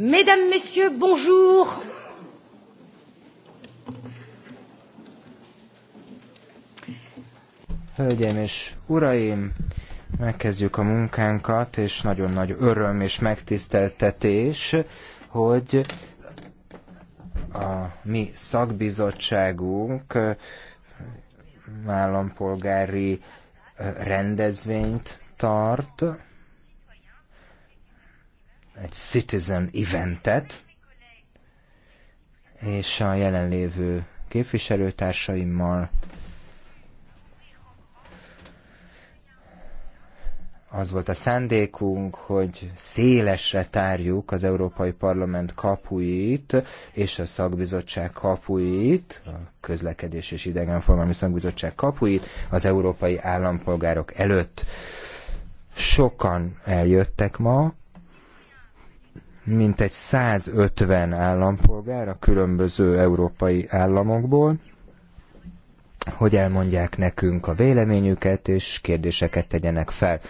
Mesdames, Messieurs, bonjour. Hölgyeim és uraim, megkezdjük a munkánkat, és nagyon nagy öröm és megtiszteltetés, hogy a mi szakbizottságunk állampolgári rendezvényt tart, egy citizen eventet, és a jelenlévő képviselőtársaimmal az volt a szándékunk, hogy szélesre tárjuk az Európai Parlament kapuit és a szakbizottság kapuit, a közlekedés és idegenforgalmi szakbizottság kapuit az európai állampolgárok előtt. Sokan eljöttek ma, mintegy 150 állampolgár a különböző európai államokból, hogy elmondják nekünk a véleményüket, és kérdéseket tegyenek fel.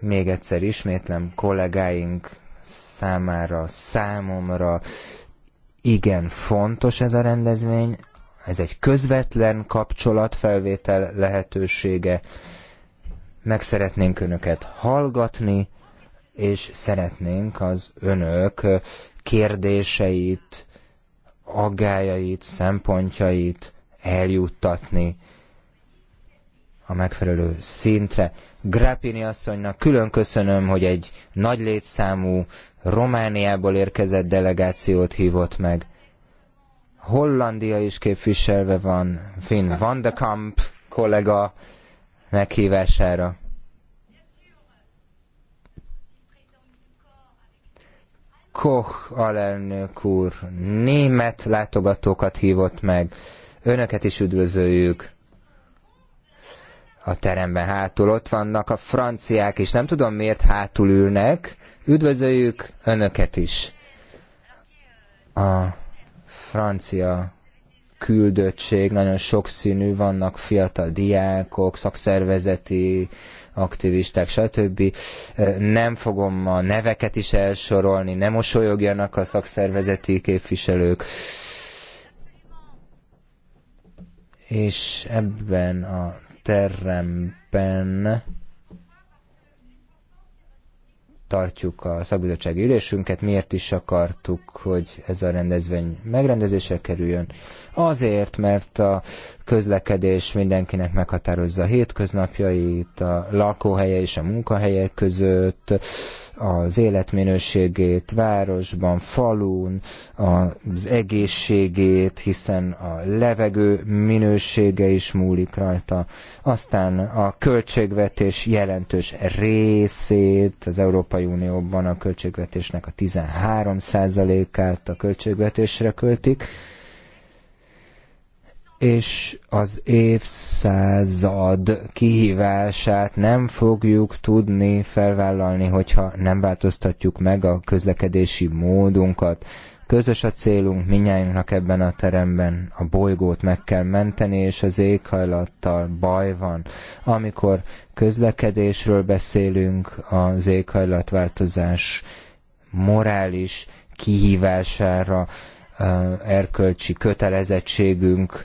Még egyszer ismétlem kollégáink számára, számomra igen fontos ez a rendezvény, ez egy közvetlen kapcsolatfelvétel lehetősége, meg szeretnénk önöket hallgatni, és szeretnénk az önök kérdéseit, aggájait, szempontjait eljuttatni a megfelelő szintre. Grappini asszonynak külön köszönöm, hogy egy nagy létszámú Romániából érkezett delegációt hívott meg. Hollandia is képviselve van, Finn van de Kamp kollega meghívására. Koch alelnök úr német látogatókat hívott meg. Önöket is üdvözöljük a teremben hátul. Ott vannak a franciák, és nem tudom miért hátul ülnek. Üdvözöljük önöket is. A francia küldöttség nagyon sokszínű, vannak fiatal diákok, szakszervezeti aktivisták, stb. Nem fogom a neveket is elsorolni, nem mosolyogjanak a szakszervezeti képviselők. És ebben a teremben tartjuk a szakbizottsági ülésünket, miért is akartuk, hogy ez a rendezvény megrendezésre kerüljön. Azért, mert a közlekedés mindenkinek meghatározza a hétköznapjait, a lakóhelye és a munkahelye között, az életminőségét városban, falun, az egészségét, hiszen a levegő minősége is múlik rajta. Aztán a költségvetés jelentős részét, az Európai Unióban a költségvetésnek a 13%-át a költségvetésre költik, és az évszázad kihívását nem fogjuk tudni felvállalni, hogyha nem változtatjuk meg a közlekedési módunkat. Közös a célunk minnyájunknak ebben a teremben, a bolygót meg kell menteni, és az éghajlattal baj van. Amikor közlekedésről beszélünk, az éghajlatváltozás morális kihívására, erkölcsi kötelezettségünk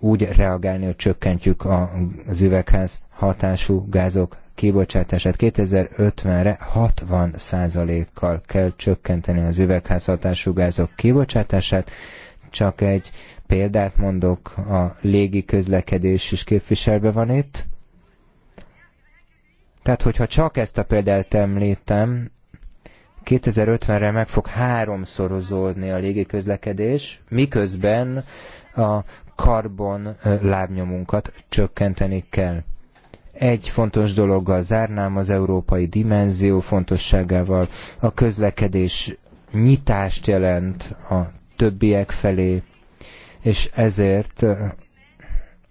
úgy reagálni, hogy csökkentjük az üvegház hatású gázok kibocsátását. 2050-re 60 kal kell csökkenteni az hatású gázok kibocsátását. Csak egy példát mondok, a légi közlekedés is képviselve van itt. Tehát, hogyha csak ezt a példát említem, 2050-re meg fog háromszorozódni a légiközlekedés, miközben a karbon lábnyomunkat csökkenteni kell. Egy fontos dologgal zárnám az európai dimenzió fontosságával. A közlekedés nyitást jelent a többiek felé, és ezért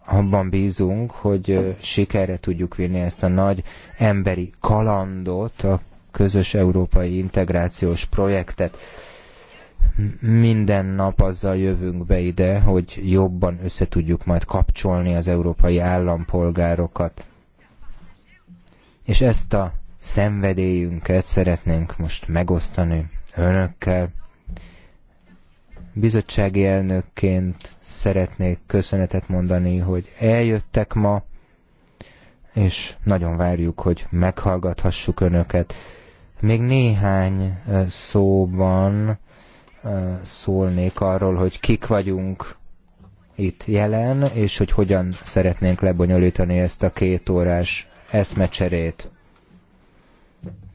abban bízunk, hogy sikerre tudjuk vinni ezt a nagy emberi kalandot, a közös európai integrációs projektet. Minden nap azzal jövünk be ide, hogy jobban összetudjuk majd kapcsolni az európai állampolgárokat. És ezt a szenvedélyünket szeretnénk most megosztani önökkel. Bizottsági elnökként szeretnék köszönetet mondani, hogy eljöttek ma, és nagyon várjuk, hogy meghallgathassuk önöket. Még néhány szóban szólnék arról, hogy kik vagyunk itt jelen, és hogy hogyan szeretnénk lebonyolítani ezt a két órás eszmecserét.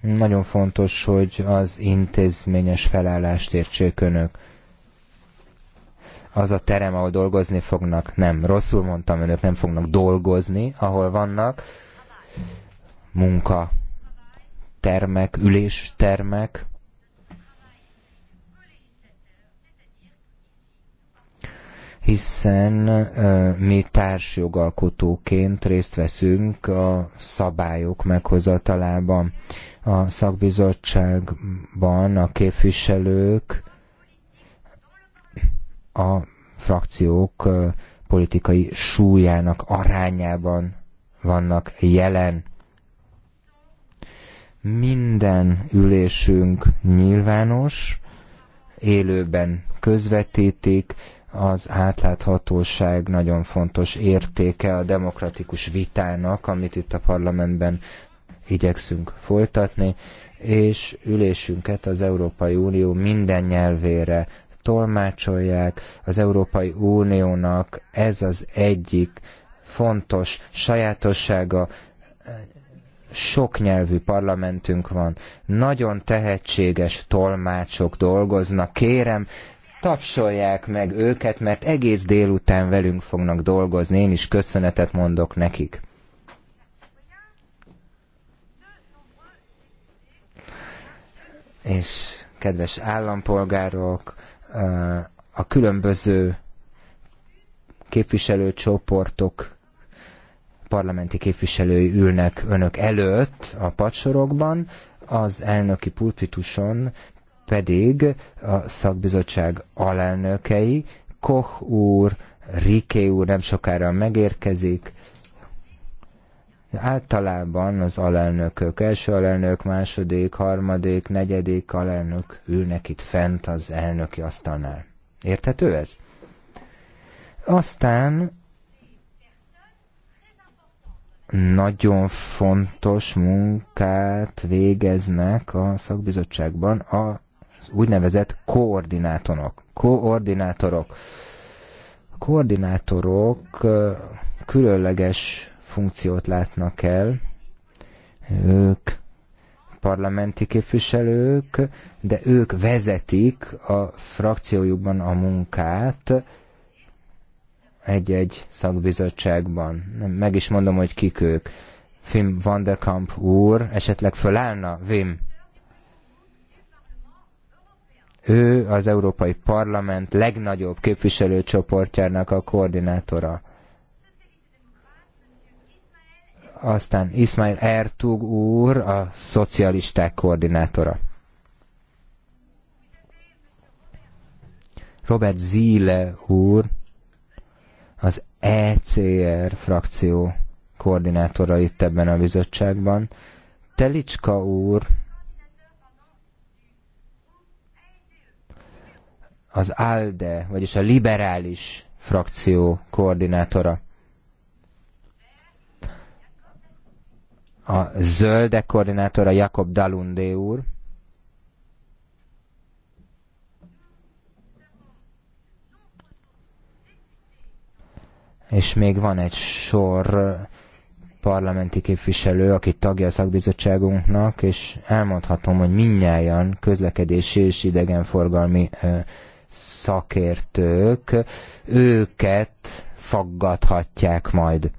Nagyon fontos, hogy az intézményes felállást értsék önök. Az a terem, ahol dolgozni fognak, nem, rosszul mondtam, önök nem fognak dolgozni, ahol vannak, munka termek, üléstermek, hiszen mi társjogalkotóként részt veszünk a szabályok meghozatalában. A szakbizottságban a képviselők a frakciók politikai súlyának arányában vannak jelen. Minden ülésünk nyilvános, élőben közvetítik, az átláthatóság nagyon fontos értéke a demokratikus vitának, amit itt a parlamentben igyekszünk folytatni, és ülésünket az Európai Unió minden nyelvére tolmácsolják. Az Európai Uniónak ez az egyik fontos sajátossága, Sok nyelvű parlamentünk van, nagyon tehetséges tolmácsok dolgoznak. Kérem, tapsolják meg őket, mert egész délután velünk fognak dolgozni, én is köszönetet mondok nekik. És kedves állampolgárok, a különböző képviselőcsoportok parlamenti képviselői ülnek önök előtt a padsorokban, az elnöki pulpituson pedig a szakbizottság alelnökei, Koch úr, Riké úr nem sokára megérkezik, általában az alelnökök, első alelnök, második, harmadik, negyedik alelnök ülnek itt fent az elnöki asztalnál. Érthető ez? Aztán nagyon fontos munkát végeznek a szakbizottságban a úgynevezett koordinátorok. Koordinátorok. Koordinátorok különleges funkciót látnak el. Ők parlamenti képviselők, de ők vezetik a frakciójukban a munkát egy-egy szakbizottságban. Meg is mondom, hogy kik ők. Fim van de Kamp úr, esetleg fölállna? Vim. Ő az Európai Parlament legnagyobb képviselőcsoportjának a koordinátora. Aztán Ismail Ertug úr, a szocialisták koordinátora. Robert Zile úr, az ECR frakció koordinátora itt ebben a bizottságban. Telicska úr az ALDE, vagyis a liberális frakció koordinátora. A zöldek koordinátora Jakob Dalundé úr. És még van egy sor parlamenti képviselő, aki tagja a szakbizottságunknak, és elmondhatom, hogy minnyáján közlekedési és idegenforgalmi szakértők, őket faggathatják majd.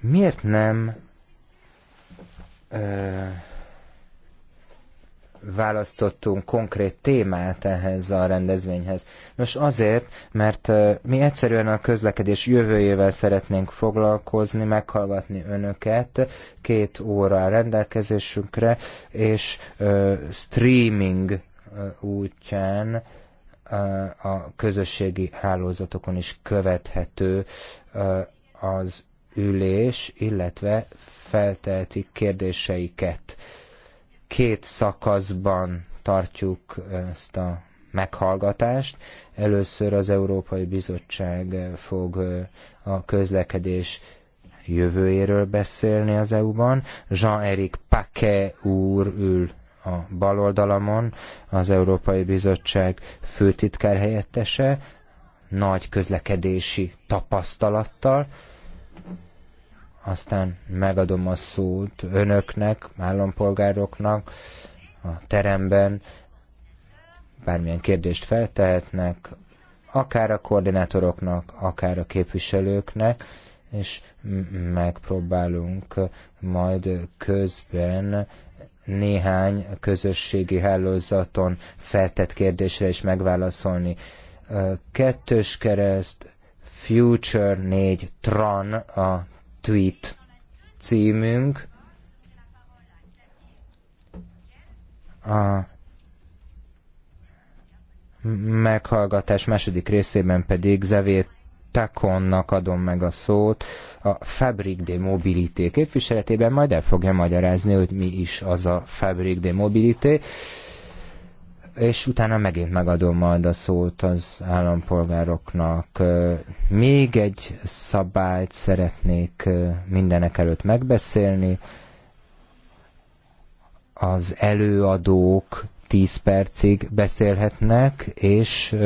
Miért nem ö, választottunk konkrét témát ehhez a rendezvényhez. Nos azért, mert mi egyszerűen a közlekedés jövőjével szeretnénk foglalkozni, meghallgatni önöket, két óra rendelkezésünkre, és streaming útján a közösségi hálózatokon is követhető az ülés, illetve feltehetik kérdéseiket Két szakaszban tartjuk ezt a meghallgatást. Először az Európai Bizottság fog a közlekedés jövőjéről beszélni az EU-ban. Jean-Éric Paquet úr ül a bal oldalamon, az Európai Bizottság főtitkár helyettese, nagy közlekedési tapasztalattal, aztán megadom a szót önöknek, állampolgároknak a teremben, bármilyen kérdést feltehetnek, akár a koordinátoroknak, akár a képviselőknek, és megpróbálunk majd közben néhány közösségi hálózaton feltett kérdésre is megválaszolni. Kettős kereszt, Future 4 Tran a tweet címünk. A meghallgatás második részében pedig Zevét Takonnak adom meg a szót, a Fabric de Mobilité képviseletében, majd el fogja magyarázni, hogy mi is az a Fabric de Mobilité és utána megint megadom majd a szót az állampolgároknak. Még egy szabályt szeretnék mindenek előtt megbeszélni. Az előadók 10 percig beszélhetnek, és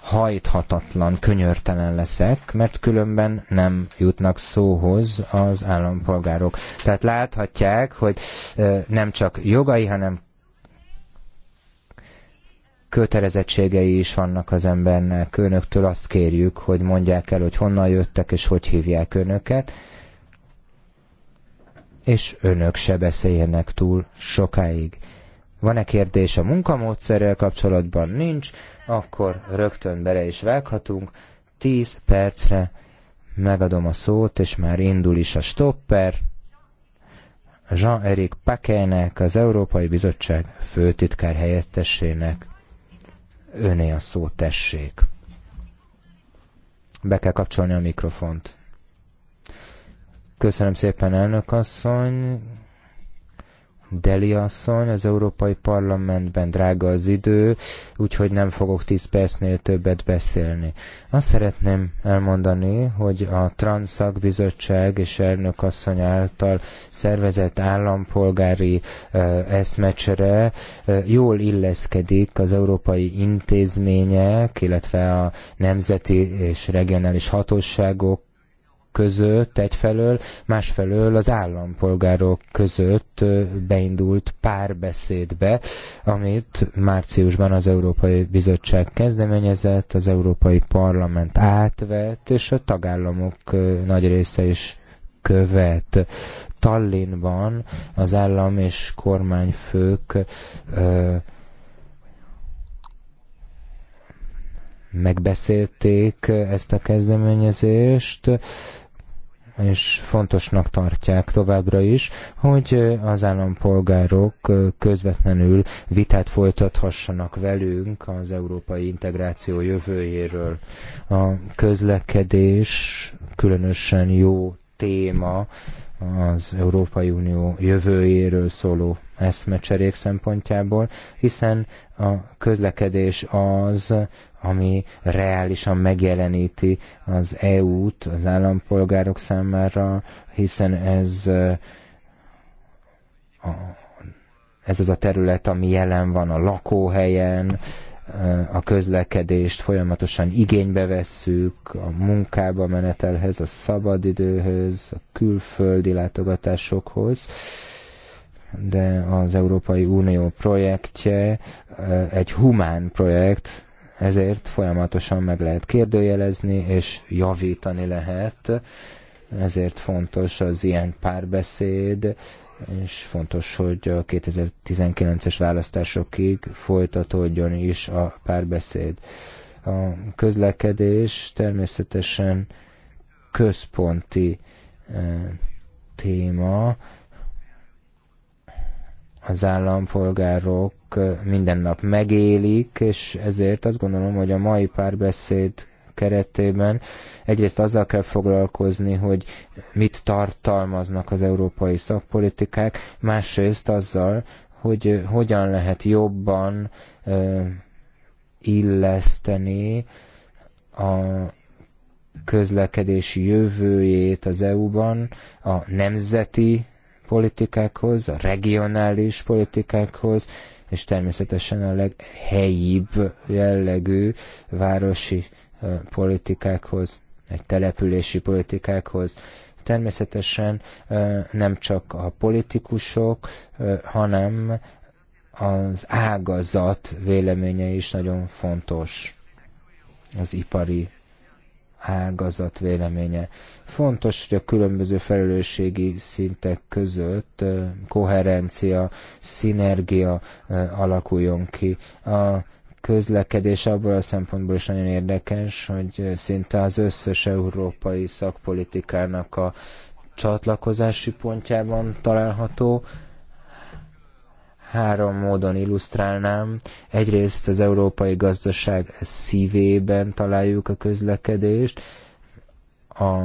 hajthatatlan, könyörtelen leszek, mert különben nem jutnak szóhoz az állampolgárok. Tehát láthatják, hogy nem csak jogai, hanem kötelezettségei is vannak az embernek. Önöktől azt kérjük, hogy mondják el, hogy honnan jöttek és hogy hívják önöket, és önök se beszéljenek túl sokáig. Van-e kérdés a munkamódszerrel kapcsolatban? Nincs, akkor rögtön bele is vághatunk. tíz percre megadom a szót, és már indul is a stopper. Jean-Éric Paquenek, az Európai Bizottság főtitkár helyettesének. Öné a szó, tessék. Be kell kapcsolni a mikrofont. Köszönöm szépen, elnök asszony. Deli asszony, az Európai Parlamentben drága az idő, úgyhogy nem fogok 10 percnél többet beszélni. Azt szeretném elmondani, hogy a Transzak Bizottság és elnök asszony által szervezett állampolgári eszmecsere jól illeszkedik az európai intézmények, illetve a nemzeti és regionális hatóságok között egyfelől, másfelől az állampolgárok között beindult párbeszédbe, amit márciusban az Európai Bizottság kezdeményezett, az Európai Parlament átvett, és a tagállamok nagy része is követ. Tallinnban az állam és kormányfők ö, megbeszélték ezt a kezdeményezést, és fontosnak tartják továbbra is, hogy az állampolgárok közvetlenül vitát folytathassanak velünk az európai integráció jövőjéről. A közlekedés különösen jó téma az Európai Unió jövőjéről szóló eszmecserék szempontjából, hiszen a közlekedés az, ami reálisan megjeleníti az EU-t az állampolgárok számára, hiszen ez ez az a terület, ami jelen van a lakóhelyen, a közlekedést folyamatosan igénybe vesszük, a munkába menetelhez, a szabadidőhöz, a külföldi látogatásokhoz, de az Európai Unió projektje egy humán projekt, ezért folyamatosan meg lehet kérdőjelezni, és javítani lehet, ezért fontos az ilyen párbeszéd, és fontos, hogy a 2019-es választásokig folytatódjon is a párbeszéd. A közlekedés természetesen központi eh, téma, az állampolgárok minden nap megélik, és ezért azt gondolom, hogy a mai párbeszéd keretében egyrészt azzal kell foglalkozni, hogy mit tartalmaznak az európai szakpolitikák, másrészt azzal, hogy hogyan lehet jobban illeszteni a közlekedési jövőjét az EU-ban a nemzeti politikákhoz, a regionális politikákhoz, és természetesen a leghelyibb jellegű városi politikákhoz, egy települési politikákhoz. Természetesen nem csak a politikusok, hanem az ágazat véleménye is nagyon fontos az ipari ágazat véleménye. Fontos, hogy a különböző felelősségi szintek között koherencia, szinergia alakuljon ki. A közlekedés abból a szempontból is nagyon érdekes, hogy szinte az összes európai szakpolitikának a csatlakozási pontjában található, három módon illusztrálnám. Egyrészt az európai gazdaság szívében találjuk a közlekedést, a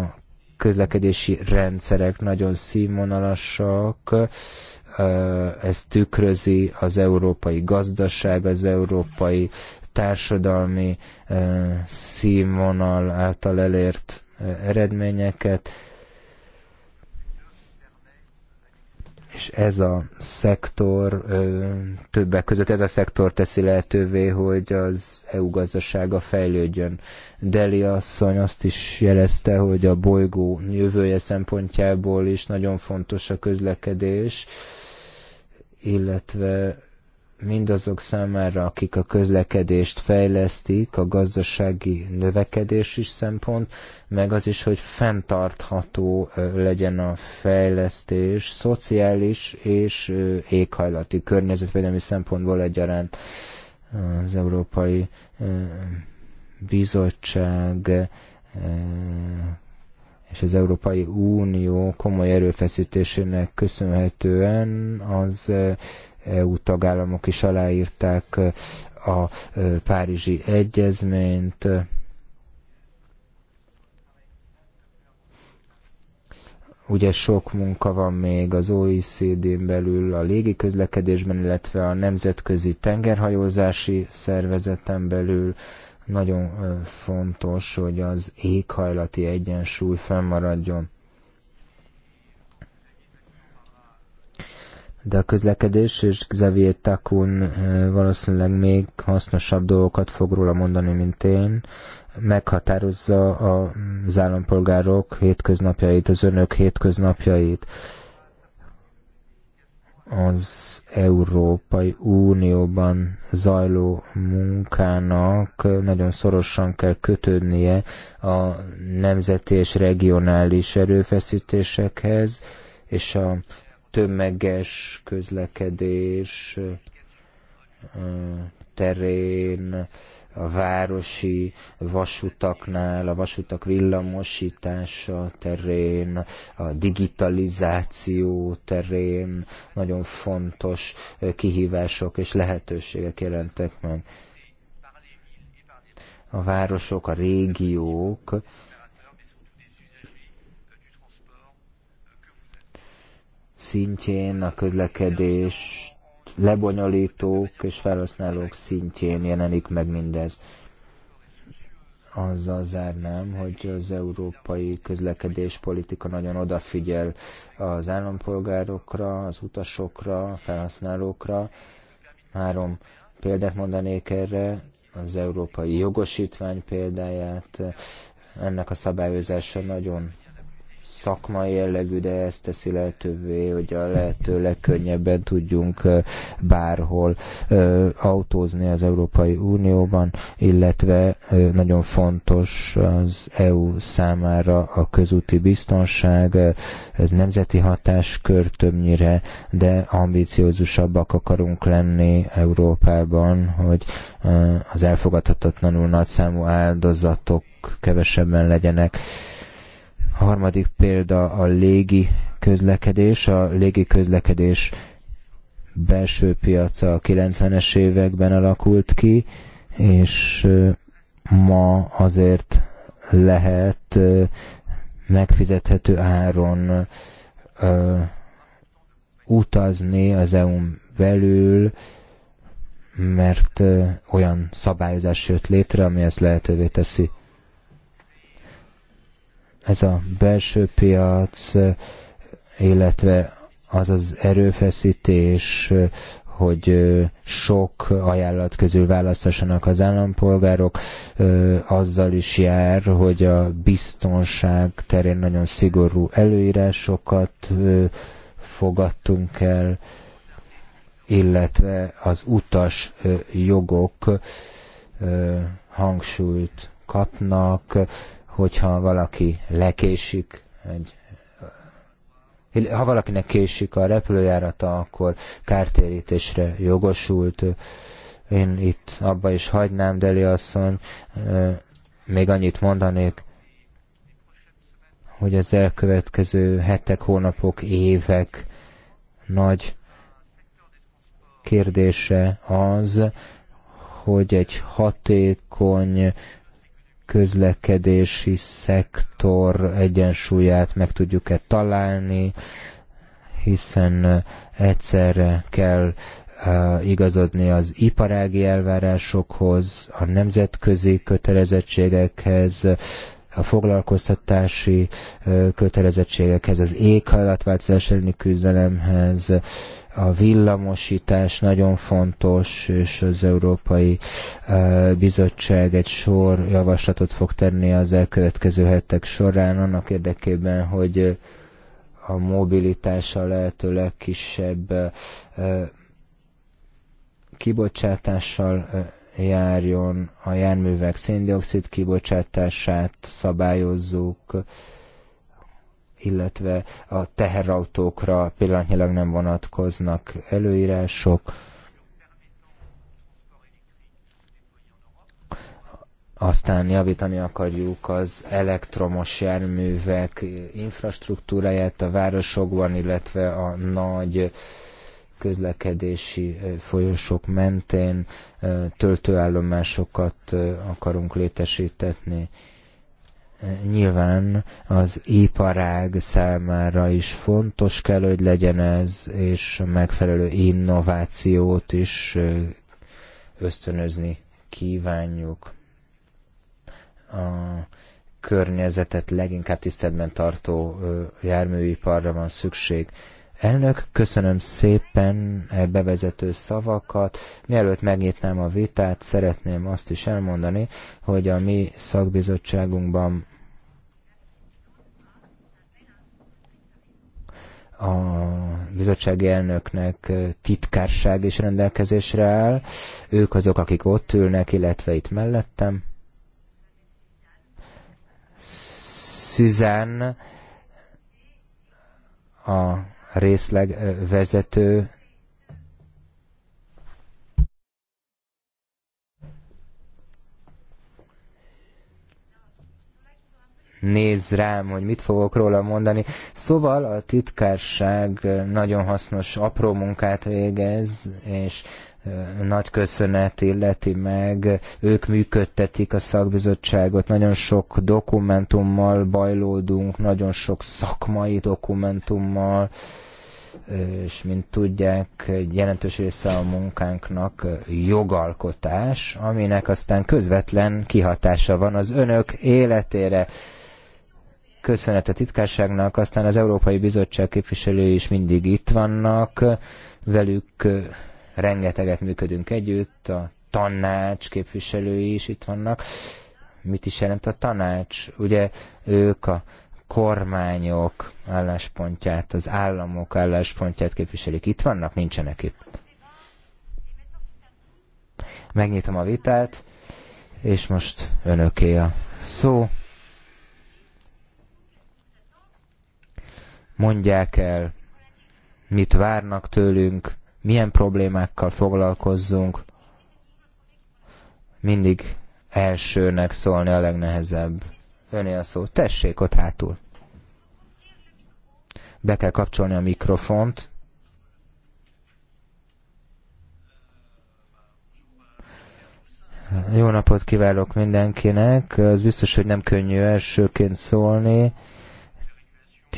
közlekedési rendszerek nagyon színvonalasak, ez tükrözi az európai gazdaság, az európai társadalmi színvonal által elért eredményeket, és ez a szektor, többek között ez a szektor teszi lehetővé, hogy az EU gazdasága fejlődjön. Deli asszony azt is jelezte, hogy a bolygó jövője szempontjából is nagyon fontos a közlekedés, illetve mindazok számára, akik a közlekedést fejlesztik, a gazdasági növekedés is szempont, meg az is, hogy fenntartható legyen a fejlesztés szociális és éghajlati környezetvédelmi szempontból egyaránt az Európai Bizottság és az Európai Unió komoly erőfeszítésének köszönhetően az EU tagállamok is aláírták a Párizsi Egyezményt. Ugye sok munka van még az OECD-n belül, a közlekedésben, illetve a Nemzetközi Tengerhajózási Szervezeten belül. Nagyon fontos, hogy az éghajlati egyensúly fennmaradjon. de a közlekedés és Xavier Takun valószínűleg még hasznosabb dolgokat fog róla mondani, mint én. Meghatározza az állampolgárok hétköznapjait, az önök hétköznapjait. Az Európai Unióban zajló munkának nagyon szorosan kell kötődnie a nemzeti és regionális erőfeszítésekhez, és a tömeges közlekedés terén, a városi vasutaknál, a vasutak villamosítása terén, a digitalizáció terén nagyon fontos kihívások és lehetőségek jelentek meg. A városok, a régiók szintjén, a közlekedés lebonyolítók és felhasználók szintjén jelenik meg mindez. Azzal zárnám, hogy az európai közlekedéspolitika nagyon odafigyel az állampolgárokra, az utasokra, a felhasználókra. Három példát mondanék erre, az európai jogosítvány példáját, ennek a szabályozása nagyon szakmai jellegű, de ezt teszi lehetővé, hogy a lehető legkönnyebben tudjunk bárhol autózni az Európai Unióban, illetve nagyon fontos az EU számára a közúti biztonság, ez nemzeti hatáskör többnyire, de ambiciózusabbak akarunk lenni Európában, hogy az elfogadhatatlanul nagyszámú áldozatok kevesebben legyenek. A harmadik példa a légi közlekedés. A légi közlekedés belső piaca a 90-es években alakult ki, és ma azért lehet megfizethető áron utazni az EU-n belül, mert olyan szabályozás jött létre, ami ezt lehetővé teszi ez a belső piac, illetve az az erőfeszítés, hogy sok ajánlat közül választassanak az állampolgárok, azzal is jár, hogy a biztonság terén nagyon szigorú előírásokat fogadtunk el, illetve az utas jogok hangsúlyt kapnak, hogyha valaki lekésik egy ha valakinek késik a repülőjárata, akkor kártérítésre jogosult. Én itt abba is hagynám, Deli asszony, még annyit mondanék, hogy az elkövetkező hetek, hónapok, évek nagy kérdése az, hogy egy hatékony közlekedési szektor egyensúlyát meg tudjuk-e találni, hiszen egyszerre kell igazodni az iparági elvárásokhoz, a nemzetközi kötelezettségekhez, a foglalkoztatási kötelezettségekhez, az éghajlatváltozás elleni küzdelemhez, a villamosítás nagyon fontos, és az Európai eh, Bizottság egy sor javaslatot fog tenni az elkövetkező hetek során annak érdekében, hogy eh, a mobilitása lehető legkisebb eh, kibocsátással járjon, a járművek széndiokszid kibocsátását szabályozzuk, illetve a teherautókra pillanatnyilag nem vonatkoznak előírások. Aztán javítani akarjuk az elektromos járművek infrastruktúráját a városokban, illetve a nagy közlekedési folyosók mentén töltőállomásokat akarunk létesítetni. Nyilván az iparág számára is fontos kell, hogy legyen ez, és megfelelő innovációt is ösztönözni kívánjuk. A környezetet leginkább tiszteletben tartó járműiparra van szükség. Elnök, köszönöm szépen e bevezető szavakat. Mielőtt megnyitnám a vitát, szeretném azt is elmondani, hogy a mi szakbizottságunkban a bizottsági elnöknek titkárság is rendelkezésre áll. Ők azok, akik ott ülnek, illetve itt mellettem. Suzanne a részlegvezető néz rám, hogy mit fogok róla mondani. Szóval a titkárság nagyon hasznos apró munkát végez, és nagy köszönet illeti meg, ők működtetik a szakbizottságot, nagyon sok dokumentummal bajlódunk, nagyon sok szakmai dokumentummal, és mint tudják, egy jelentős része a munkánknak jogalkotás, aminek aztán közvetlen kihatása van az önök életére. Köszönet a titkárságnak, aztán az Európai Bizottság képviselői is mindig itt vannak, velük rengeteget működünk együtt, a tanács képviselői is itt vannak. Mit is jelent a tanács? Ugye ők a kormányok álláspontját, az államok álláspontját képviselik. Itt vannak? Nincsenek itt. Megnyitom a vitát, és most önöké a szó. Mondják el, mit várnak tőlünk, milyen problémákkal foglalkozzunk, mindig elsőnek szólni a legnehezebb. Öné a szó. Tessék ott hátul. Be kell kapcsolni a mikrofont. Jó napot kívánok mindenkinek. Az biztos, hogy nem könnyű elsőként szólni.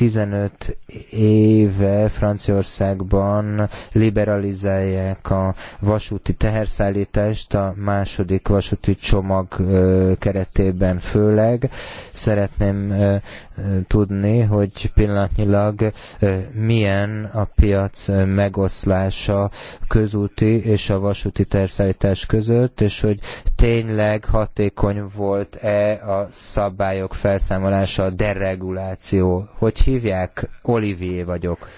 15 éve Franciaországban liberalizálják a vasúti teherszállítást a második vasúti csomag keretében főleg. Szeretném tudni, hogy pillanatnyilag milyen a piac megoszlása közúti és a vasúti teherszállítás között, és hogy tényleg hatékony volt-e a szabályok felszámolása, a dereguláció, hogy hívják? Olivier vagyok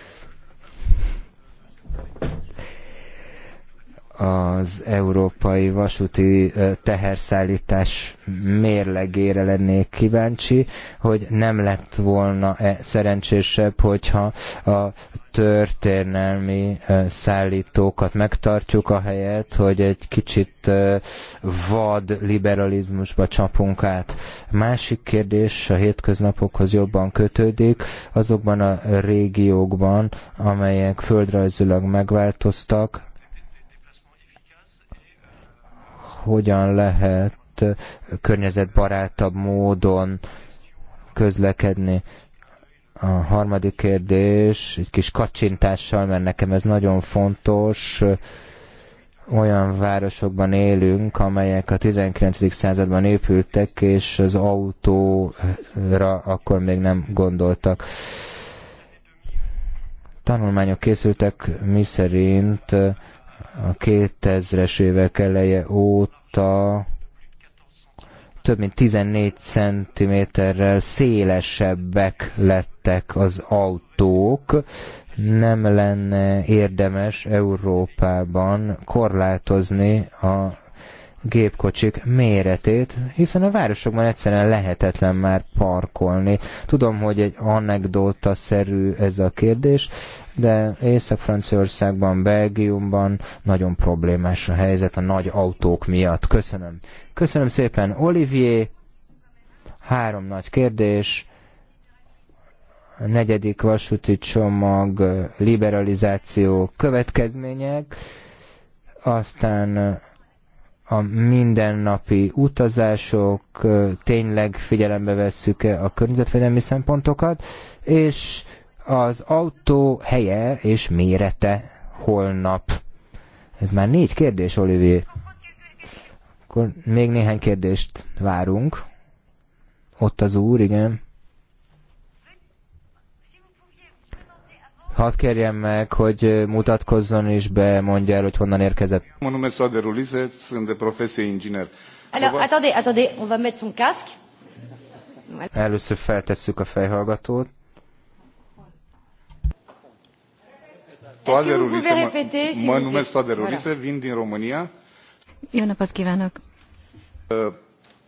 az európai vasúti teherszállítás mérlegére lennék kíváncsi, hogy nem lett volna -e szerencsésebb, hogyha a történelmi szállítókat megtartjuk a helyet, hogy egy kicsit vad liberalizmusba csapunk át. Másik kérdés a hétköznapokhoz jobban kötődik, azokban a régiókban, amelyek földrajzilag megváltoztak, hogyan lehet környezetbarátabb módon közlekedni. A harmadik kérdés, egy kis kacsintással, mert nekem ez nagyon fontos, olyan városokban élünk, amelyek a 19. században épültek, és az autóra akkor még nem gondoltak. Tanulmányok készültek, szerint a 2000-es évek eleje óta több mint 14 cm-rel szélesebbek lettek az autók. Nem lenne érdemes Európában korlátozni a gépkocsik méretét, hiszen a városokban egyszerűen lehetetlen már parkolni. Tudom, hogy egy anekdóta-szerű ez a kérdés, de Észak-Franciaországban, Belgiumban nagyon problémás a helyzet a nagy autók miatt. Köszönöm. Köszönöm szépen, Olivier. Három nagy kérdés. A negyedik vasúti csomag, liberalizáció, következmények. Aztán a mindennapi utazások, tényleg figyelembe vesszük-e a környezetvédelmi szempontokat, és az autó helye és mérete holnap. Ez már négy kérdés, Olivier. Akkor még néhány kérdést várunk. Ott az úr, igen. Hadd kérjem meg, hogy mutatkozzon is be, mondja el, hogy honnan érkezett. Mon nume Soade Rulise, sunt de profesie inginer. Alors, attendez, attendez, on va mettre son casque. Először feltesszük a fejhallgatót. Toader Ulise, mă numesc Toader Ulise, vin din România. Jó napot kívánok!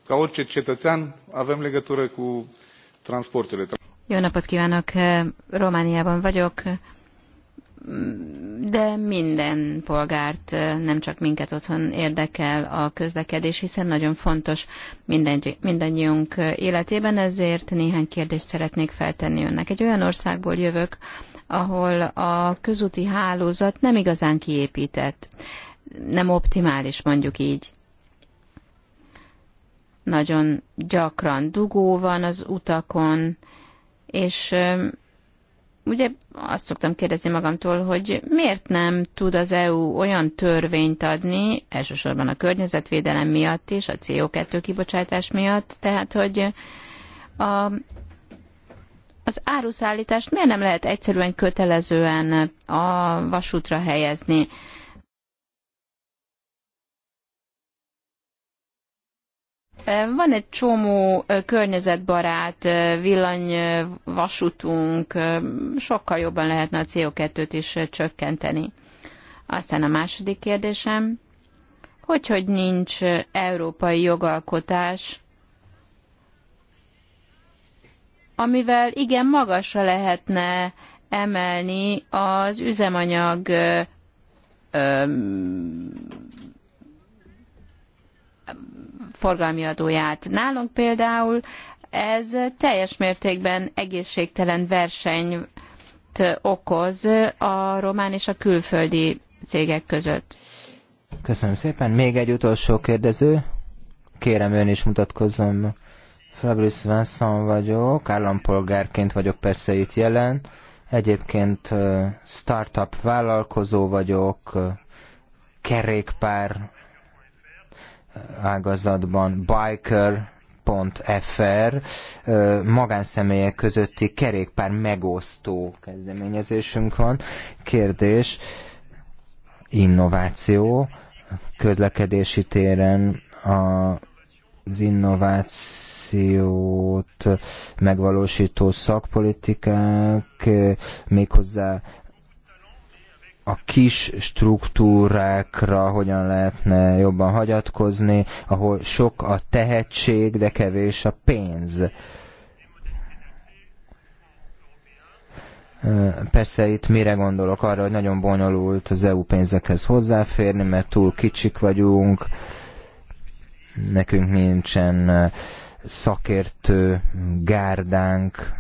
Ca orice cetățean, avem legătură cu transporturile. Jó napot kívánok, eh, Romániában vagyok, de minden polgárt, eh, nem csak minket otthon érdekel a közlekedés, hiszen nagyon fontos minden mindannyiunk eh, életében, ezért néhány kérdést szeretnék feltenni önnek. Egy olyan országból jövök, ahol a közúti hálózat nem igazán kiépített, nem optimális, mondjuk így nagyon gyakran dugó van az utakon, és ugye azt szoktam kérdezni magamtól, hogy miért nem tud az EU olyan törvényt adni, elsősorban a környezetvédelem miatt is, a CO2 kibocsátás miatt, tehát hogy a, az áruszállítást miért nem lehet egyszerűen kötelezően a vasútra helyezni? Van egy csomó környezetbarát villanyvasutunk, sokkal jobban lehetne a CO2-t is csökkenteni. Aztán a második kérdésem, hogy hogy nincs európai jogalkotás, amivel igen magasra lehetne emelni az üzemanyag forgalmi adóját. Nálunk például ez teljes mértékben egészségtelen versenyt okoz a román és a külföldi cégek között. Köszönöm szépen. Még egy utolsó kérdező. Kérem, ön is mutatkozzon. Fabrice Vincent vagyok, állampolgárként vagyok persze itt jelen. Egyébként startup vállalkozó vagyok, kerékpár ágazatban biker.fr magánszemélyek közötti kerékpár megosztó kezdeményezésünk van. Kérdés, innováció, közlekedési téren a az innovációt megvalósító szakpolitikák, méghozzá a kis struktúrákra hogyan lehetne jobban hagyatkozni, ahol sok a tehetség, de kevés a pénz. Persze itt mire gondolok arra, hogy nagyon bonyolult az EU pénzekhez hozzáférni, mert túl kicsik vagyunk, nekünk nincsen szakértő gárdánk,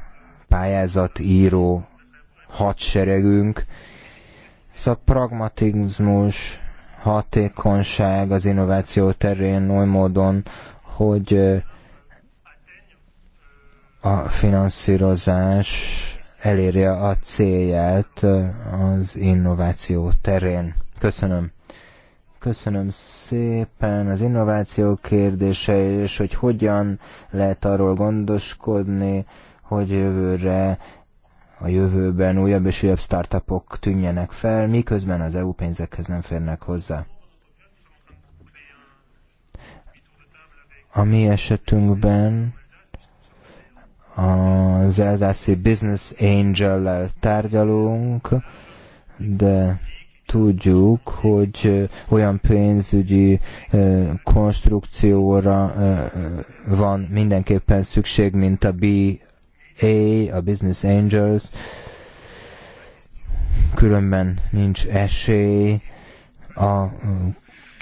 pályázatíró hadseregünk, ez a pragmatizmus, hatékonyság az innováció terén oly módon, hogy a finanszírozás elérje a célját az innováció terén. Köszönöm. Köszönöm szépen az innováció kérdése, és hogy hogyan lehet arról gondoskodni, hogy jövőre a jövőben újabb és újabb startupok tűnjenek fel, miközben az EU pénzekhez nem férnek hozzá. A mi esetünkben az Elzászi Business Angel-lel tárgyalunk, de tudjuk, hogy olyan pénzügyi konstrukcióra van mindenképpen szükség, mint a B a a Business Angels, különben nincs esély, a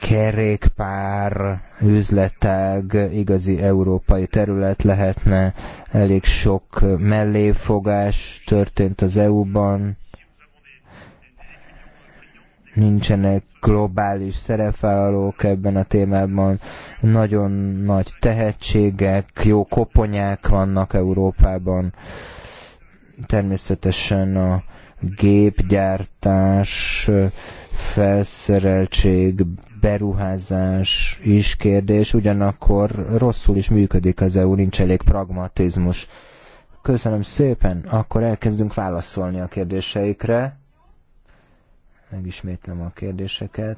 kerékpár üzletág igazi európai terület lehetne, elég sok melléfogás történt az EU-ban, nincsenek globális szerepvállalók ebben a témában, nagyon nagy tehetségek, jó koponyák vannak Európában. Természetesen a gépgyártás, felszereltség, beruházás is kérdés, ugyanakkor rosszul is működik az EU, nincs elég pragmatizmus. Köszönöm szépen, akkor elkezdünk válaszolni a kérdéseikre. Megismétlem a kérdéseket.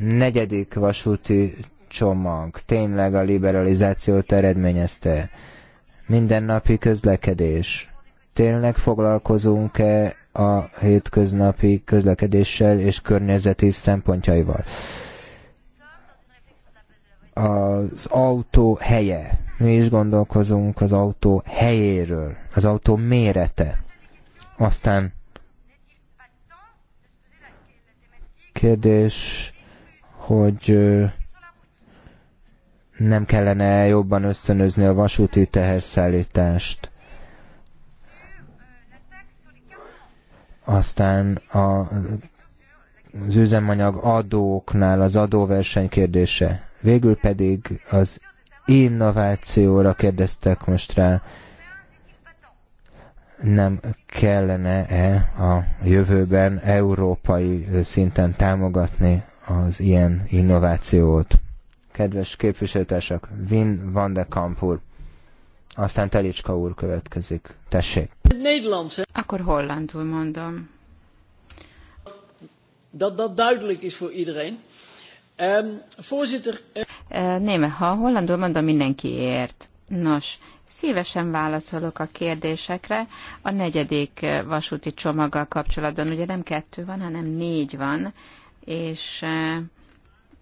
Negyedik vasúti csomag tényleg a liberalizációt eredményezte. Mindennapi közlekedés. Tényleg foglalkozunk-e a hétköznapi közlekedéssel és környezeti szempontjaival? az autó helye. Mi is gondolkozunk az autó helyéről, az autó mérete. Aztán kérdés, hogy nem kellene jobban ösztönözni a vasúti teherszállítást. Aztán a, az üzemanyag adóknál az adóverseny kérdése. Végül pedig az innovációra kérdeztek most rá nem kellene-e a jövőben európai szinten támogatni az ilyen innovációt? Kedves képviselőtársak, Vin van de Kamp úr, aztán Telicska úr következik. Tessék. Akkor hollandul mondom. Dat dat duidelijk is voor iedereen. Um, voorzitter... Uh, ha hollandul mondom, mindenki ért. Nos, Szívesen válaszolok a kérdésekre. A negyedik eh, vasúti csomaggal kapcsolatban ugye nem kettő van, hanem négy van, és eh,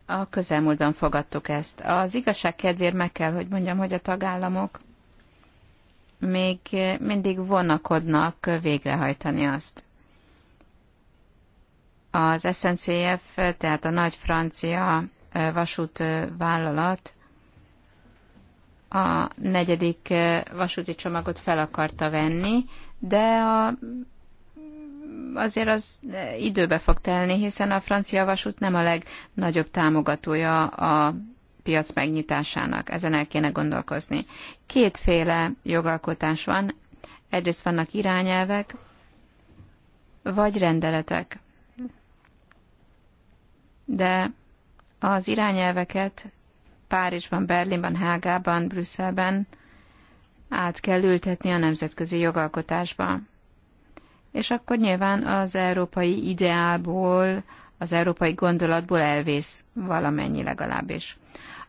a közelmúltban fogadtuk ezt. Az igazság kedvéért meg kell, hogy mondjam, hogy a tagállamok még eh, mindig vonakodnak végrehajtani azt. Az SNCF, tehát a nagy francia vasútvállalat a negyedik eh, vasúti csomagot fel akarta venni, de a, azért az eh, időbe fog telni, hiszen a francia vasút nem a legnagyobb támogatója a piac megnyitásának. Ezen el kéne gondolkozni. Kétféle jogalkotás van. Egyrészt vannak irányelvek, vagy rendeletek. De az irányelveket Párizsban, Berlinben, Hágában, Brüsszelben át kell ültetni a nemzetközi jogalkotásba. És akkor nyilván az európai ideából, az európai gondolatból elvész valamennyi legalábbis.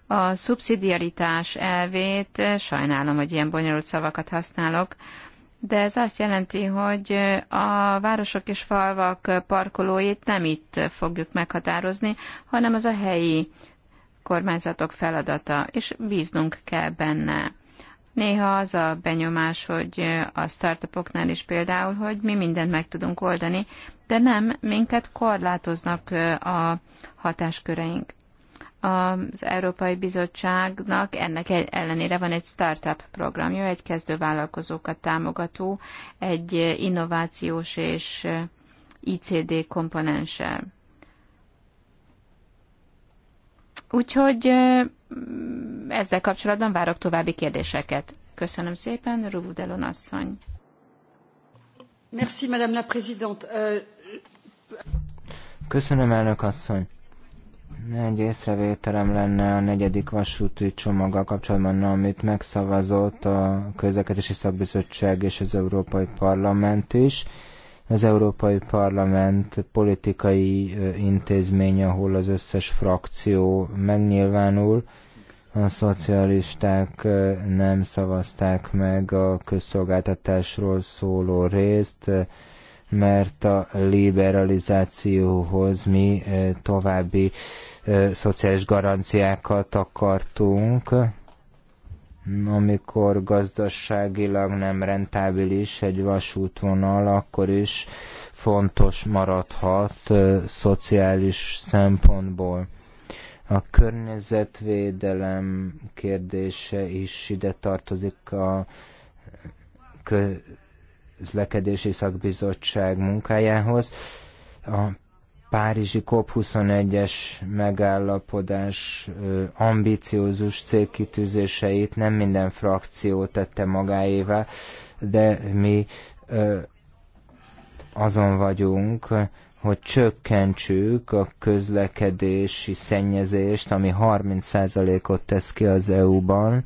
A szubszidiaritás elvét, sajnálom, hogy ilyen bonyolult szavakat használok, de ez azt jelenti, hogy a városok és falvak parkolóit nem itt fogjuk meghatározni, hanem az a helyi kormányzatok feladata, és bíznunk kell benne. Néha az a benyomás, hogy a startupoknál is például, hogy mi mindent meg tudunk oldani, de nem, minket korlátoznak a hatásköreink. Az Európai Bizottságnak ennek e- ellenére van egy startup programja, egy kezdővállalkozókat támogató, egy innovációs és ICD komponenssel. Úgyhogy mm, ezzel kapcsolatban várok további kérdéseket. Köszönöm szépen, Ruvudelon asszony. Merci, Madame la Présidente. Euh, Köszönöm, elnök asszony. Egy észrevételem lenne a negyedik vasúti csomaggal kapcsolatban, amit megszavazott a közlekedési szakbizottság és az Európai Parlament is. Az Európai Parlament politikai intézmény, ahol az összes frakció megnyilvánul, a szocialisták nem szavazták meg a közszolgáltatásról szóló részt, mert a liberalizációhoz mi további szociális garanciákat akartunk, amikor gazdaságilag nem rentábilis egy vasútvonal, akkor is fontos maradhat ö, szociális szempontból. A környezetvédelem kérdése is ide tartozik a közlekedési szakbizottság munkájához. A Párizsi COP21-es megállapodás ambiciózus célkitűzéseit nem minden frakció tette magáévá, de mi azon vagyunk, hogy csökkentsük a közlekedési szennyezést, ami 30%-ot tesz ki az EU-ban.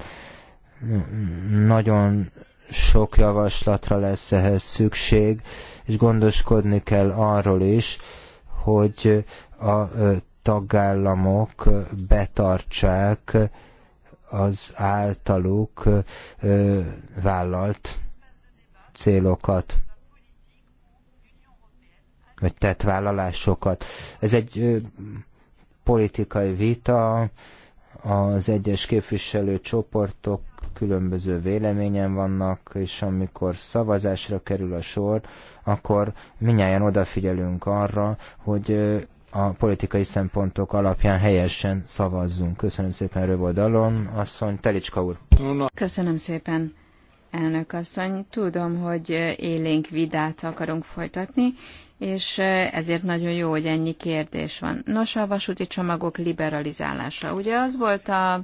Nagyon sok javaslatra lesz ehhez szükség, és gondoskodni kell arról is, hogy a tagállamok betartsák az általuk vállalt célokat vagy tett vállalásokat. Ez egy politikai vita, az egyes képviselőcsoportok különböző véleményen vannak, és amikor szavazásra kerül a sor, akkor minnyáján odafigyelünk arra, hogy a politikai szempontok alapján helyesen szavazzunk. Köszönöm szépen rövoldalon, asszony Telicska úr. Köszönöm szépen. Elnök asszony, tudom, hogy élénk vidát akarunk folytatni, és ezért nagyon jó, hogy ennyi kérdés van. Nos, a vasúti csomagok liberalizálása. Ugye az volt a,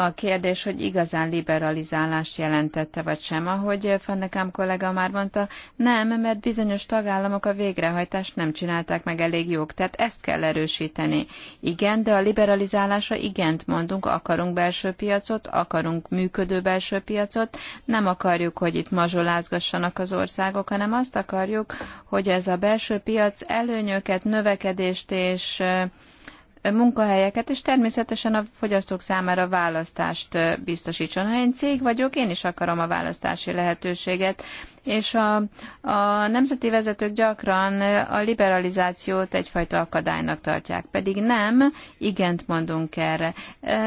a kérdés, hogy igazán liberalizálást jelentette vagy sem, ahogy Fannekám kollega már mondta, nem, mert bizonyos tagállamok a végrehajtást nem csinálták meg elég jók, tehát ezt kell erősíteni. Igen, de a liberalizálásra igent mondunk, akarunk belső piacot, akarunk működő belső piacot, nem akarjuk, hogy itt mazsolázgassanak az országok, hanem azt akarjuk, hogy ez a belső piac előnyöket, növekedést és munkahelyeket, és természetesen a fogyasztók számára választást biztosítson. Ha én cég vagyok, én is akarom a választási lehetőséget, és a, a nemzeti vezetők gyakran a liberalizációt egyfajta akadálynak tartják, pedig nem, igent mondunk erre.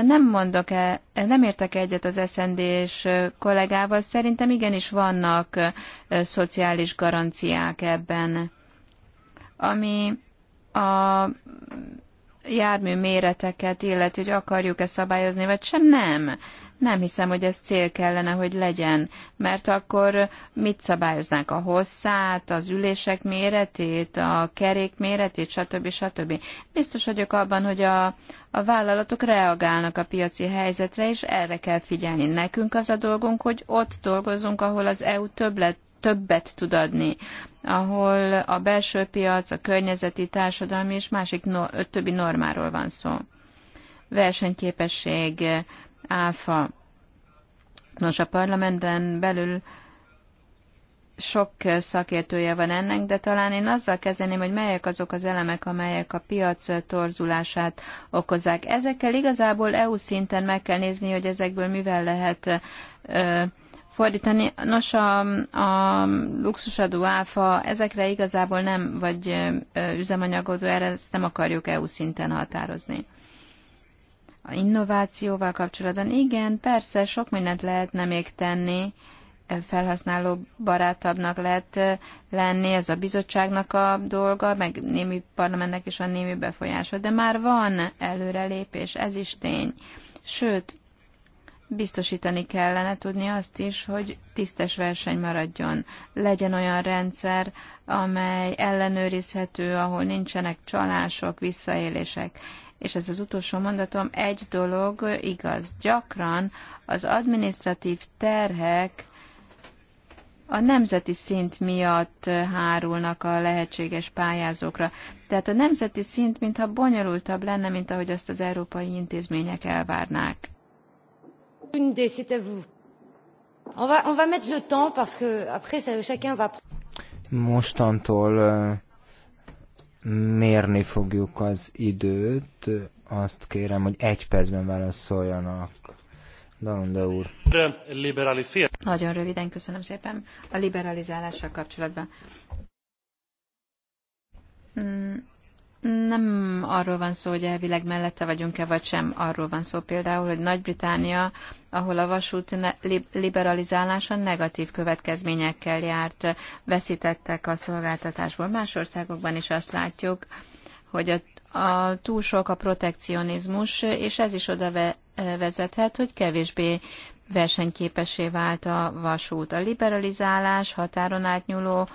Nem mondok -e, nem értek egyet az SND és kollégával, szerintem igenis vannak szociális garanciák ebben, ami a jármű méreteket illetve hogy akarjuk-e szabályozni, vagy sem nem. Nem hiszem, hogy ez cél kellene, hogy legyen, mert akkor mit szabályoznák a hosszát, az ülések méretét, a kerék méretét, stb. stb. Biztos vagyok abban, hogy a, a vállalatok reagálnak a piaci helyzetre, és erre kell figyelni. Nekünk az a dolgunk, hogy ott dolgozunk, ahol az EU többlet többet tud adni, ahol a belső piac, a környezeti, társadalmi és másik no, többi normáról van szó. Versenyképesség, áfa. Nos, a parlamenten belül sok szakértője van ennek, de talán én azzal kezdeném, hogy melyek azok az elemek, amelyek a piac torzulását okozzák. Ezekkel igazából EU szinten meg kell nézni, hogy ezekből mivel lehet ö, fordítani. Nos, a, a luxusadó áfa ezekre igazából nem, vagy üzemanyagodó erre ezt nem akarjuk EU szinten határozni. A innovációval kapcsolatban igen, persze sok mindent lehetne még tenni, felhasználó barátabbnak lehet lenni, ez a bizottságnak a dolga, meg némi parlamentnek is van némi befolyása, de már van előrelépés, ez is tény. Sőt, biztosítani kellene tudni azt is, hogy tisztes verseny maradjon. Legyen olyan rendszer, amely ellenőrizhető, ahol nincsenek csalások, visszaélések. És ez az utolsó mondatom, egy dolog igaz. Gyakran az administratív terhek a nemzeti szint miatt hárulnak a lehetséges pályázókra. Tehát a nemzeti szint mintha bonyolultabb lenne, mint ahogy azt az európai intézmények elvárnák c'est à vous. On va, on va mettre le temps parce que après ça, chacun va. Mostantól mérni fogjuk az időt. Azt kérem, hogy egy percben válaszoljanak. Dalonda úr. Nagyon röviden, köszönöm szépen. A liberalizálással kapcsolatban. Mm, nem arról van szó, hogy elvileg mellette vagyunk-e vagy sem. Arról van szó például, hogy Nagy-Británia, ahol a vasút liberalizálása negatív következményekkel járt, veszítettek a szolgáltatásból. Más országokban is azt látjuk, hogy a a, túl sok a protekcionizmus, és ez is oda vezethet, hogy kevésbé versenyképessé vált a vasút. A liberalizálás határon átnyúló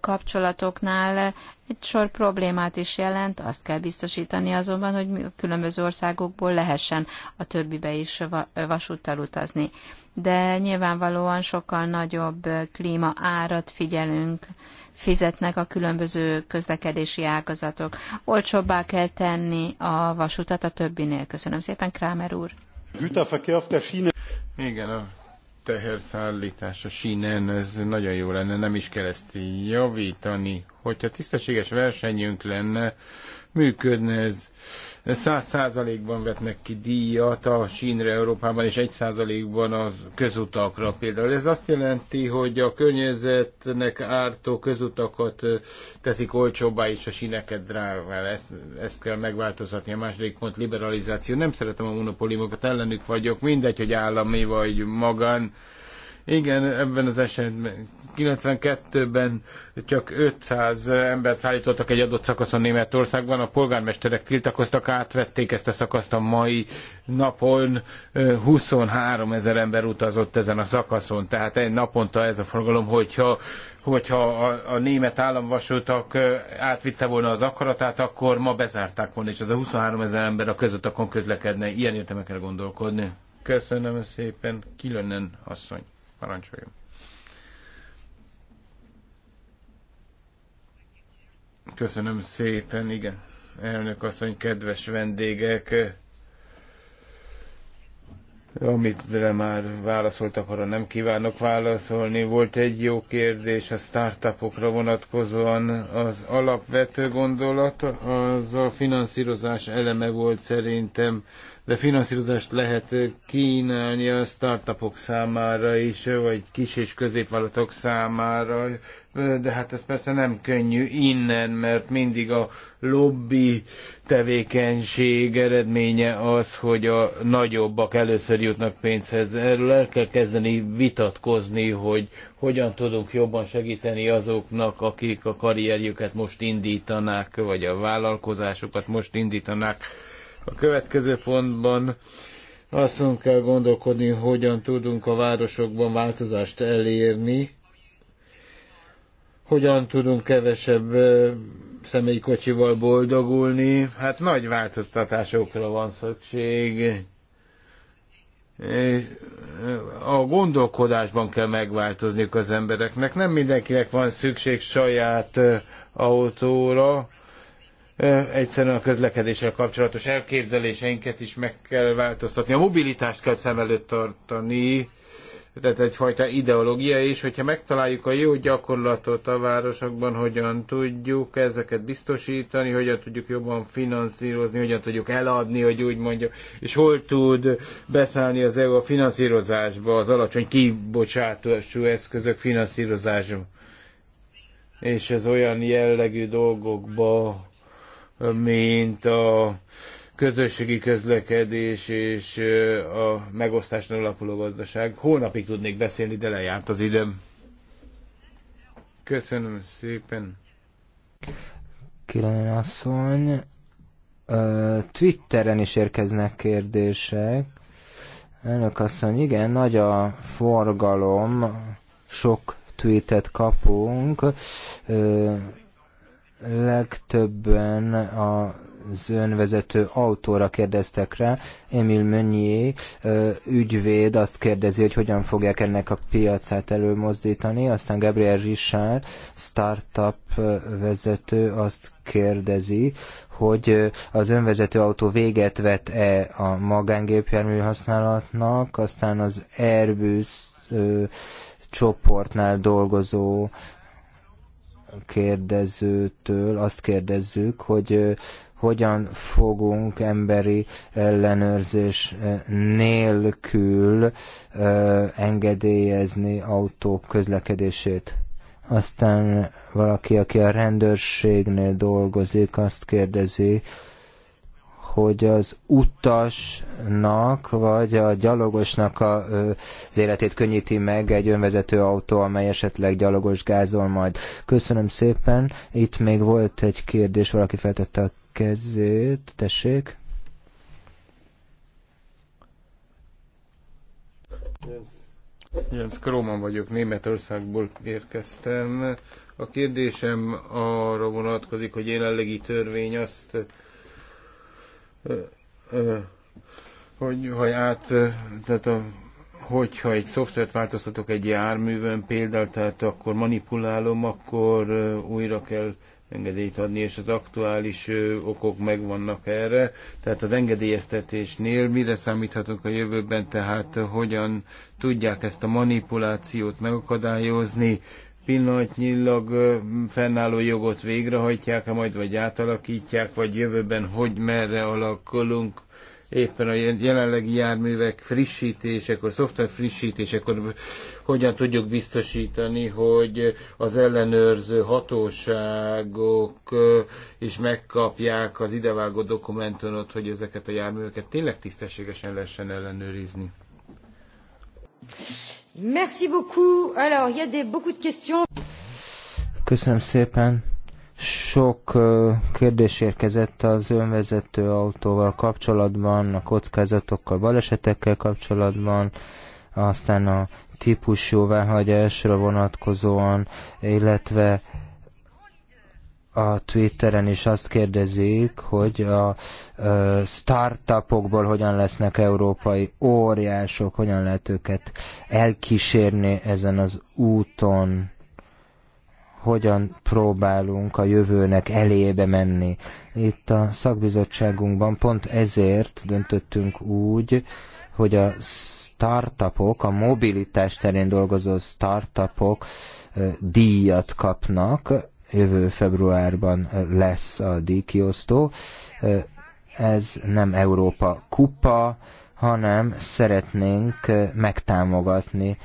kapcsolatoknál egy sor problémát is jelent, azt kell biztosítani azonban, hogy különböző országokból lehessen a többibe is vasúttal utazni. De nyilvánvalóan sokkal nagyobb klíma árat figyelünk, fizetnek a különböző közlekedési ágazatok. Olcsóbbá kell tenni a vasutat a többinél. Köszönöm szépen, Krámer úr! Igen, a teherszállítás a sínen, ez nagyon jó lenne, nem is kell ezt javítani. Hogyha tisztességes versenyünk lenne, működne ez. Száz százalékban vetnek ki díjat a sínre Európában, és egy százalékban a közutakra például. Ez azt jelenti, hogy a környezetnek ártó közutakat teszik olcsóbbá, és a síneket drágává. Ezt, ezt kell megváltoztatni. A második pont liberalizáció. Nem szeretem a monopóliumokat, ellenük vagyok. Mindegy, hogy állami vagy magán. Igen, ebben az esetben 92-ben csak 500 embert szállítottak egy adott szakaszon Németországban, a polgármesterek tiltakoztak, átvették ezt a szakaszt a mai napon, 23 ezer ember utazott ezen a szakaszon, tehát egy naponta ez a forgalom, hogyha hogyha a, a német államvasútak átvitte volna az akaratát, akkor ma bezárták volna, és az a 23 ezer ember a közutakon közlekedne. Ilyen értelme kell gondolkodni. Köszönöm szépen, Kilönen asszony. Parancsoljon. Köszönöm szépen, igen. Elnök asszony, kedves vendégek, amit már válaszoltak, arra nem kívánok válaszolni. Volt egy jó kérdés a startupokra vonatkozóan. Az alapvető gondolat, az a finanszírozás eleme volt szerintem de finanszírozást lehet kínálni a startupok számára is, vagy kis és középvállalatok számára, de hát ez persze nem könnyű innen, mert mindig a lobby tevékenység eredménye az, hogy a nagyobbak először jutnak pénzhez. Erről el kell kezdeni vitatkozni, hogy hogyan tudunk jobban segíteni azoknak, akik a karrierjüket most indítanák, vagy a vállalkozásokat most indítanák a következő pontban azon kell gondolkodni, hogyan tudunk a városokban változást elérni, hogyan tudunk kevesebb személykocsival boldogulni. Hát nagy változtatásokra van szükség. A gondolkodásban kell megváltozniuk az embereknek. Nem mindenkinek van szükség saját autóra, egyszerűen a közlekedéssel kapcsolatos elképzeléseinket is meg kell változtatni. A mobilitást kell szem előtt tartani, tehát egyfajta ideológia is, hogyha megtaláljuk a jó gyakorlatot a városokban, hogyan tudjuk ezeket biztosítani, hogyan tudjuk jobban finanszírozni, hogyan tudjuk eladni, hogy úgy mondja és hol tud beszállni az EU a finanszírozásba, az alacsony kibocsátású eszközök finanszírozásba És ez olyan jellegű dolgokba, mint a közösségi közlekedés és a megosztásnál alapuló gazdaság. Holnapig tudnék beszélni, de lejárt az időm. Köszönöm szépen. Kilenen asszony, Twitteren is érkeznek kérdések. Elnök asszony, igen, nagy a forgalom, sok tweetet kapunk legtöbben a az önvezető autóra kérdeztek rá. Emil Meunier ügyvéd azt kérdezi, hogy hogyan fogják ennek a piacát előmozdítani. Aztán Gabriel Richard, startup vezető azt kérdezi, hogy az önvezető autó véget vet-e a magángépjármű használatnak, aztán az Airbus csoportnál dolgozó kérdezőtől azt kérdezzük, hogy hogyan fogunk emberi ellenőrzés nélkül engedélyezni autók közlekedését. Aztán valaki, aki a rendőrségnél dolgozik, azt kérdezi, hogy az utasnak vagy a gyalogosnak a, az életét könnyíti meg egy önvezető autó, amely esetleg gyalogos gázol majd. Köszönöm szépen. Itt még volt egy kérdés, valaki feltette a kezét. Tessék. Jens, Kroman vagyok, Németországból érkeztem. A kérdésem arra vonatkozik, hogy jelenlegi törvény azt hogy ha át, tehát a, hogyha egy szoftvert változtatok egy járművön például, tehát akkor manipulálom, akkor újra kell engedélyt adni, és az aktuális okok megvannak erre. Tehát az engedélyeztetésnél mire számíthatunk a jövőben, tehát hogyan tudják ezt a manipulációt megakadályozni, pillanatnyilag fennálló jogot végrehajtják-e majd, vagy átalakítják, vagy jövőben hogy merre alakulunk éppen a jelenlegi járművek frissítésekor, szoftver frissítésekor hogyan tudjuk biztosítani, hogy az ellenőrző hatóságok is megkapják az idevágó dokumentumot, hogy ezeket a járműveket tényleg tisztességesen lehessen ellenőrizni. Merci beaucoup. Alors, il y a des, beaucoup de questions. Köszönöm szépen. Sok kérdés érkezett az önvezető autóval kapcsolatban, a kockázatokkal, balesetekkel kapcsolatban, aztán a típus jóváhagyásra vonatkozóan, illetve a Twitteren is azt kérdezik, hogy a startupokból hogyan lesznek európai óriások, hogyan lehet őket elkísérni ezen az úton, hogyan próbálunk a jövőnek elébe menni. Itt a szakbizottságunkban pont ezért döntöttünk úgy, hogy a startupok, a mobilitás terén dolgozó startupok díjat kapnak, jövő februárban lesz a díjkiosztó. Ez nem Európa kupa, hanem szeretnénk megtámogatni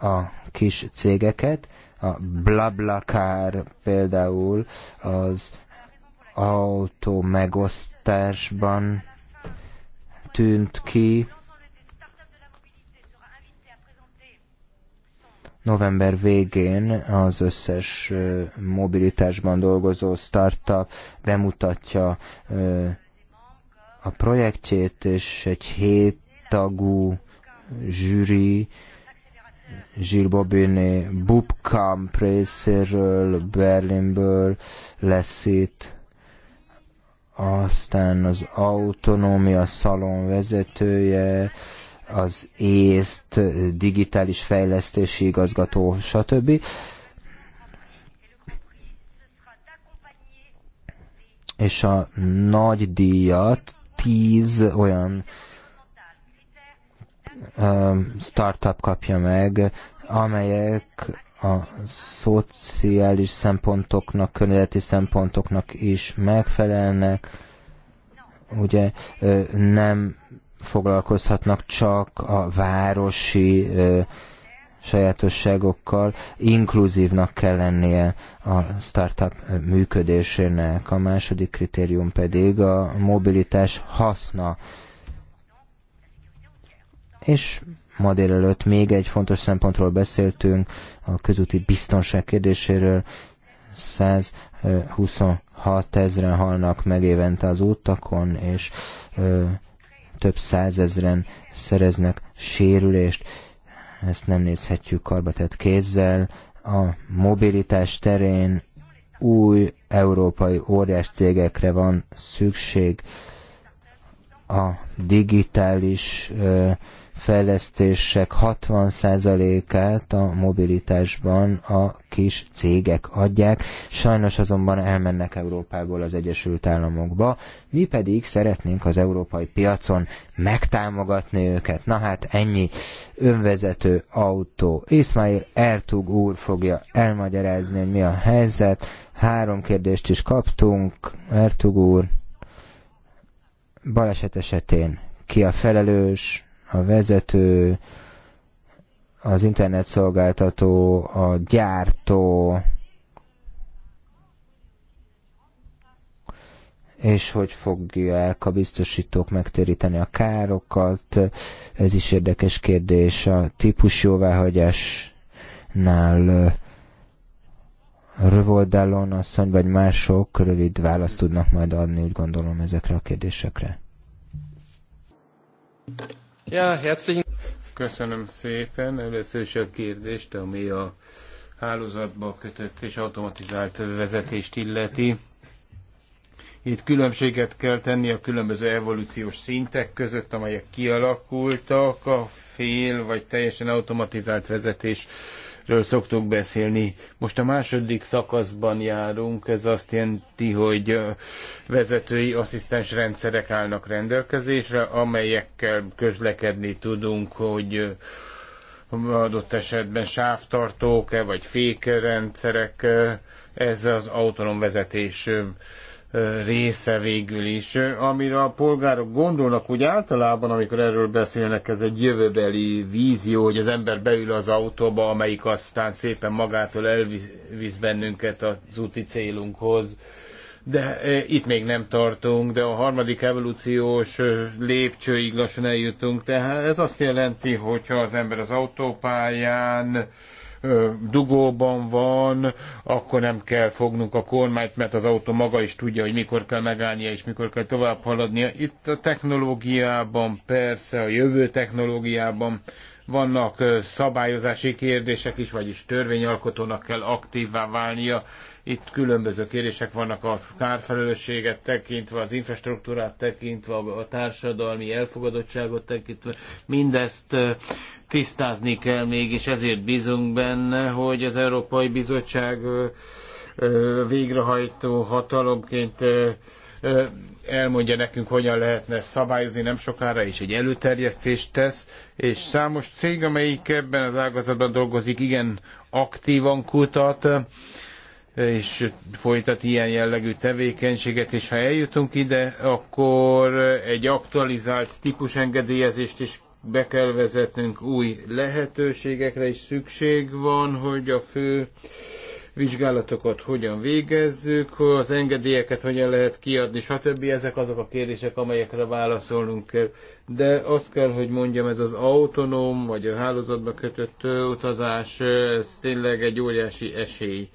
a kis cégeket. A Blablacar például az autó megosztásban tűnt ki, november végén az összes mobilitásban dolgozó startup bemutatja a projektjét, és egy hét tagú zsűri Gilles Bobiné Bubkamp részéről, Berlinből lesz itt, aztán az autonómia szalon vezetője, az észt, digitális fejlesztési igazgató, stb. És a nagy díjat tíz olyan startup kapja meg, amelyek a szociális szempontoknak, környezeti szempontoknak is megfelelnek, ugye nem foglalkozhatnak csak a városi sajátosságokkal, inkluzívnak kell lennie a startup működésének. A második kritérium pedig a mobilitás haszna. És ma délelőtt még egy fontos szempontról beszéltünk, a közúti biztonság kérdéséről. 126 ezeren halnak meg évente az útakon és több százezren szereznek sérülést, ezt nem nézhetjük karbatett kézzel. A mobilitás terén új európai óriás cégekre van szükség. A digitális uh, fejlesztések 60%-át a mobilitásban a kis cégek adják, sajnos azonban elmennek Európából az Egyesült Államokba, mi pedig szeretnénk az európai piacon megtámogatni őket. Na hát ennyi önvezető autó. Ismail Ertug úr fogja elmagyarázni, hogy mi a helyzet. Három kérdést is kaptunk. Ertug úr, baleset esetén ki a felelős, a vezető, az internetszolgáltató, a gyártó, és hogy fogják a biztosítók megtéríteni a károkat. Ez is érdekes kérdés a típus jóváhagyásnál. Uh, Rövoldalon asszony vagy mások rövid választ tudnak majd adni, úgy gondolom, ezekre a kérdésekre. Ja, herzlichen... Köszönöm szépen. Először is a kérdést, ami a hálózatba kötött és automatizált vezetést illeti. Itt különbséget kell tenni a különböző evolúciós szintek között, amelyek kialakultak, a fél vagy teljesen automatizált vezetés ről szoktuk beszélni. Most a második szakaszban járunk, ez azt jelenti, hogy vezetői asszisztens rendszerek állnak rendelkezésre, amelyekkel közlekedni tudunk, hogy adott esetben sávtartók-e, vagy fékrendszerek, ez az autonóm vezetés része végül is. Amire a polgárok gondolnak hogy általában, amikor erről beszélnek, ez egy jövőbeli vízió, hogy az ember beül az autóba, amelyik aztán szépen magától elvisz bennünket az úti célunkhoz. De e, itt még nem tartunk, de a harmadik evolúciós lépcsőig lassan eljutunk. Tehát ez azt jelenti, hogyha az ember az autópályán dugóban van, akkor nem kell fognunk a kormányt, mert az autó maga is tudja, hogy mikor kell megállnia és mikor kell tovább haladnia. Itt a technológiában, persze a jövő technológiában vannak szabályozási kérdések is, vagyis törvényalkotónak kell aktívvá válnia, itt különböző kérések vannak a kárfelelősséget tekintve, az infrastruktúrát tekintve, a társadalmi elfogadottságot tekintve. Mindezt tisztázni kell még, és ezért bízunk benne, hogy az Európai Bizottság végrehajtó hatalomként elmondja nekünk, hogyan lehetne szabályozni nem sokára, és egy előterjesztést tesz, és számos cég, amelyik ebben az ágazatban dolgozik, igen aktívan kutat, és folytat ilyen jellegű tevékenységet, és ha eljutunk ide, akkor egy aktualizált típusengedélyezést is be kell vezetnünk új lehetőségekre, és szükség van, hogy a fő vizsgálatokat hogyan végezzük, az engedélyeket hogyan lehet kiadni, stb. Ezek azok a kérdések, amelyekre válaszolnunk kell. De azt kell, hogy mondjam, ez az autonóm, vagy a hálózatba kötött utazás, ez tényleg egy óriási esély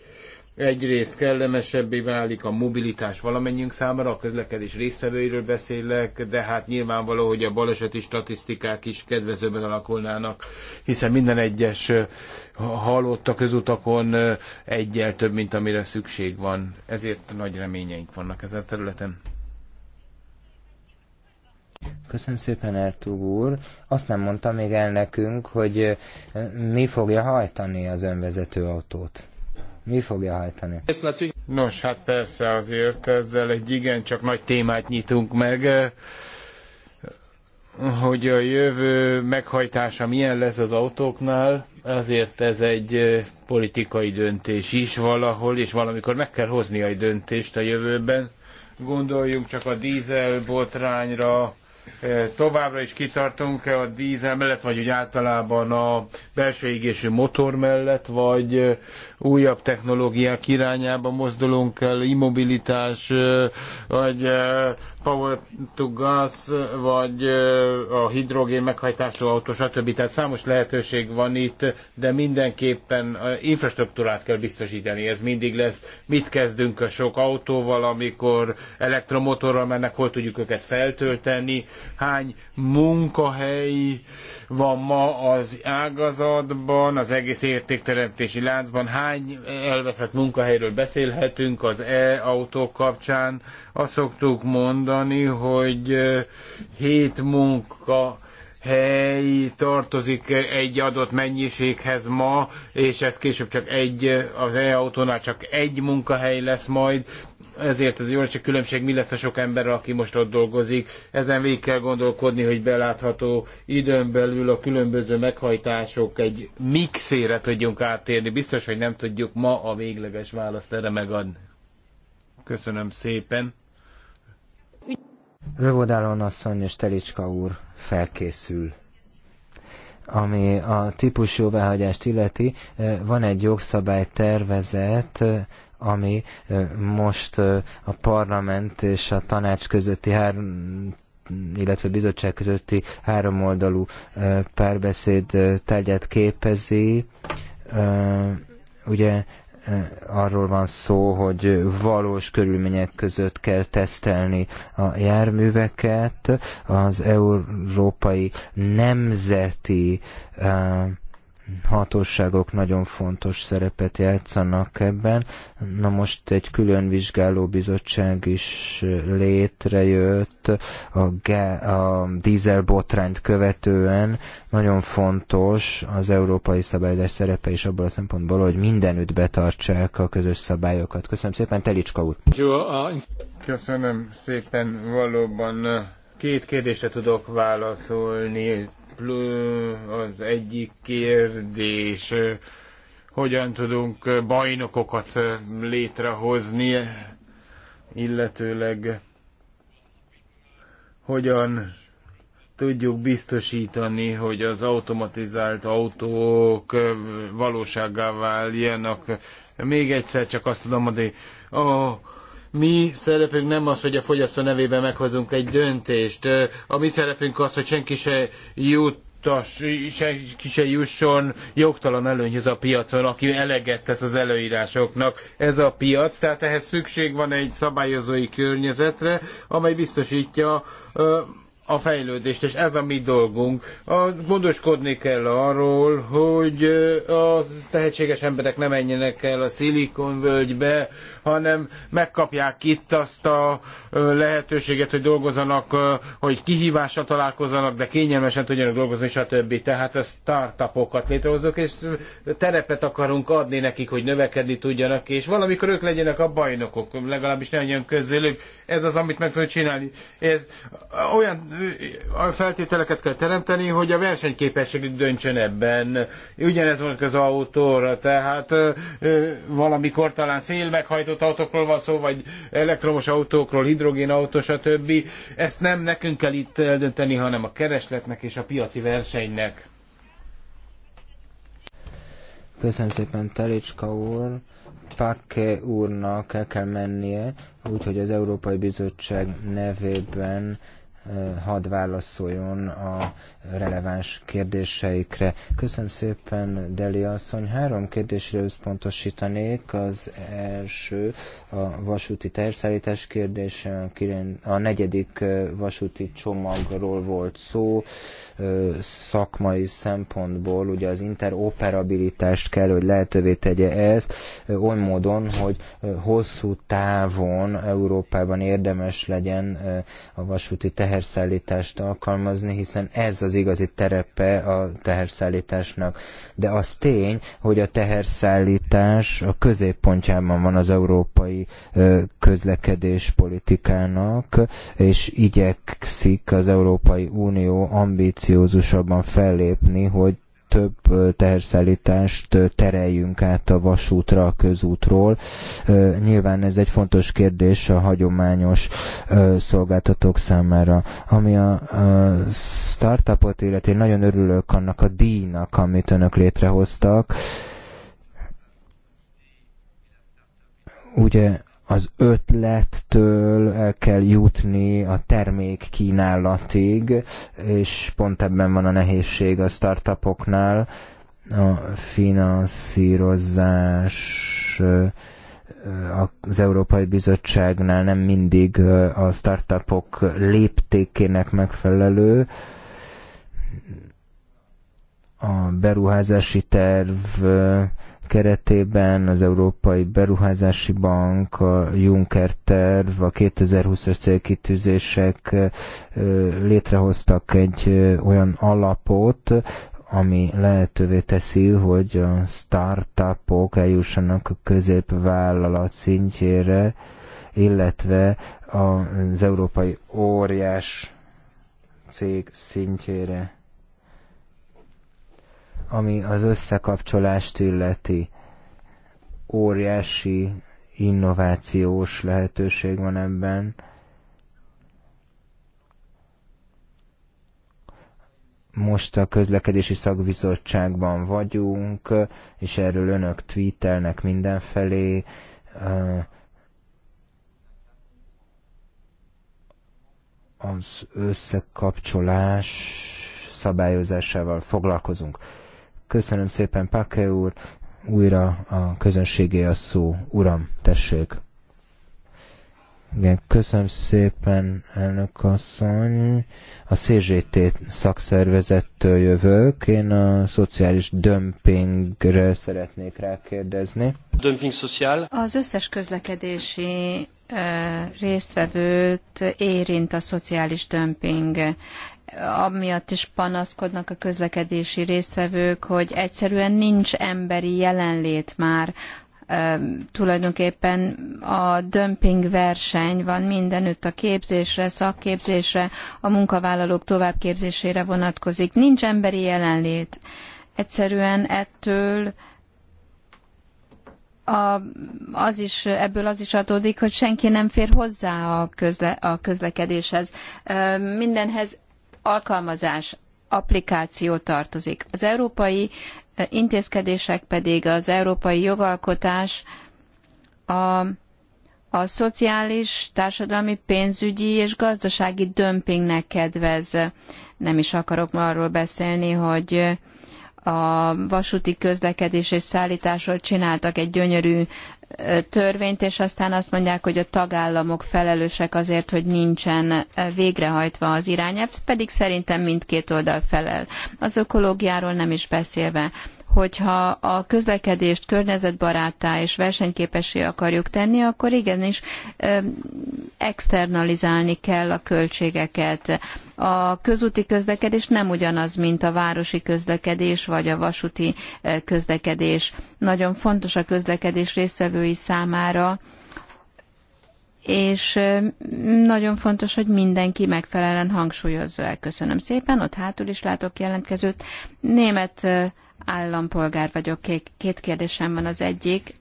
egyrészt kellemesebbé válik a mobilitás valamennyiünk számára, a közlekedés résztvevőiről beszélek, de hát nyilvánvaló, hogy a baleseti statisztikák is kedvezőben alakulnának, hiszen minden egyes halott a közutakon egyel több, mint amire szükség van. Ezért nagy reményeink vannak ezen a területen. Köszönöm szépen, Ertug úr. Azt nem mondta még el nekünk, hogy mi fogja hajtani az önvezető autót mi fogja hajtani? Nos, hát persze azért ezzel egy igen csak nagy témát nyitunk meg, hogy a jövő meghajtása milyen lesz az autóknál, azért ez egy eh, politikai döntés is valahol, és valamikor meg kell hozni a döntést a jövőben. Gondoljunk csak a dízel botrányra, E, továbbra is kitartunk a dízel mellett, vagy úgy általában a belső égésű motor mellett, vagy e, újabb technológiák irányába mozdulunk el, immobilitás, e, vagy power to gas, vagy a hidrogén meghajtású autó, stb. Tehát számos lehetőség van itt, de mindenképpen infrastruktúrát kell biztosítani. Ez mindig lesz. Mit kezdünk a sok autóval, amikor elektromotorral mennek, hol tudjuk őket feltölteni, hány munkahely van ma az ágazatban, az egész értékteremtési láncban, hány elveszett munkahelyről beszélhetünk az e-autók kapcsán. Azt szoktuk mondani, hogy hét munka hely tartozik egy adott mennyiséghez ma, és ez később csak egy, az e-autónál csak egy munkahely lesz majd, ezért az óriási különbség, mi lesz a sok ember, aki most ott dolgozik. Ezen végig kell gondolkodni, hogy belátható időn belül a különböző meghajtások egy mixére tudjunk áttérni. Biztos, hogy nem tudjuk ma a végleges választ erre megadni. Köszönöm szépen. Rövodálon asszony és Telicska úr felkészül ami a típusjóváhagyást illeti, eh, van egy jogszabálytervezet, eh, ami most a parlament és a tanács közötti három illetve bizottság közötti háromoldalú párbeszéd tegyet képezi. Ugye arról van szó, hogy valós körülmények között kell tesztelni a járműveket, az európai nemzeti uh, hatóságok nagyon fontos szerepet játszanak ebben. Na most egy külön vizsgálóbizottság is létrejött a, ge- a dízel botrányt követően. Nagyon fontos az európai szabályozás szerepe is abból a szempontból, hogy mindenütt betartsák a közös szabályokat. Köszönöm szépen, Telicska úr! Köszönöm szépen, valóban két kérdésre tudok válaszolni szereplő, az egyik kérdés, hogyan tudunk bajnokokat létrehozni, illetőleg hogyan tudjuk biztosítani, hogy az automatizált autók valósággá váljanak. Még egyszer csak azt tudom mondani, a mi szerepünk nem az, hogy a fogyasztó nevében meghozunk egy döntést. A mi szerepünk az, hogy senki se jut senki se jusson jogtalan előnyhöz a piacon, aki eleget tesz az előírásoknak. Ez a piac, tehát ehhez szükség van egy szabályozói környezetre, amely biztosítja a fejlődést, és ez a mi dolgunk. A, gondoskodni kell arról, hogy a tehetséges emberek ne menjenek el a szilikonvölgybe, hanem megkapják itt azt a lehetőséget, hogy dolgozzanak, hogy kihívással találkozzanak, de kényelmesen tudjanak dolgozni, stb. Tehát a startupokat létrehozok, és terepet akarunk adni nekik, hogy növekedni tudjanak, és valamikor ők legyenek a bajnokok, legalábbis ne legyen közülük. Ez az, amit meg kell csinálni. Ez olyan a feltételeket kell teremteni, hogy a versenyképesség döntsön ebben. Ugyanez van az autóra, tehát valamikor talán szél meghajtott autókról van szó, vagy elektromos autókról, autó, stb. Ezt nem nekünk kell itt eldönteni, hanem a keresletnek és a piaci versenynek. Köszönöm szépen, Telicska úr. Pakke úrnak el kell mennie, úgyhogy az Európai Bizottság nevében hadd válaszoljon a releváns kérdéseikre. Köszönöm szépen, Deli asszony. Három kérdésre összpontosítanék. Az első a vasúti terszállítás kérdése, a negyedik vasúti csomagról volt szó, szakmai szempontból ugye az interoperabilitást kell, hogy lehetővé tegye ezt, oly módon, hogy hosszú távon Európában érdemes legyen a vasúti teherszállítást alkalmazni, hiszen ez az igazi terepe a teherszállításnak. De az tény, hogy a teherszállítás a középpontjában van az európai közlekedés politikának, és igyekszik az Európai Unió ambícióit ambiciózusabban fellépni, hogy több teherszállítást tereljünk át a vasútra, a közútról. Nyilván ez egy fontos kérdés a hagyományos szolgáltatók számára. Ami a startupot illeti, én nagyon örülök annak a díjnak, amit önök létrehoztak. Ugye az ötlettől el kell jutni a termék kínálatig, és pont ebben van a nehézség a startupoknál, a finanszírozás az Európai Bizottságnál nem mindig a startupok léptékének megfelelő. A beruházási terv keretében az Európai Beruházási Bank, a Juncker terv, a 2020-as célkitűzések létrehoztak egy olyan alapot, ami lehetővé teszi, hogy a startupok eljussanak a középvállalat szintjére, illetve az európai óriás cég szintjére ami az összekapcsolást illeti. Óriási innovációs lehetőség van ebben. Most a közlekedési szakbizottságban vagyunk, és erről önök tweetelnek mindenfelé. Az összekapcsolás szabályozásával foglalkozunk. Köszönöm szépen, Pake úr. Újra a közönségé a szó. Uram, tessék. Igen, köszönöm szépen, elnök asszony. A CZT szakszervezettől jövök. Én a szociális dömpingre szeretnék rákérdezni. Dömping szociál? Az összes közlekedési résztvevőt érint a szociális dömping amiatt is panaszkodnak a közlekedési résztvevők, hogy egyszerűen nincs emberi jelenlét már. Tulajdonképpen a dömping verseny van mindenütt a képzésre, szakképzésre, a munkavállalók továbbképzésére vonatkozik. Nincs emberi jelenlét. Egyszerűen ettől a, az is, ebből az is adódik, hogy senki nem fér hozzá a, közle, a közlekedéshez. Mindenhez alkalmazás, applikáció tartozik. Az európai eh, intézkedések pedig az európai jogalkotás a a szociális, társadalmi, pénzügyi és gazdasági dömpingnek kedvez. Nem is akarok arról beszélni, hogy a vasúti közlekedés és szállításról csináltak egy gyönyörű törvényt, és aztán azt mondják, hogy a tagállamok felelősek azért, hogy nincsen végrehajtva az irányelv, pedig szerintem mindkét oldal felel. Az ökológiáról nem is beszélve hogyha a közlekedést környezetbarátá és versenyképessé akarjuk tenni, akkor igenis externalizálni kell a költségeket. A közúti közlekedés nem ugyanaz, mint a városi közlekedés vagy a vasúti közlekedés. Nagyon fontos a közlekedés résztvevői számára, és nagyon fontos, hogy mindenki megfelelően hangsúlyozza el. Köszönöm szépen, ott hátul is látok jelentkezőt. Német állampolgár vagyok. Két kérdésem van az egyik.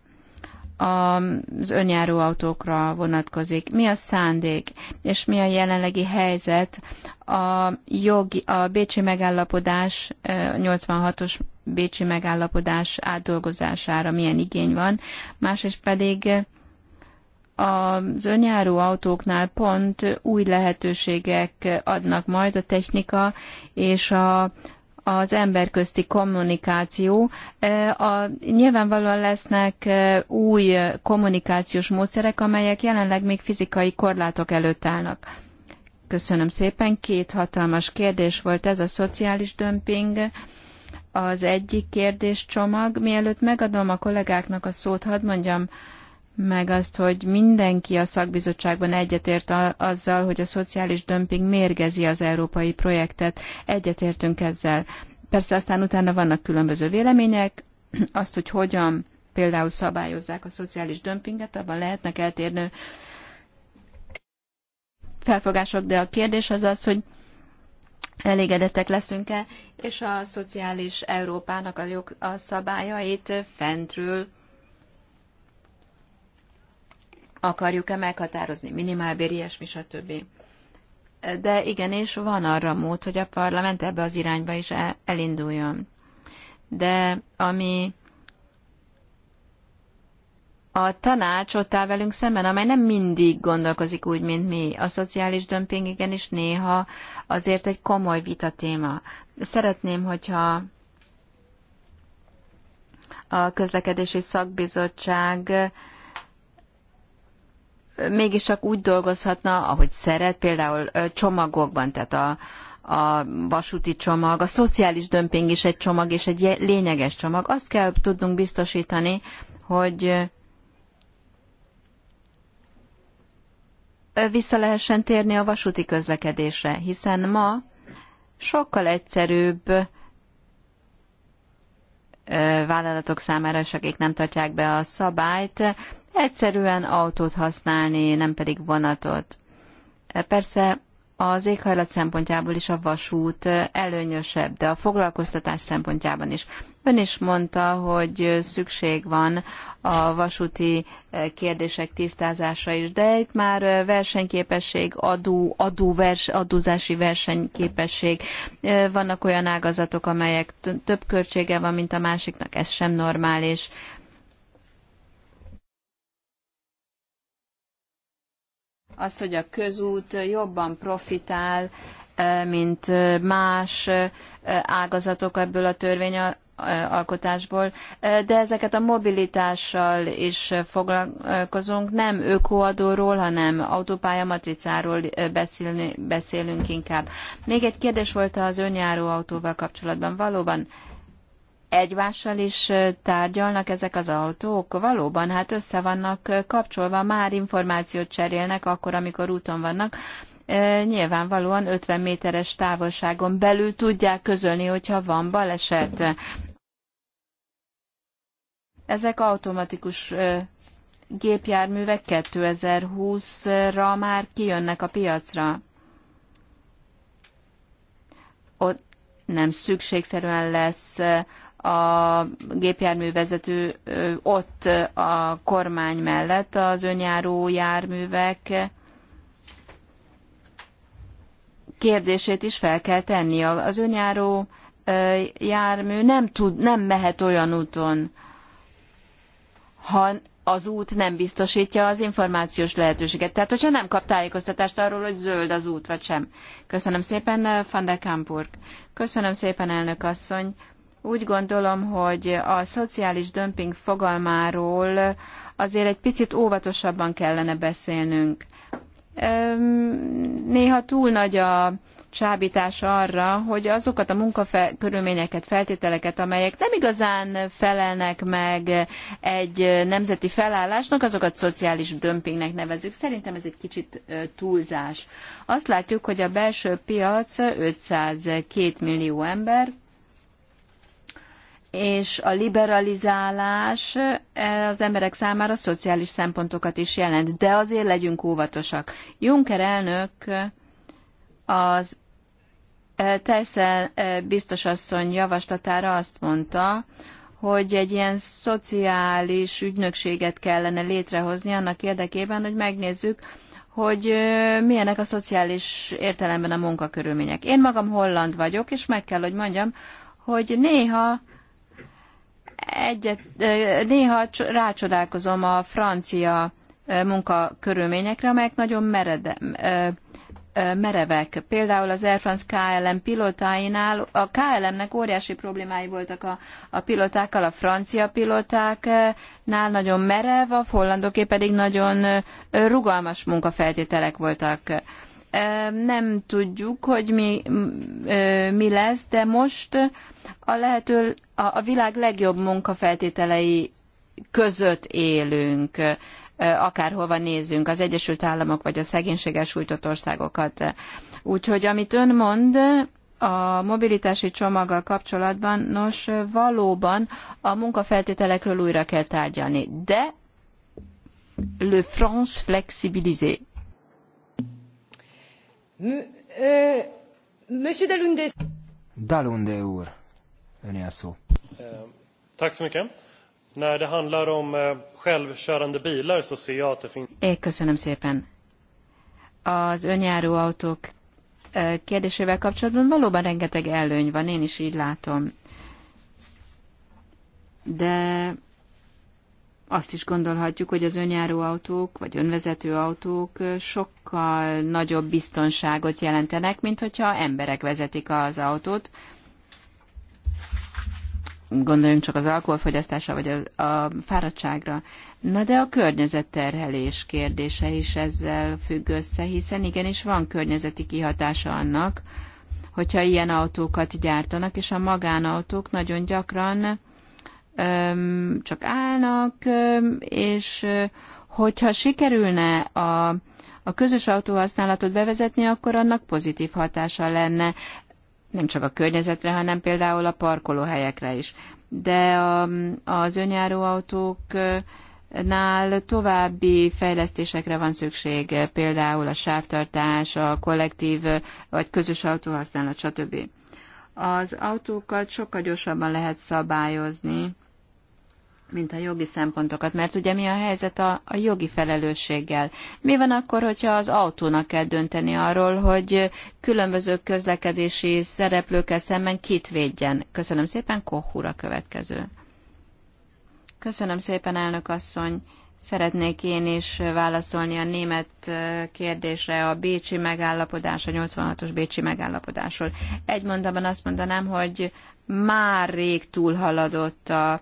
Az önjáró autókra vonatkozik. Mi a szándék, és mi a jelenlegi helyzet a, jogi, a Bécsi megállapodás, 86-os Bécsi megállapodás átdolgozására milyen igény van, másrészt pedig az önjáró autóknál pont új lehetőségek adnak majd a technika és a, az emberközti kommunikáció. E, a, nyilvánvalóan lesznek e, új kommunikációs módszerek, amelyek jelenleg még fizikai korlátok előtt állnak. Köszönöm szépen. Két hatalmas kérdés volt ez a szociális dömping. Az egyik kérdéscsomag. Mielőtt megadom a kollégáknak a szót, hadd mondjam, meg azt, hogy mindenki a szakbizottságban egyetért a, azzal, hogy a szociális dömping mérgezi az európai projektet. Egyetértünk ezzel. Persze aztán utána vannak különböző vélemények, azt, hogy hogyan például szabályozzák a szociális dömpinget, abban lehetnek eltérő felfogások, de a kérdés az az, hogy elégedettek leszünk-e, és a szociális Európának a, jog, a szabályait fentről akarjuk-e meghatározni minimálbér, ilyesmi, stb. De igenis van arra mód, hogy a parlament ebbe az irányba is elinduljon. De ami a tanács ott áll velünk szemben, amely nem mindig gondolkozik úgy, mint mi. A szociális dömping igenis néha azért egy komoly vita téma. Szeretném, hogyha a közlekedési szakbizottság mégiscsak úgy dolgozhatna, ahogy szeret, például csomagokban, tehát a, a vasúti csomag, a szociális dömping is egy csomag, és egy lényeges csomag. Azt kell tudnunk biztosítani, hogy vissza lehessen térni a vasúti közlekedésre, hiszen ma sokkal egyszerűbb vállalatok számára, és akik nem tartják be a szabályt, egyszerűen autót használni, nem pedig vonatot. E, persze az éghajlat szempontjából is a vasút e, előnyösebb, de a foglalkoztatás szempontjában is. Ön is mondta, hogy szükség van a vasúti e, kérdések tisztázása is, de itt már versenyképesség, adó, adó vers, adózási versenyképesség. Vannak olyan ágazatok, amelyek több költsége van, mint a másiknak, ez sem normális az, hogy a közút jobban profitál, mint más ágazatok ebből a törvény alkotásból, de ezeket a mobilitással is foglalkozunk, nem ökoadóról, hanem autópályamatricáról beszélünk inkább. Még egy kérdés volt az önjáró autóval kapcsolatban. Valóban egymással is tárgyalnak ezek az autók? Valóban, hát össze vannak kapcsolva, már információt cserélnek akkor, amikor úton vannak. Nyilvánvalóan 50 méteres távolságon belül tudják közölni, hogyha van baleset. Ezek automatikus gépjárművek 2020-ra már kijönnek a piacra. Ott nem szükségszerűen lesz a gépjárművezető ott a kormány mellett az önjáró járművek kérdését is fel kell tenni. Az önjáró jármű nem, tud, nem mehet olyan úton, ha az út nem biztosítja az információs lehetőséget. Tehát, hogyha nem kap tájékoztatást arról, hogy zöld az út, vagy sem. Köszönöm szépen, Van der Kampurg. Köszönöm szépen, elnök asszony. Úgy gondolom, hogy a szociális dömping fogalmáról azért egy picit óvatosabban kellene beszélnünk. Néha túl nagy a csábítás arra, hogy azokat a munkakörülményeket, feltételeket, amelyek nem igazán felelnek meg egy nemzeti felállásnak, azokat szociális dömpingnek nevezzük. Szerintem ez egy kicsit túlzás. Azt látjuk, hogy a belső piac 502 millió ember, és a liberalizálás eh, az emberek számára szociális szempontokat is jelent, de azért legyünk óvatosak. Juncker elnök eh, az eh, Tyson biztosasszony javaslatára azt mondta, hogy egy ilyen szociális ügynökséget kellene létrehozni annak érdekében, hogy megnézzük, hogy milyenek a szociális értelemben a munkakörülmények. Én magam holland vagyok, és meg kell, hogy mondjam, hogy néha egyet, néha rácsodálkozom a francia munkakörülményekre, amelyek nagyon merede, merevek. Például az Air France KLM pilotáinál, a KLM-nek óriási problémái voltak a, a pilotákkal, a francia pilotáknál nagyon merev, a hollandoké pedig nagyon rugalmas munkafeltételek voltak nem tudjuk, hogy mi, mi lesz, de most a lehető a világ legjobb munkafeltételei között élünk, akárhova nézünk, az Egyesült Államok vagy a szegénységes sújtott országokat. Úgyhogy amit ön mond, a mobilitási csomaggal kapcsolatban, nos, valóban a munkafeltételekről újra kell tárgyalni, de le France flexibilisé Monsieur Dalunde. Dalunde úr, ön a szó. Eh, tack så mycket. När det handlar om eh, självkörande bilar så ser jag att det finns... Eh, köszönöm szépen. Az önjáró autók kérdésével kapcsolatban valóban rengeteg előny van, én is így látom. De azt is gondolhatjuk, hogy az önjáró autók vagy önvezető autók sokkal nagyobb biztonságot jelentenek, mint hogyha emberek vezetik az autót. Gondoljunk csak az alkoholfogyasztásra vagy a, a fáradtságra. Na de a környezetterhelés kérdése is ezzel függ össze, hiszen igenis van környezeti kihatása annak, hogyha ilyen autókat gyártanak, és a magánautók nagyon gyakran csak állnak, és hogyha sikerülne a, a közös autóhasználatot bevezetni, akkor annak pozitív hatása lenne nem csak a környezetre, hanem például a parkolóhelyekre is. De a, az önjáró autók nál további fejlesztésekre van szükség, például a sávtartás, a kollektív vagy közös autóhasználat, stb. Az autókat sokkal gyorsabban lehet szabályozni, mint a jogi szempontokat, mert ugye mi a helyzet a, a jogi felelősséggel? Mi van akkor, hogyha az autónak kell dönteni arról, hogy különböző közlekedési szereplőkkel szemben kit védjen? Köszönöm szépen, Kohúra következő. Köszönöm szépen, elnök asszony. Szeretnék én is válaszolni a német kérdésre a Bécsi megállapodás, a 86-os Bécsi megállapodásról. Egy mondatban azt mondanám, hogy már rég túlhaladott a,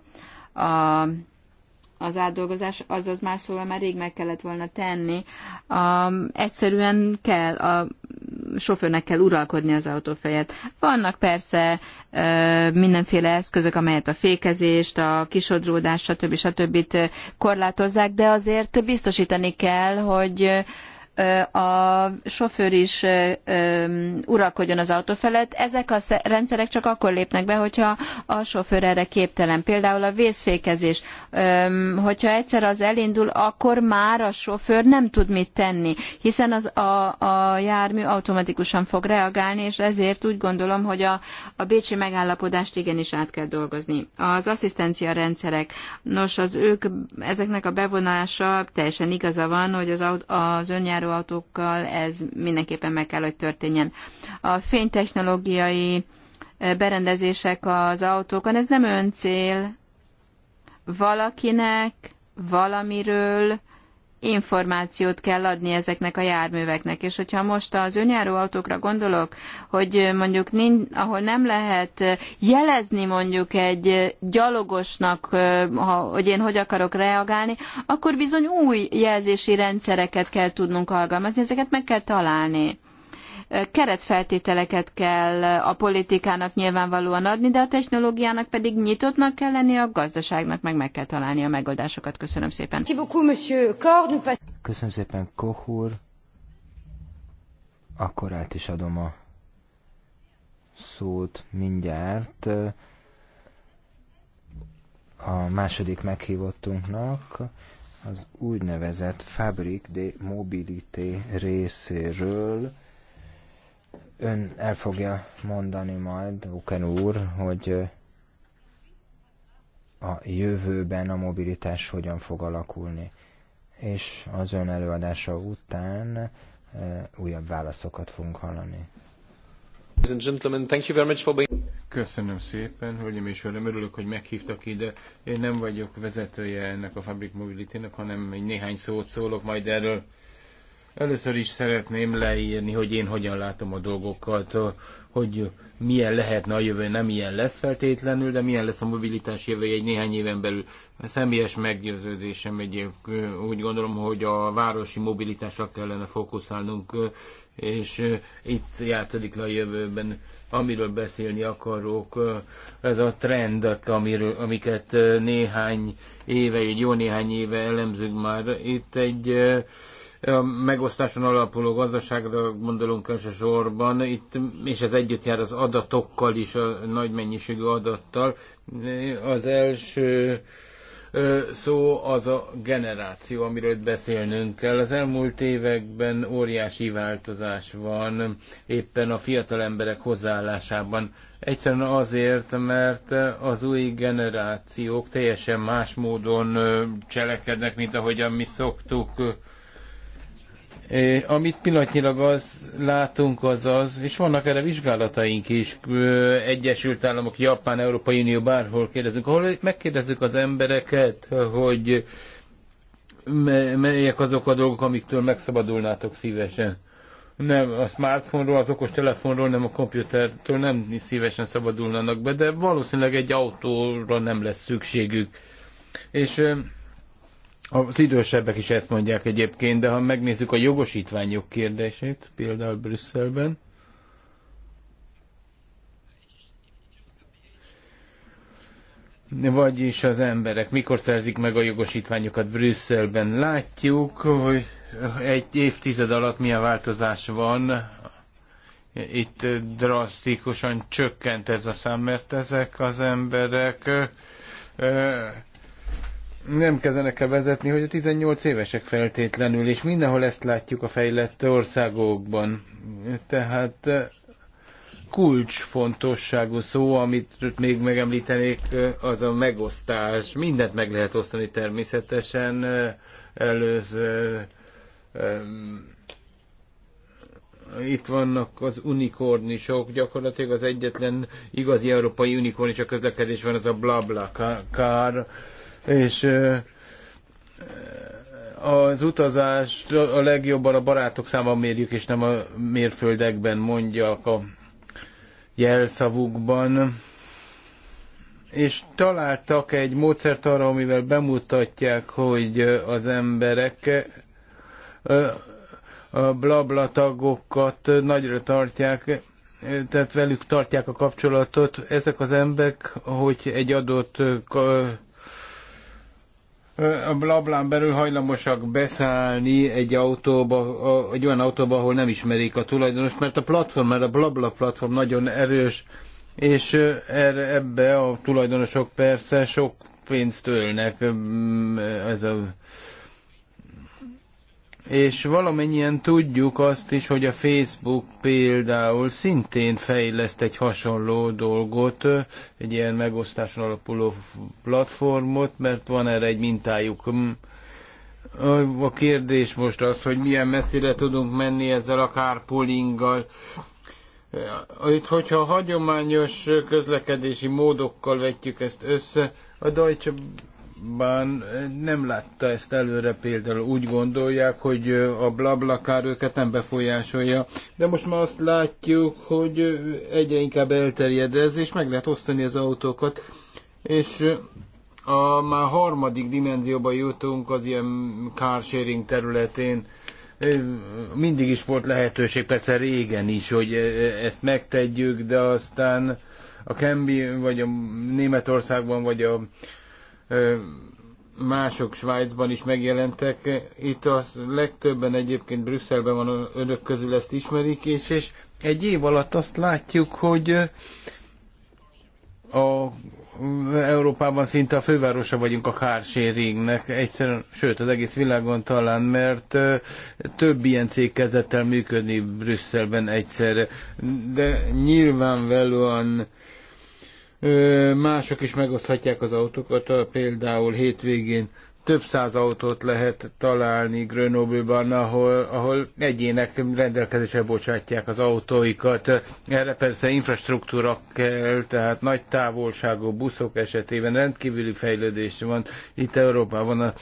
a, az átdolgozás, azaz más szóval már rég meg kellett volna tenni. A, egyszerűen kell, a sofőrnek kell uralkodni az autófejet. Vannak persze ö, mindenféle eszközök, amelyet a fékezést, a kisodródást, stb. stb. korlátozzák, de azért biztosítani kell, hogy a sofőr is uralkodjon az autó felett. Ezek a rendszerek csak akkor lépnek be, hogyha a sofőr erre képtelen. Például a vészfékezés. Hogyha egyszer az elindul, akkor már a sofőr nem tud mit tenni, hiszen az a, a jármű automatikusan fog reagálni, és ezért úgy gondolom, hogy a, a bécsi megállapodást igenis át kell dolgozni. Az asszisztencia rendszerek, nos, az ők, ezeknek a bevonása teljesen igaza van, hogy az, az önjár járóautókkal, ez mindenképpen meg kell, hogy történjen. A fénytechnológiai berendezések az autókon, ez nem öncél. Valakinek valamiről információt kell adni ezeknek a járműveknek. És hogyha most az önjáró autókra gondolok, hogy mondjuk nincs, ahol nem lehet jelezni mondjuk egy gyalogosnak, ha, hogy én hogy akarok reagálni, akkor bizony új jelzési rendszereket kell tudnunk alkalmazni, ezeket meg kell találni keretfeltételeket kell a politikának nyilvánvalóan adni, de a technológiának pedig nyitottnak kell lenni, a gazdaságnak meg meg kell találni a megoldásokat. Köszönöm szépen. Köszönöm szépen, Koch Akkor át is adom a szót mindjárt a második meghívottunknak az úgynevezett Fabrik de Mobilité részéről Ön el fogja mondani majd, Uken úr, hogy a jövőben a mobilitás hogyan fog alakulni. És az ön előadása után újabb válaszokat fogunk hallani. Köszönöm szépen, hölgyeim és hölgyeim, örülök, hogy meghívtak ide. Én nem vagyok vezetője ennek a Fabrik mobility hanem néhány szót szólok majd erről. Először is szeretném leírni, hogy én hogyan látom a dolgokat, hogy milyen lehetne a jövő, nem ilyen lesz feltétlenül, de milyen lesz a mobilitás jövő egy néhány éven belül. A személyes meggyőződésem egyébként úgy gondolom, hogy a városi mobilitásra kellene fókuszálnunk, és itt játszik le a jövőben, amiről beszélni akarok. Ez a trend, amiről, amiket néhány éve, egy jó néhány éve elemzünk már. Itt egy a megosztáson alapuló gazdaságra gondolunk elsősorban, itt, és ez együtt jár az adatokkal is, a nagy mennyiségű adattal. Az első szó az a generáció, amiről beszélnünk kell. Az elmúlt években óriási változás van éppen a fiatal emberek hozzáállásában. Egyszerűen azért, mert az új generációk teljesen más módon cselekednek, mint ahogyan mi szoktuk Eh, amit pillanatnyilag az látunk, az az, és vannak erre vizsgálataink is, Egyesült Államok, Japán, Európai Unió, bárhol kérdezünk, ahol megkérdezzük az embereket, hogy melyek azok a dolgok, amiktől megszabadulnátok szívesen. Nem a smartphone-ról, az telefonról, nem a komputertől nem szívesen szabadulnának be, de valószínűleg egy autóra nem lesz szükségük. És az idősebbek is ezt mondják egyébként, de ha megnézzük a jogosítványok kérdését, például Brüsszelben, Vagyis az emberek mikor szerzik meg a jogosítványokat Brüsszelben? Látjuk, hogy egy évtized alatt milyen változás van. Itt drasztikusan csökkent ez a szám, mert ezek az emberek nem kezdenek el vezetni, hogy a 18 évesek feltétlenül, és mindenhol ezt látjuk a fejlett országokban. Tehát eh, kulcsfontosságú szó, amit még megemlítenék, eh, az a megosztás. Mindent meg lehet osztani természetesen. Eh, előző. itt vannak az unikornisok, gyakorlatilag az egyetlen igazi európai unikornis a közlekedésben, az a blabla, kár. Car és az utazást a legjobban a barátok számban mérjük, és nem a mérföldekben mondjak a jelszavukban. És találtak egy módszert arra, amivel bemutatják, hogy az emberek a blabla tagokat nagyra tartják, tehát velük tartják a kapcsolatot. Ezek az emberek, hogy egy adott a blablán belül hajlamosak beszállni egy autóba, egy olyan autóba, ahol nem ismerik a tulajdonost, mert a platform, mert a blabla platform nagyon erős, és erre, ebbe a tulajdonosok persze sok pénzt ölnek, mm, ez a és valamennyien tudjuk azt is, hogy a Facebook például szintén fejleszt egy hasonló dolgot, egy ilyen megosztáson alapuló platformot, mert van erre egy mintájuk. Mm. A kérdés most az, hogy milyen messzire tudunk menni ezzel a carpoolinggal. Itt, hogyha a hagyományos közlekedési módokkal vetjük ezt össze, a Deutsche Ban eh, nem látta ezt előre például, úgy gondolják, hogy eh, a blablakár őket nem befolyásolja, de most már azt látjuk, hogy eh, egyre inkább elterjed ez, és meg lehet osztani az autókat, és a már harmadik dimenzióba jutunk az ilyen carsharing területén, mindig is volt lehetőség, persze régen is, hogy ezt megtegyük, de aztán a Kembi, vagy a Németországban, vagy a mások Svájcban is megjelentek. Itt a legtöbben egyébként Brüsszelben van, önök közül ezt ismerik, és, és egy év alatt azt látjuk, hogy a Európában szinte a fővárosa vagyunk a kárséringnek, egyszerűen, sőt az egész világon talán, mert több ilyen cég kezdett el működni Brüsszelben egyszerre, de nyilvánvalóan mások is megoszthatják az autókat, például hétvégén több száz autót lehet találni Grenoble-ban, ahol, ahol egyének rendelkezésre bocsátják az autóikat. Erre persze infrastruktúra kell, tehát nagy távolságú buszok esetében rendkívüli fejlődés van. Itt Európában a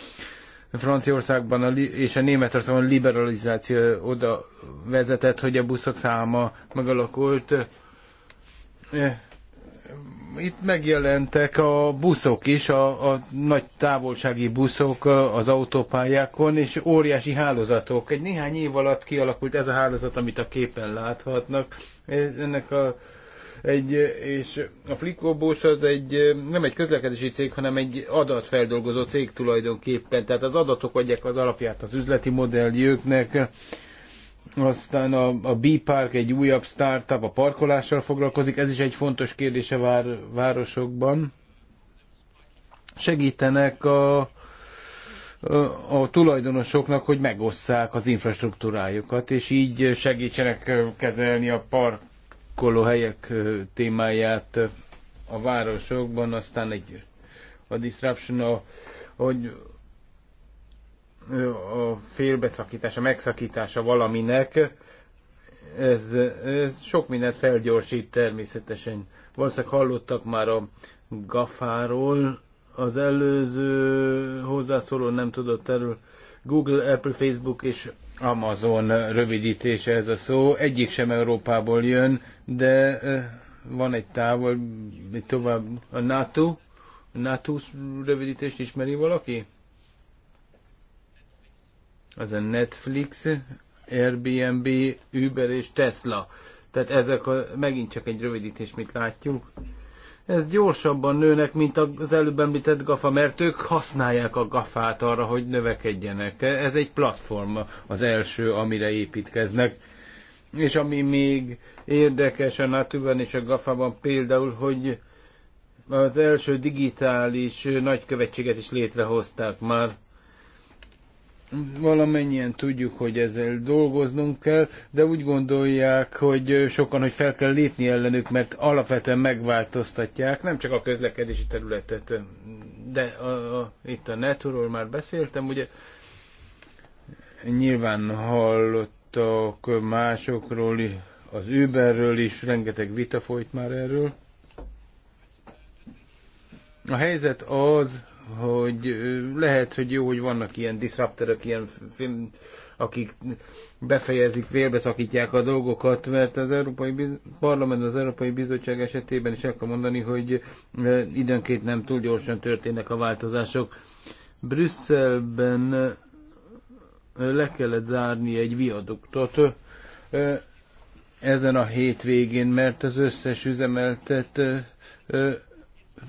Franciaországban a, és a Németországban a liberalizáció oda vezetett, hogy a buszok száma megalakult itt megjelentek a buszok is, a, a nagy távolsági buszok az autópályákon, és óriási hálózatok. Egy néhány év alatt kialakult ez a hálózat, amit a képen láthatnak. E, ennek a, egy, és a Flikobus az egy, nem egy közlekedési cég, hanem egy adatfeldolgozó cég tulajdonképpen. Tehát az adatok adják az alapját az üzleti modelljüknek aztán a, a B-Park egy újabb startup a parkolással foglalkozik, ez is egy fontos kérdése vár, városokban. Segítenek a, a tulajdonosoknak, hogy megosszák az infrastruktúrájukat, és így segítsenek kezelni a parkolóhelyek témáját a városokban, aztán egy a disruption, a, hogy a a megszakítása valaminek, ez, ez sok mindent felgyorsít természetesen. Valószínűleg hallottak már a gafáról, az előző hozzászóló nem tudott erről. Google, Apple, Facebook és Amazon rövidítése ez a szó. Egyik sem Európából jön, de van egy távol, tovább a NATO, NATO rövidítést ismeri valaki? az a Netflix, Airbnb, Uber és Tesla. Tehát ezek a, megint csak egy rövidítés, mit látjuk. Ez gyorsabban nőnek, mint az előbb említett GAFA, mert ők használják a GAFA-t arra, hogy növekedjenek. Ez egy platform az első, amire építkeznek. És ami még érdekes a Natúban és a GAFA-ban például, hogy az első digitális nagykövetséget is létrehozták már valamennyien tudjuk, hogy ezzel dolgoznunk kell, de úgy gondolják, hogy sokan, hogy fel kell lépni ellenük, mert alapvetően megváltoztatják, nem csak a közlekedési területet, de a, a, itt a netről már beszéltem, ugye nyilván hallottak másokról, az Uberről is, rengeteg vita folyt már erről. A helyzet az, hogy lehet, hogy jó, hogy vannak ilyen disruptorok, ilyen film, akik befejezik, félbeszakítják a dolgokat, mert az Európai Biz- Parlament, az Európai Bizottság esetében is el kell mondani, hogy időnként nem túl gyorsan történnek a változások. Brüsszelben le kellett zárni egy viaduktot ezen a hétvégén, mert az összes üzemeltet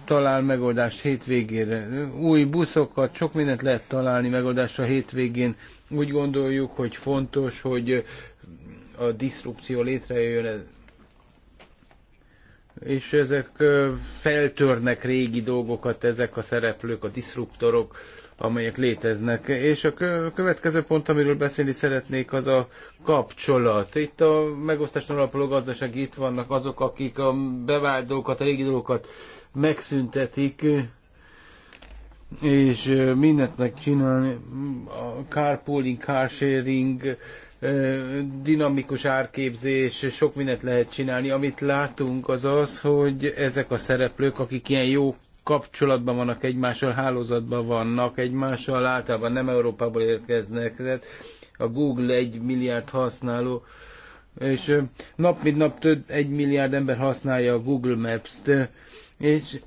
talál megoldást hétvégére. Új buszokat, sok mindent lehet találni megoldásra hétvégén. Úgy gondoljuk, hogy fontos, hogy a diszrupció létrejöjjön, és ezek feltörnek régi dolgokat, ezek a szereplők, a diszruptorok, amelyek léteznek. És a következő pont, amiről beszélni szeretnék, az a kapcsolat. Itt a megosztáson alapuló gazdaság itt vannak azok, akik a bevált dolgokat, a régi dolgokat megszüntetik, és mindent megcsinálni, a carpooling, carsharing, dinamikus árképzés, sok mindent lehet csinálni. Amit látunk az az, hogy ezek a szereplők, akik ilyen jó kapcsolatban vannak egymással, hálózatban vannak egymással, általában nem Európából érkeznek, tehát a Google egy milliárd használó, és nap mint nap több egy milliárd ember használja a Google Maps-t, és,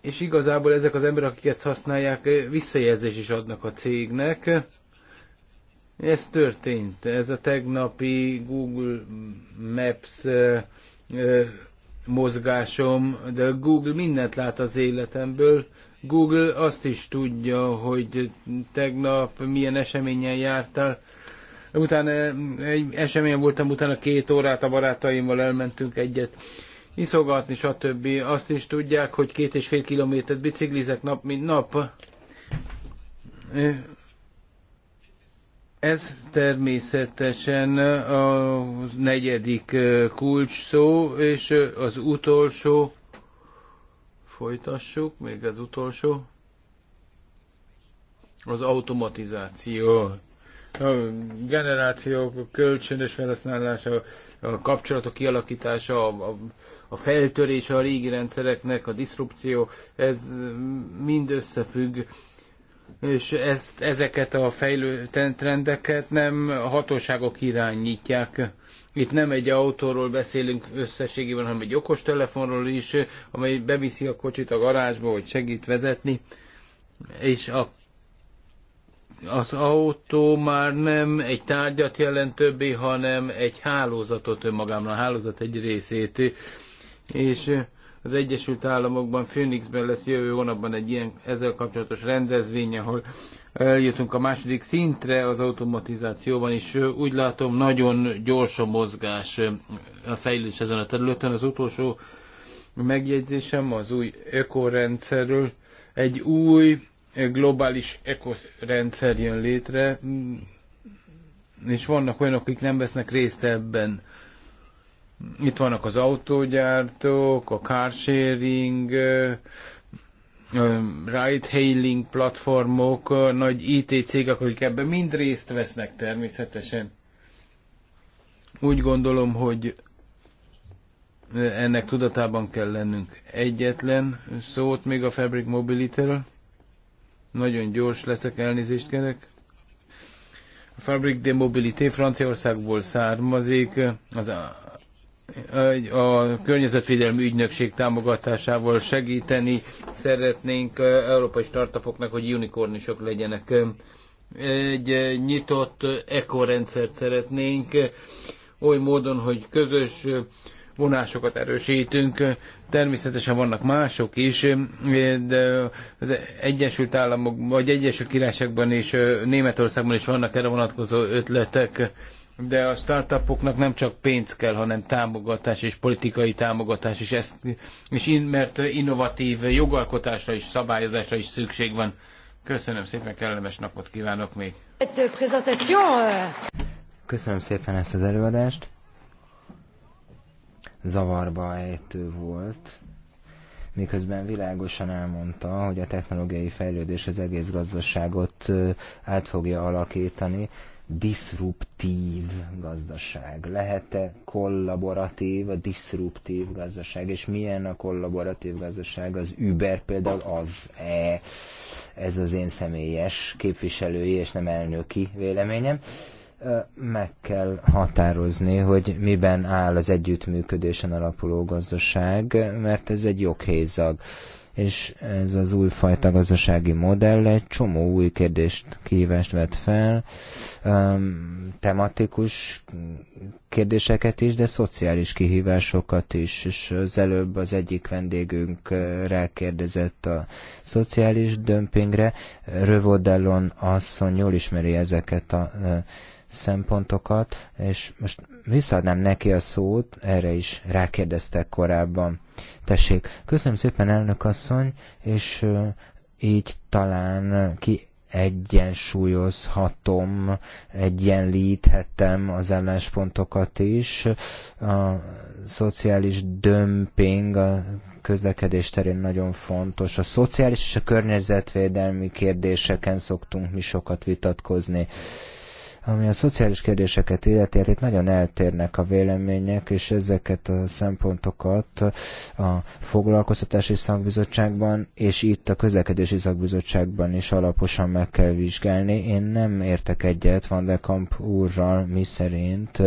és igazából ezek az emberek, akik ezt használják, visszajelzés is adnak a cégnek. Ez történt, ez a tegnapi Google Maps mozgásom, de Google mindent lát az életemből. Google azt is tudja, hogy tegnap milyen eseményen jártál. Utána egy eseményen voltam, utána két órát a barátaimmal elmentünk egyet iszogatni, stb. Azt is tudják, hogy két és fél kilométert biciklizek nap, mint nap. Ez természetesen a negyedik kulcs szó, és az utolsó, folytassuk, még az utolsó, az automatizáció. A generációk a kölcsönös felhasználása, a kapcsolatok kialakítása, a, a feltörése a régi rendszereknek, a diszrupció, ez mind összefügg és ezt, ezeket a fejlő trendeket nem a hatóságok irányítják. Itt nem egy autóról beszélünk összességében, hanem egy okostelefonról is, amely beviszi a kocsit a garázsba, hogy segít vezetni, és a az autó már nem egy tárgyat jelent többé, hanem egy hálózatot önmagában, a hálózat egy részét. És az Egyesült Államokban, Phoenixben lesz jövő hónapban egy ilyen ezzel kapcsolatos rendezvény, ahol eljutunk a második szintre az automatizációban, és úgy látom nagyon gyors a mozgás a fejlődés ezen a területen. Az utolsó megjegyzésem az új ökorendszerről. Egy új globális ekorendszer jön létre, és vannak olyanok, akik nem vesznek részt ebben. Itt vannak az autógyártók, a carsharing, ride-hailing platformok, nagy IT cégek, akik ebben mind részt vesznek természetesen. Úgy gondolom, hogy ennek tudatában kell lennünk. Egyetlen szót még a Fabric Mobility-ről. Nagyon gyors leszek, elnézést kérek. A Fabric de Mobility Franciaországból származik, az a környezetvédelmi ügynökség támogatásával segíteni szeretnénk európai startupoknak, hogy unikornisok legyenek. Egy nyitott ekorendszert szeretnénk, oly módon, hogy közös vonásokat erősítünk. Természetesen vannak mások is, de az Egyesült Államok, vagy Egyesült Királyságban és Németországban is vannak erre vonatkozó ötletek de a startupoknak nem csak pénz kell, hanem támogatás és politikai támogatás, és, ezt, és in, mert innovatív jogalkotásra és szabályozásra is szükség van. Köszönöm szépen, kellemes napot kívánok még. Euh, Köszönöm szépen ezt az előadást. Zavarba ejtő volt miközben világosan elmondta, hogy a technológiai fejlődés az egész gazdaságot euh, át fogja alakítani, diszruptív gazdaság? Lehet-e kollaboratív a diszruptív gazdaság? És milyen a kollaboratív gazdaság? Az Uber például az-e? Ez az én személyes képviselői és nem elnöki véleményem meg kell határozni, hogy miben áll az együttműködésen alapuló gazdaság, mert ez egy joghézag és ez az újfajta gazdasági modell egy csomó új kérdést, kihívást vet fel, um, tematikus kérdéseket is, de szociális kihívásokat is, és az előbb az egyik vendégünk uh, rákérdezett a szociális dömpingre, Rövodellon asszony jól ismeri ezeket a uh, szempontokat, és most visszaadnám neki a szót, erre is rákérdeztek korábban. Tessék, köszönöm szépen elnök asszony, és így talán ki egyensúlyozhatom, egyenlíthetem az ellenspontokat is. A szociális dömping a közlekedés terén nagyon fontos. A szociális és a környezetvédelmi kérdéseken szoktunk mi sokat vitatkozni. Uh, ami a szociális kérdéseket illeti, hát itt nagyon eltérnek a vélemények, és ezeket a szempontokat a foglalkoztatási szakbizottságban, és itt a közlekedési szakbizottságban is alaposan meg kell vizsgálni. Én nem értek egyet Van de Kamp úrral, mi szerint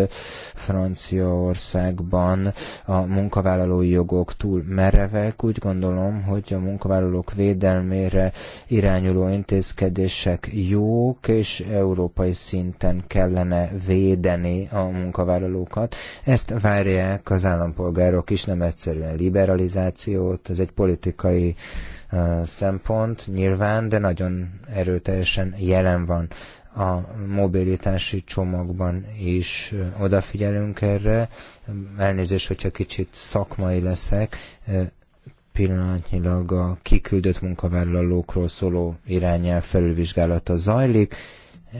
Franciaországban a munkavállalói jogok túl merevek. Úgy gondolom, hogy a munkavállalók védelmére irányuló intézkedések jók, és európai szinten területen kellene védeni a munkavállalókat. Ezt várják az állampolgárok is, nem egyszerűen liberalizációt, ez egy politikai uh, szempont nyilván, de nagyon erőteljesen jelen van a mobilitási csomagban is uh, odafigyelünk erre. Elnézést, hogyha kicsit szakmai leszek, uh, pillanatnyilag a kiküldött munkavállalókról szóló irányel felülvizsgálata zajlik,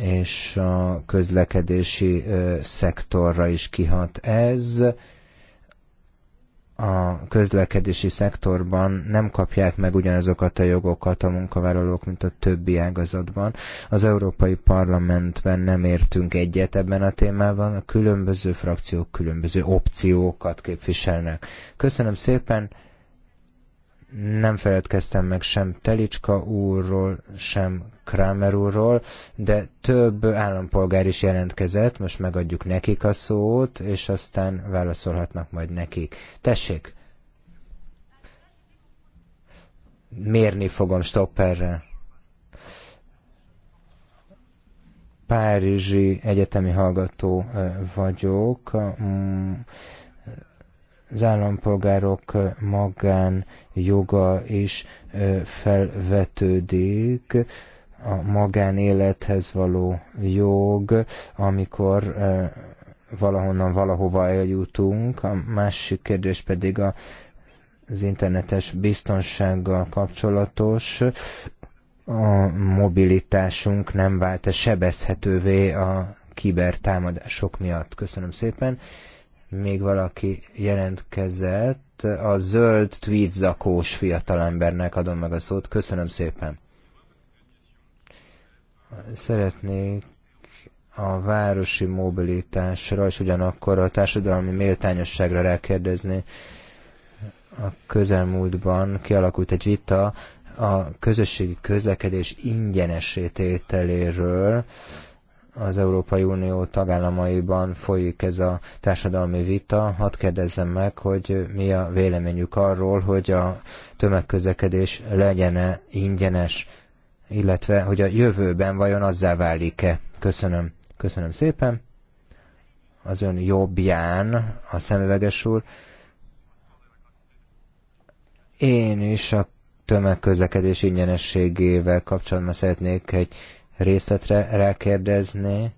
és a közlekedési szektorra is kihat ez. A közlekedési szektorban nem kapják meg ugyanazokat a jogokat a munkavállalók, mint a többi ágazatban. Az Európai Parlamentben nem értünk egyet ebben a témában, a különböző frakciók különböző opciókat képviselnek. Köszönöm szépen! nem feledkeztem meg sem Telicska úrról, sem Kramer úrról, de több állampolgár is jelentkezett, most megadjuk nekik a szót, és aztán válaszolhatnak majd nekik. Tessék! Mérni fogom stopperre. Párizsi egyetemi hallgató vagyok. Mm, az állampolgárok magán joga is felvetődik a magánélethez való jog, amikor eh, valahonnan valahova eljutunk, a másik kérdés pedig a, az internetes biztonsággal kapcsolatos, a mobilitásunk nem vált -e sebezhetővé a kibertámadások miatt. Köszönöm szépen. Még valaki jelentkezett. A zöld zakós fiatalembernek adom meg a szót. Köszönöm szépen. Szeretnék a városi mobilitásra, és ugyanakkor a társadalmi méltányosságra rákérdezni. A közelmúltban kialakult egy vita a közösségi közlekedés ingyenesétételéről. Az Európai Unió tagállamaiban folyik ez a társadalmi vita. Hadd kérdezzem meg, hogy mi a véleményük arról, hogy a tömegközlekedés legyen -e ingyenes illetve hogy a jövőben vajon azzá válik-e. Köszönöm. Köszönöm szépen. Az ön jobbján, a szemüveges úr. Én is a tömegközlekedés ingyenességével kapcsolatban szeretnék egy részletre rákérdezni.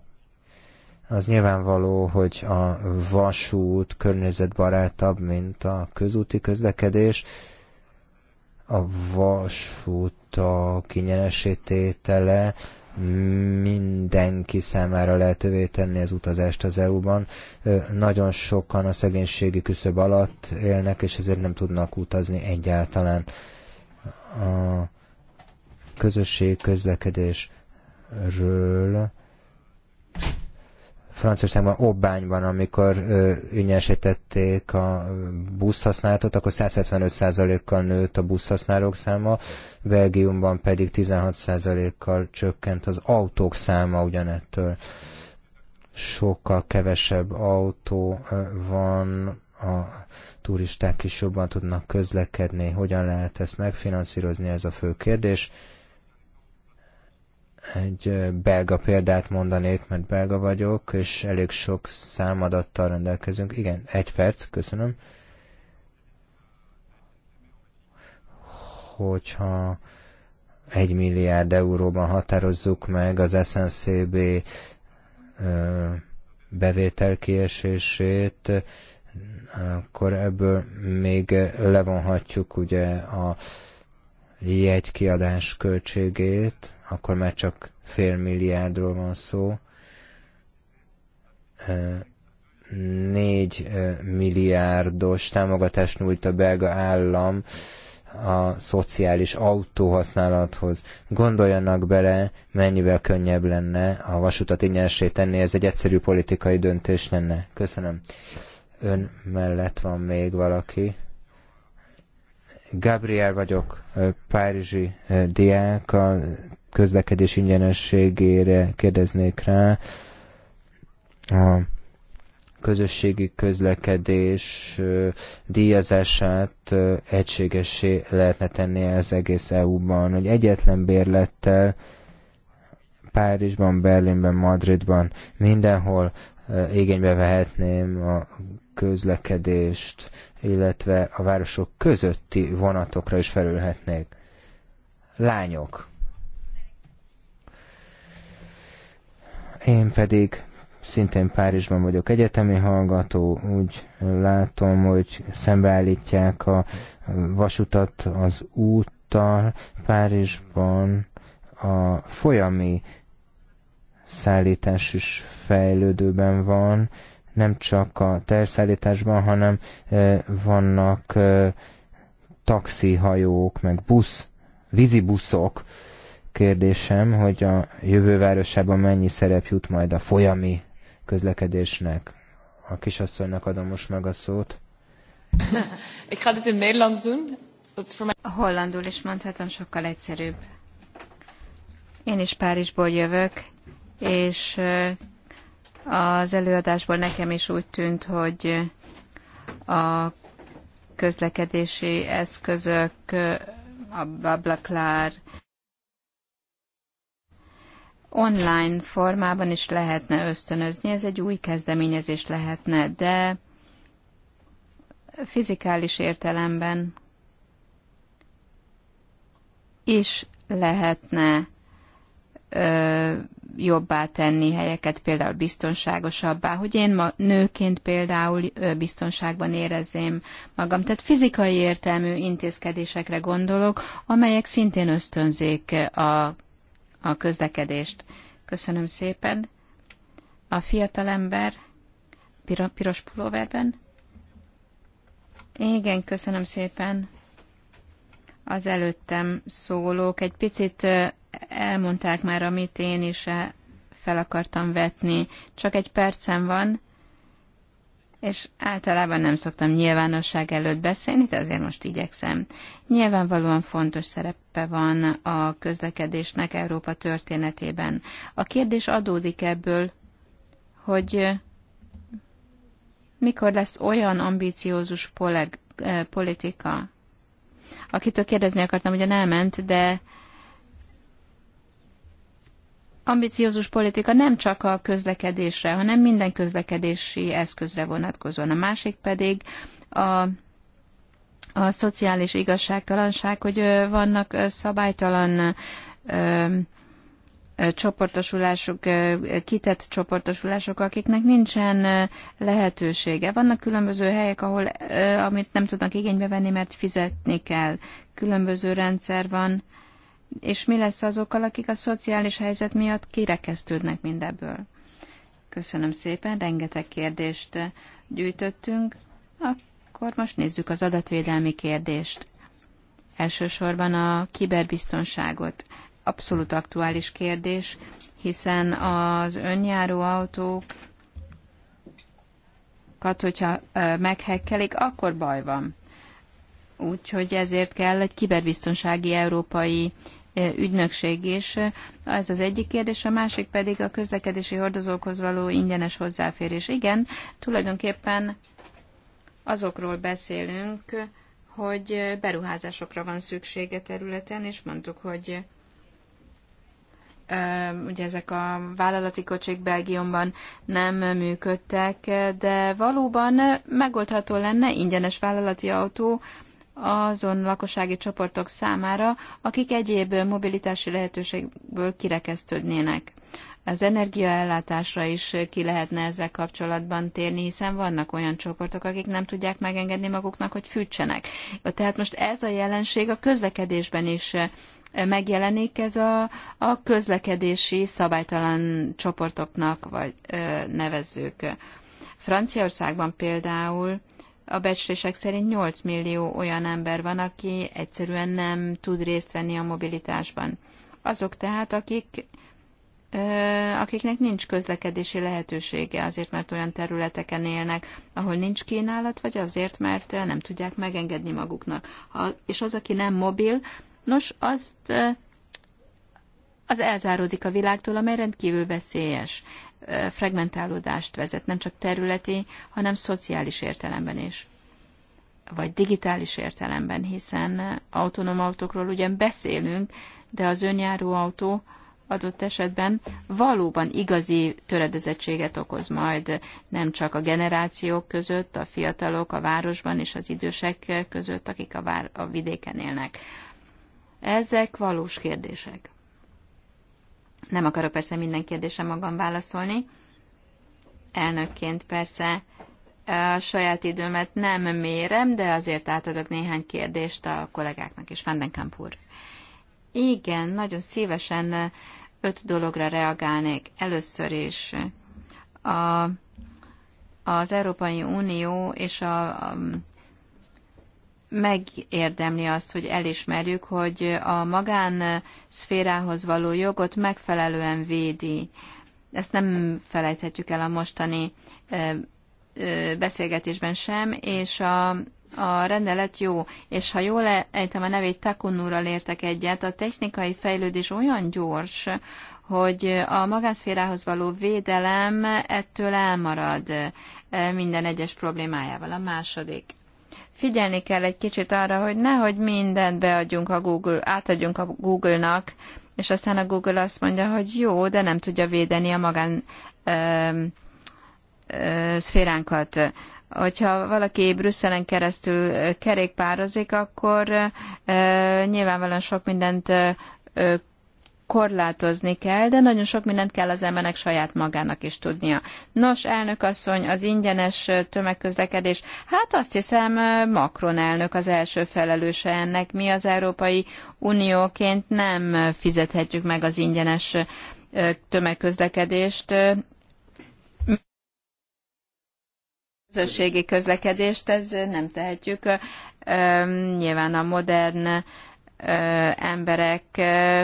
Az nyilvánvaló, hogy a vasút környezetbarátabb, mint a közúti közlekedés a vasúta kinyeresítétele mindenki számára lehetővé tenni az utazást az EU-ban. Nagyon sokan a szegénységi küszöb alatt élnek, és ezért nem tudnak utazni egyáltalán. A közösség közlekedésről Franciaországban, Obbányban, amikor ügyesítették a buszhasználatot, akkor 175%-kal nőtt a buszhasználók száma, Belgiumban pedig 16%-kal csökkent az autók száma ugyanettől. Sokkal kevesebb autó van, a turisták is jobban tudnak közlekedni. Hogyan lehet ezt megfinanszírozni, ez a fő kérdés. Egy belga példát mondanék, mert belga vagyok, és elég sok számadattal rendelkezünk. Igen, egy perc, köszönöm. Hogyha egy milliárd euróban határozzuk meg az SNCB bevételkiesését, akkor ebből még levonhatjuk ugye a jegykiadás költségét, akkor már csak fél milliárdról van szó. Négy milliárdos támogatást nyújt a belga állam a szociális autóhasználathoz. Gondoljanak bele, mennyivel könnyebb lenne a vasutat ingyenesé tenni, ez egy egyszerű politikai döntés lenne. Köszönöm. Ön mellett van még valaki. Gabriel vagyok, párizsi diák, a közlekedés ingyenességére kérdeznék rá. A közösségi közlekedés díjazását egységessé lehetne tenni az egész EU-ban, hogy egyetlen bérlettel Párizsban, Berlinben, Madridban, mindenhol igénybe vehetném a közlekedést, illetve a városok közötti vonatokra is felülhetnék. Lányok, Én pedig szintén Párizsban vagyok egyetemi hallgató, úgy látom, hogy szembeállítják a vasutat az úttal. Párizsban a folyami szállítás is fejlődőben van, nem csak a terszállításban, hanem e, vannak e, taxihajók, meg busz, vízibuszok, kérdésem, hogy a jövővárosában mennyi szerep jut majd a folyami közlekedésnek. A kisasszonynak adom most meg a szót. Ik ga dit in Nederlands doen. Hollandul is mondhatom, sokkal egyszerűbb. Én is Párizsból jövök, és az előadásból nekem is úgy tűnt, hogy a közlekedési eszközök, a Bablaklár, online formában is lehetne ösztönözni, ez egy új kezdeményezés lehetne, de fizikális értelemben is lehetne ö, jobbá tenni helyeket, például biztonságosabbá, hogy én ma nőként például biztonságban érezzém magam. Tehát fizikai értelmű intézkedésekre gondolok, amelyek szintén ösztönzik a a közlekedést. Köszönöm szépen. A fiatalember piros pulóverben. Igen, köszönöm szépen. Az előttem szólók egy picit elmondták már, amit én is fel akartam vetni. Csak egy percem van, és általában nem szoktam nyilvánosság előtt beszélni, de azért most igyekszem. Nyilvánvalóan fontos szerepe van a közlekedésnek Európa történetében. A kérdés adódik ebből, hogy mikor lesz olyan ambíciózus poleg, eh, politika, akitől kérdezni akartam, nem elment, de ambiciózus politika nem csak a közlekedésre, hanem minden közlekedési eszközre vonatkozóan. A másik pedig a a szociális igazságtalanság, hogy vannak szabálytalan csoportosulások, kitett csoportosulások, akiknek nincsen lehetősége. Vannak különböző helyek, ahol amit nem tudnak igénybe venni, mert fizetni kell. Különböző rendszer van és mi lesz azokkal, akik a szociális helyzet miatt kirekesztődnek mindebből? Köszönöm szépen, rengeteg kérdést gyűjtöttünk. Akkor most nézzük az adatvédelmi kérdést. Elsősorban a kiberbiztonságot. Abszolút aktuális kérdés, hiszen az önjáró autókat, hogyha meghekkelik, akkor baj van. Úgyhogy ezért kell egy kiberbiztonsági európai ügynökség is. Ez az egyik kérdés, a másik pedig a közlekedési hordozókhoz való ingyenes hozzáférés. Igen, tulajdonképpen azokról beszélünk, hogy beruházásokra van szüksége területen, és mondtuk, hogy ugye ezek a vállalati kocsik Belgiumban nem működtek, de valóban megoldható lenne ingyenes vállalati autó azon lakossági csoportok számára, akik egyéb mobilitási lehetőségből kirekesztődnének. Az energiaellátásra is ki lehetne ezzel kapcsolatban térni, hiszen vannak olyan csoportok, akik nem tudják megengedni maguknak, hogy fűtsenek. Tehát most ez a jelenség a közlekedésben is eh, megjelenik, ez a, a közlekedési szabálytalan csoportoknak vagy ö, eh, nevezzük. Franciaországban például a becslések szerint 8 millió olyan ember van, aki egyszerűen nem tud részt venni a mobilitásban. Azok tehát, akik akiknek nincs közlekedési lehetősége, azért mert olyan területeken élnek, ahol nincs kínálat, vagy azért, mert nem tudják megengedni maguknak. És az, aki nem mobil, nos, azt az elzáródik a világtól, amely rendkívül veszélyes fragmentálódást vezet, nem csak területi, hanem szociális értelemben is vagy digitális értelemben, hiszen autonóm autókról ugyan beszélünk, de az önjáró autó adott esetben valóban igazi töredezettséget okoz majd nem csak a generációk között, a fiatalok a városban és az idősek között, akik a, vár, a vidéken élnek. Ezek valós kérdések. Nem akarok persze minden kérdésre magam válaszolni. Elnökként persze a saját időmet nem mérem, de azért átadok néhány kérdést a kollégáknak is. Vandenkamp úr. Igen, nagyon szívesen öt dologra reagálnék. Először is a, az Európai Unió és a, a megérdemli azt, hogy elismerjük, hogy a magán szférához való jogot megfelelően védi. Ezt nem felejthetjük el a mostani beszélgetésben sem, és a, a rendelet jó, és ha jól ejtem a nevét, Takunúrral értek egyet, a technikai fejlődés olyan gyors, hogy a magánszférához való védelem ettől elmarad minden egyes problémájával. A második figyelni kell egy kicsit arra, hogy nehogy mindent beadjunk a Google, átadjunk a Google-nak, és aztán a Google azt mondja, hogy jó, de nem tudja védeni a magán ö, ö, szféránkat. Hogyha valaki Brüsszelen keresztül kerékpározik, akkor ö, nyilvánvalóan sok mindent ö, korlátozni kell, de nagyon sok mindent kell az embernek saját magának is tudnia. Nos, elnök asszony, az ingyenes tömegközlekedés, hát azt hiszem Macron elnök az első felelőse ennek. Mi az Európai Unióként nem fizethetjük meg az ingyenes tömegközlekedést, közösségi közlekedést, ez nem tehetjük. Nyilván a modern emberek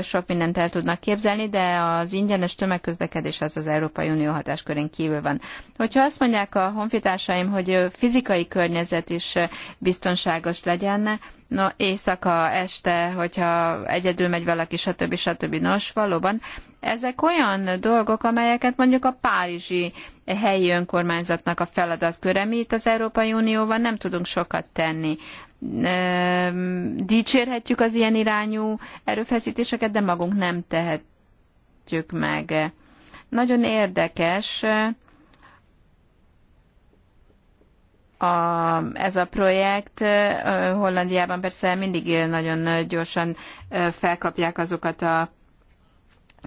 sok mindent el tudnak képzelni, de az ingyenes tömegközlekedés az az Európai Unió hatáskörén kívül van. Hogyha azt mondják a honfitársaim, hogy fizikai környezet is biztonságos legyen, no, éjszaka, este, hogyha egyedül megy valaki, stb. stb. Nos, valóban ezek olyan dolgok, amelyeket mondjuk a párizsi helyi önkormányzatnak a feladatköre. Mi itt az Európai Unióban nem tudunk sokat tenni dicsérhetjük az ilyen irányú erőfeszítéseket, de magunk nem tehetjük meg. Nagyon érdekes a, ez a projekt. Hollandiában persze mindig nagyon gyorsan felkapják azokat a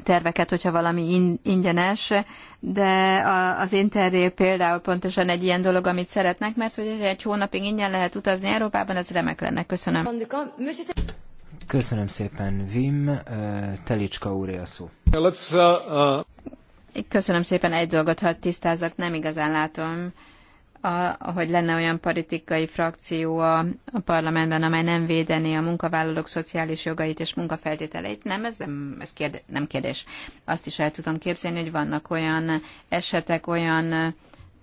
terveket, hogyha valami ingyenes, de az Interrail például pontosan egy ilyen dolog, amit szeretnek, mert hogy egy hónapig ingyen lehet utazni Európában, ez remek lenne. Köszönöm. Köszönöm szépen, Vim. Telicska úré a szó. Uh, uh, Köszönöm szépen, egy dolgot hadd tisztázak, nem igazán látom, a, hogy lenne olyan politikai frakció a, a parlamentben, amely nem védené a munkavállalók szociális jogait és munkafeltételeit. Nem, ez nem, ez kérde, nem kérdés. Azt is el tudom képzelni, hogy vannak olyan esetek, olyan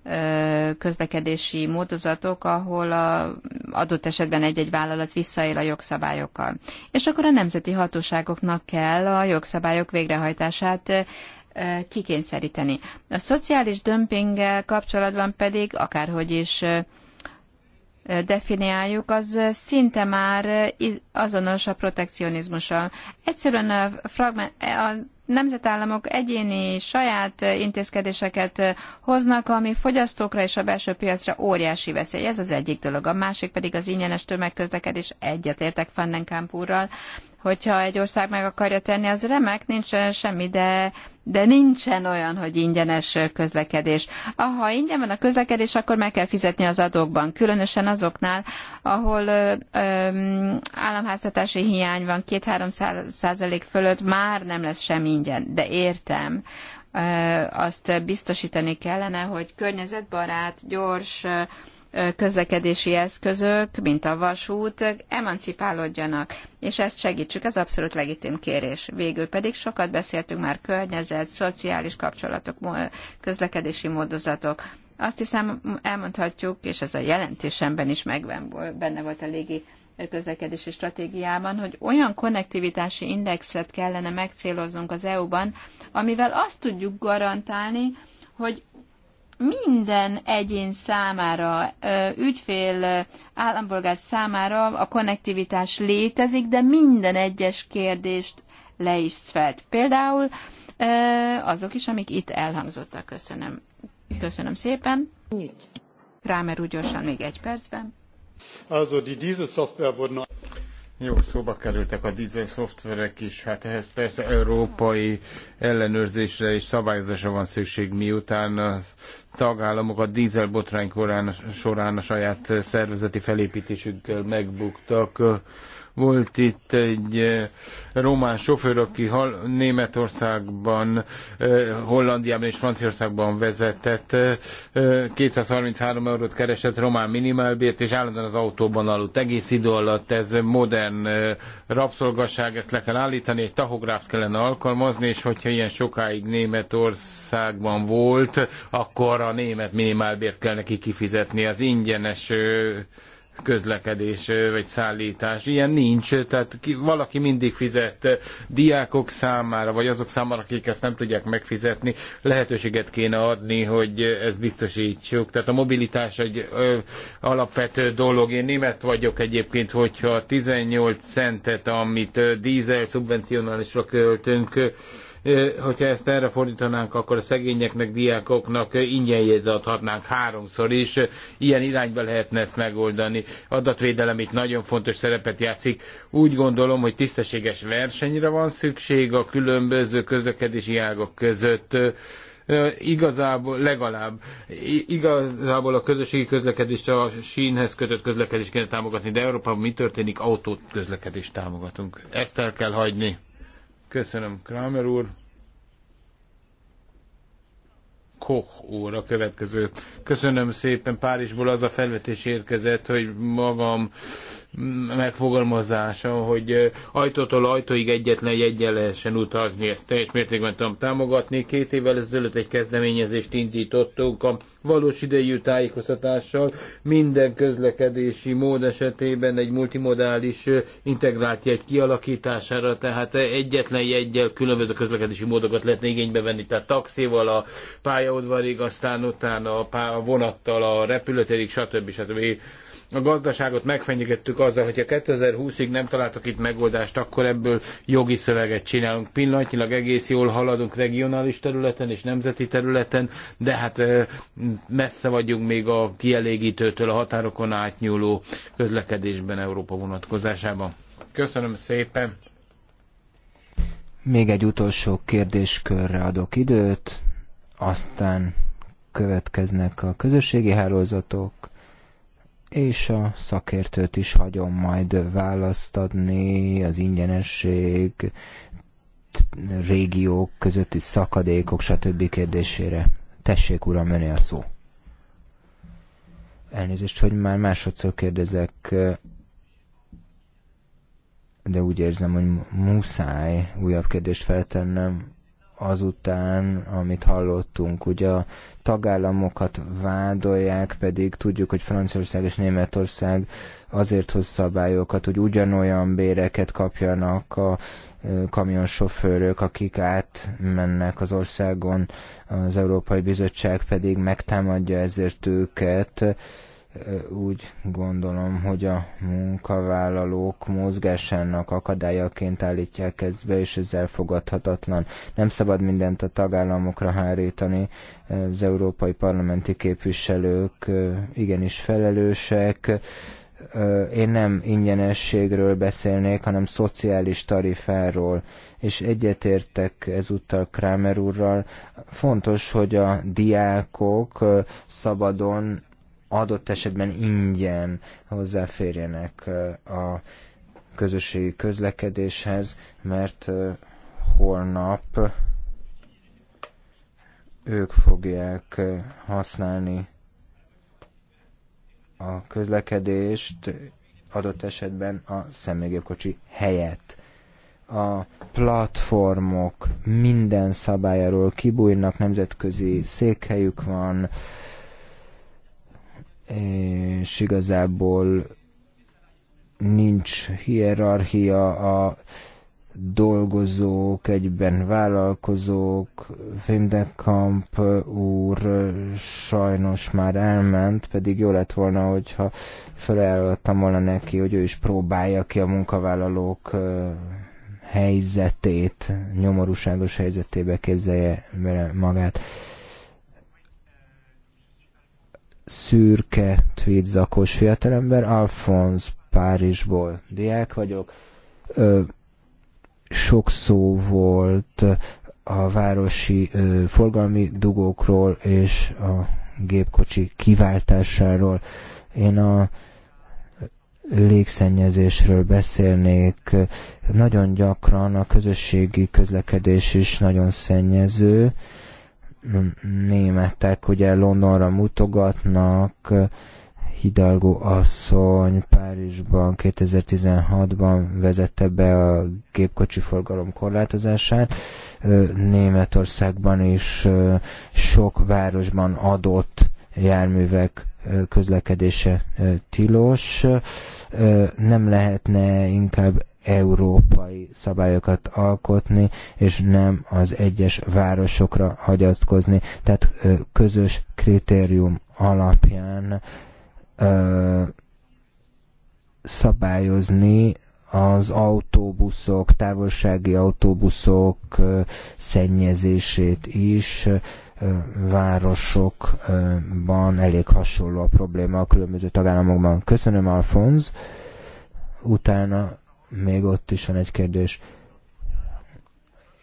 ö, közlekedési módozatok, ahol a adott esetben egy-egy vállalat visszaél a jogszabályokkal. És akkor a nemzeti hatóságoknak kell a jogszabályok végrehajtását kikényszeríteni. A szociális dömpinggel kapcsolatban pedig, akárhogy is definiáljuk, az szinte már azonos a protekcionizmussal. Egyszerűen a, fragment, a nemzetállamok egyéni saját intézkedéseket hoznak, ami fogyasztókra és a belső piacra óriási veszély. Ez az egyik dolog. A másik pedig az ingyenes tömegközlekedés. Egyetértek Fandenkamp úrral hogyha egy ország meg akarja tenni, az remek, nincs semmi, de de nincsen olyan, hogy ingyenes közlekedés. Ha ingyen van a közlekedés, akkor meg kell fizetni az adókban, különösen azoknál, ahol ö, ö, államháztatási hiány van, 2-3 százalék fölött már nem lesz sem ingyen, de értem. Ö, azt biztosítani kellene, hogy környezetbarát, gyors, ö, közlekedési eszközök, mint a vasút, emancipálódjanak, és ezt segítsük, ez abszolút legitim kérés. Végül pedig sokat beszéltünk már környezet, szociális kapcsolatok, közlekedési módozatok. Azt hiszem elmondhatjuk, és ez a jelentésemben is megvan, benne volt a légi közlekedési stratégiában, hogy olyan konnektivitási indexet kellene megcéloznunk az EU-ban, amivel azt tudjuk garantálni, hogy minden egyén számára, ügyfél, állampolgár számára a konnektivitás létezik, de minden egyes kérdést le is felt. Például azok is, amik itt elhangzottak. Köszönöm. Köszönöm szépen. Rámer úgy gyorsan még egy percben. Also die, diese Software wurden jó, szóba kerültek a dízel szoftverek is, hát ehhez persze európai ellenőrzésre és szabályozásra van szükség, miután a tagállamok a dízel botrány korán, során a saját szervezeti felépítésükkel megbuktak volt itt egy eh, román sofőr, aki Németországban, eh, Hollandiában és Franciaországban vezetett, 233 eh, eurót keresett román minimálbért, és állandóan az autóban aludt egész idő alatt. Ez modern rabszolgasság, ezt le kell állítani, egy tahográft kellene alkalmazni, és hogyha ilyen sokáig Németországban volt, akkor a német minimálbért kell neki kifizetni. Az ingyenes közlekedés vagy szállítás. Ilyen nincs, tehát ki, valaki mindig fizet diákok számára, vagy azok számára, akik ezt nem tudják megfizetni, lehetőséget kéne adni, hogy ezt biztosítsuk. Tehát a mobilitás egy ö, alapvető dolog. Én német vagyok egyébként, hogyha 18 centet, amit dízel szubvencionálisra költünk, Hogyha ezt erre fordítanánk, akkor a szegényeknek, diákoknak ingyen adhatnánk háromszor is. Ilyen irányba lehetne ezt megoldani. Adatvédelem itt nagyon fontos szerepet játszik. Úgy gondolom, hogy tisztességes versenyre van szükség a különböző közlekedési ágak között igazából legalább igazából a közösségi közlekedést a sínhez kötött közlekedést kéne támogatni, de Európában mi történik? Autót közlekedést támogatunk. Ezt el kell hagyni. Köszönöm, Kramer úr. Koch úr a következő. Köszönöm szépen, Párizsból az a felvetés érkezett, hogy magam megfogalmazása, hogy ajtótól ajtóig egyetlen jegyen lehessen utazni, ezt teljes mértékben tudom támogatni. Két évvel ezelőtt egy kezdeményezést indítottunk a valós idejű tájékoztatással minden közlekedési mód esetében egy multimodális integrált jegy kialakítására, tehát egyetlen jegyel különböző közlekedési módokat lehetne igénybe venni, tehát taxival a pályaudvarig, aztán utána a vonattal a repülőtérig, stb. stb. stb a gazdaságot megfenyegettük azzal, hogyha 2020-ig nem találtak itt megoldást, akkor ebből jogi szöveget csinálunk. Pillanatnyilag egész jól haladunk regionális területen és nemzeti területen, de hát messze vagyunk még a kielégítőtől a határokon átnyúló közlekedésben Európa vonatkozásában. Köszönöm szépen! Még egy utolsó kérdéskörre adok időt, aztán következnek a közösségi hálózatok, és a szakértőt is hagyom majd választ adni, az ingyenesség, régiók közötti szakadékok, stb. kérdésére. Tessék, uram, öné a szó. Elnézést, hogy már másodszor kérdezek, de úgy érzem, hogy muszáj újabb kérdést feltennem azután, amit hallottunk. Ugye a tagállamokat vádolják, pedig tudjuk, hogy Franciaország és Németország azért hoz szabályokat, hogy ugyanolyan béreket kapjanak a kamionsofőrök, akik átmennek az országon, az Európai Bizottság pedig megtámadja ezért őket úgy gondolom, hogy a munkavállalók mozgásának akadályaként állítják ezt be, és ez elfogadhatatlan. Nem szabad mindent a tagállamokra hárítani. Az európai parlamenti képviselők igenis felelősek. Én nem ingyenességről beszélnék, hanem szociális tarifáról, és egyetértek ezúttal Kramer úrral. Fontos, hogy a diákok szabadon adott esetben ingyen hozzáférjenek a közösségi közlekedéshez, mert holnap ők fogják használni a közlekedést, adott esetben a személygépkocsi helyett. A platformok minden szabályáról kibújnak, nemzetközi székhelyük van, és igazából nincs hierarchia a dolgozók, egyben vállalkozók, Vimdekamp úr sajnos már elment, pedig jó lett volna, hogyha felajánlottam volna neki, hogy ő is próbálja ki a munkavállalók helyzetét, nyomorúságos helyzetébe képzelje bele magát szürke tweedzakos fiatalember, Alphonse Párizsból diák vagyok. Ö, sok szó volt a városi ö, forgalmi dugókról és a gépkocsi kiváltásáról. Én a légszennyezésről beszélnék. Nagyon gyakran a közösségi közlekedés is nagyon szennyező. Ö, németek ugye Londonra mutogatnak, Hidalgo asszony Párizsban 2016-ban vezette be a gépkocsi forgalom korlátozását. Németországban is sok városban adott járművek közlekedése tilos. Nem lehetne inkább európai szabályokat alkotni, és nem az egyes városokra hagyatkozni. Tehát közös kritérium alapján szabályozni az autóbuszok, távolsági autóbuszok szennyezését is, városokban elég hasonló a probléma a különböző tagállamokban. Köszönöm, Alfonz. Utána még ott is van egy kérdés.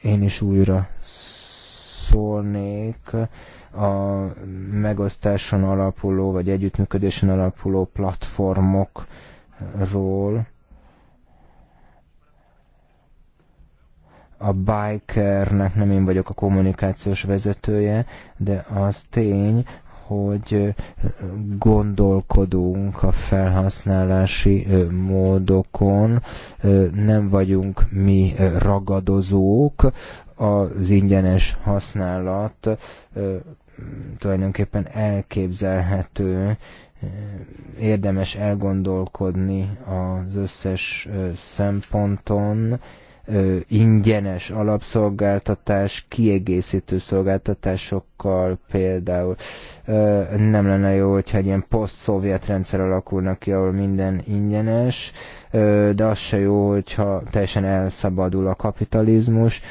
Én is újra szólnék a megosztáson alapuló, vagy együttműködésen alapuló platformokról. a bikernek nem én vagyok a kommunikációs vezetője, de az tény, hogy gondolkodunk a felhasználási módokon, nem vagyunk mi ragadozók, az ingyenes használat tulajdonképpen elképzelhető, érdemes elgondolkodni az összes szemponton, ingyenes alapszolgáltatás, kiegészítő szolgáltatásokkal például. Nem lenne jó, hogyha egy ilyen poszt-szovjet rendszer alakulna ki, ahol minden ingyenes, de az se jó, hogyha teljesen elszabadul a kapitalizmus.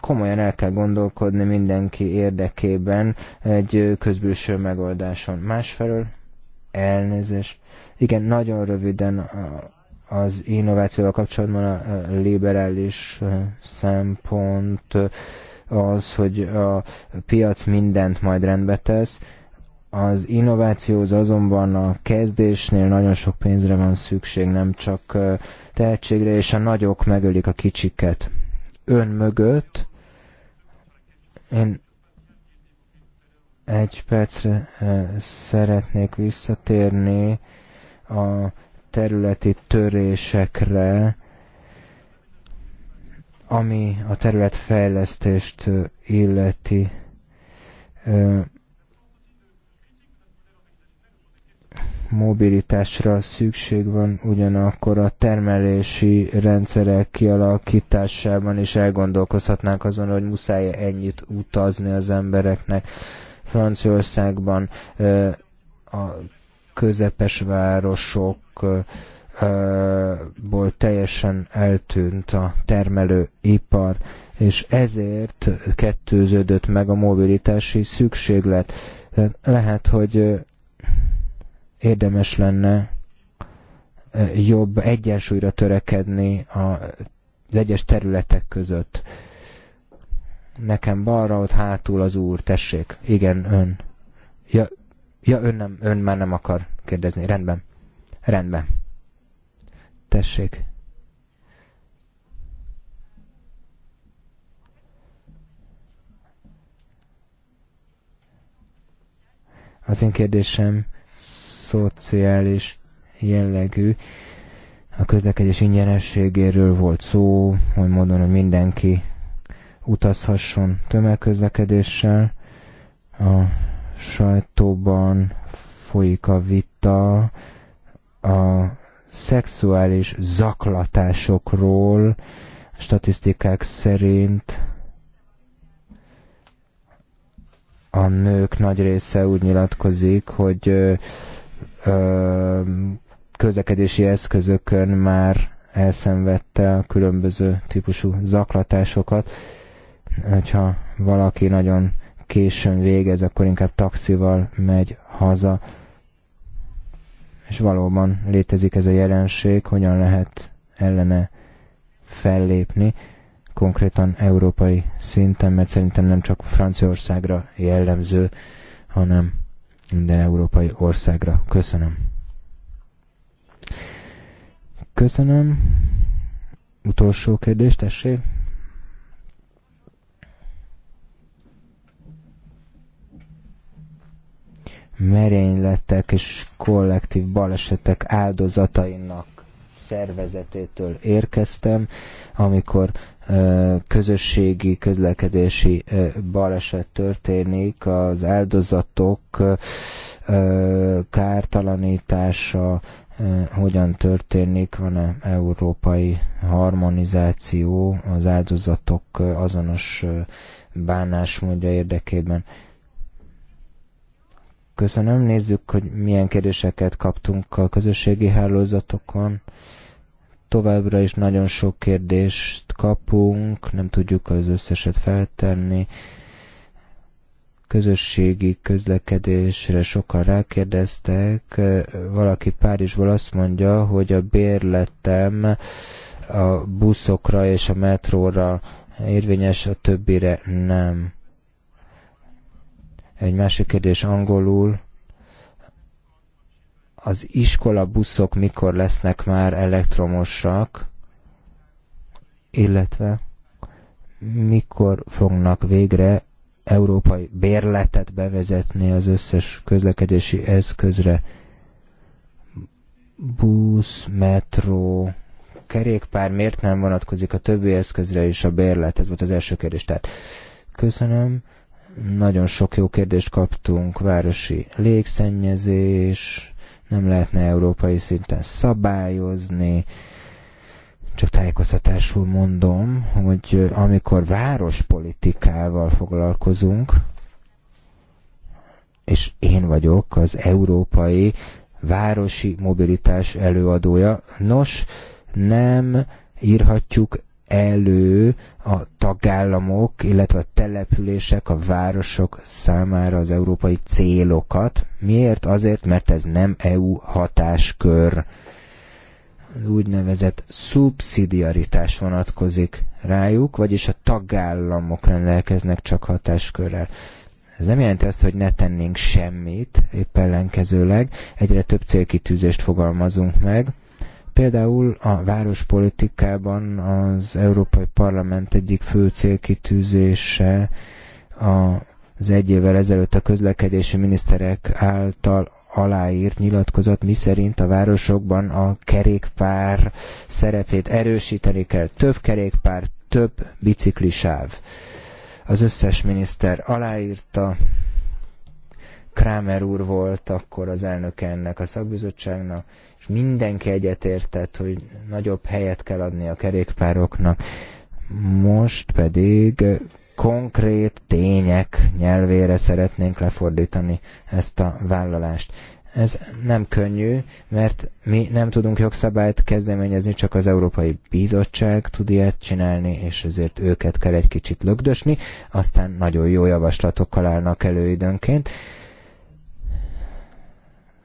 Komolyan el kell gondolkodni mindenki érdekében egy közbülső megoldáson. Másfelől elnézést. Igen, nagyon röviden az innovációval kapcsolatban a liberális szempont az, hogy a piac mindent majd rendbe tesz, az az azonban a kezdésnél nagyon sok pénzre van szükség, nem csak tehetségre, és a nagyok megölik a kicsiket. Ön mögött én egy percre szeretnék visszatérni a területi törésekre, ami a területfejlesztést illeti. mobilitásra szükség van, ugyanakkor a termelési rendszerek kialakításában is elgondolkozhatnánk azon, hogy muszáj ennyit utazni az embereknek. Franciaországban a közepes városokból teljesen eltűnt a termelőipar, és ezért kettőződött meg a mobilitási szükséglet. Lehet, hogy érdemes lenne jobb egyensúlyra törekedni az egyes területek között. Nekem balra, ott hátul az úr, tessék. Igen, ön. Ja, Ja, ön, nem, ön már nem akar kérdezni. Rendben. Rendben. Tessék. Az én kérdésem szociális jellegű. A közlekedés ingyenességéről volt szó, hogy mondom, hogy mindenki utazhasson tömegközlekedéssel. A sajtóban folyik a vita a szexuális zaklatásokról, statisztikák szerint a nők nagy része úgy nyilatkozik, hogy ö, ö, közlekedési eszközökön már elszenvedte a különböző típusú zaklatásokat. Hogyha valaki nagyon későn végez, akkor inkább taxival megy haza. És valóban létezik ez a jelenség, hogyan lehet ellene fellépni, konkrétan európai szinten, mert szerintem nem csak Franciaországra jellemző, hanem minden európai országra. Köszönöm. Köszönöm. Utolsó kérdés, tessék. merényletek és kollektív balesetek áldozatainak szervezetétől érkeztem, amikor közösségi, közlekedési baleset történik, az áldozatok kártalanítása hogyan történik, van-e európai harmonizáció az áldozatok azonos bánásmódja érdekében. Köszönöm, nézzük, hogy milyen kérdéseket kaptunk a közösségi hálózatokon. Továbbra is nagyon sok kérdést kapunk, nem tudjuk az összeset feltenni. Közösségi közlekedésre sokan rákérdeztek. Valaki Párizsból azt mondja, hogy a bérletem a buszokra és a metróra érvényes, a többire nem egy másik kérdés angolul. Az iskola buszok mikor lesznek már elektromosak, illetve mikor fognak végre európai bérletet bevezetni az összes közlekedési eszközre. Busz, metró, kerékpár, miért nem vonatkozik a többi eszközre is a bérlet? Ez volt az első kérdés. Tehát köszönöm. Nagyon sok jó kérdést kaptunk, városi légszennyezés, nem lehetne európai szinten szabályozni, csak tájékoztatásul mondom, hogy amikor várospolitikával foglalkozunk, és én vagyok az európai városi mobilitás előadója, nos, nem írhatjuk elő a tagállamok, illetve a települések, a városok számára az európai célokat. Miért? Azért, mert ez nem EU hatáskör. Úgynevezett szubszidiaritás vonatkozik rájuk, vagyis a tagállamok rendelkeznek csak hatáskörrel. Ez nem jelenti azt, hogy ne tennénk semmit, épp ellenkezőleg egyre több célkitűzést fogalmazunk meg, Például a várospolitikában az Európai Parlament egyik fő célkitűzése az egy évvel ezelőtt a közlekedési miniszterek által aláírt nyilatkozat, mi szerint a városokban a kerékpár szerepét erősíteni kell. Több kerékpár, több biciklisáv. Az összes miniszter aláírta, Kramer úr volt akkor az elnöke ennek a szakbizottságnak, és mindenki egyetértett, hogy nagyobb helyet kell adni a kerékpároknak. Most pedig konkrét tények nyelvére szeretnénk lefordítani ezt a vállalást. Ez nem könnyű, mert mi nem tudunk jogszabályt kezdeményezni, csak az Európai Bizottság tud ilyet csinálni, és ezért őket kell egy kicsit lögdösni, aztán nagyon jó javaslatokkal állnak elő időnként.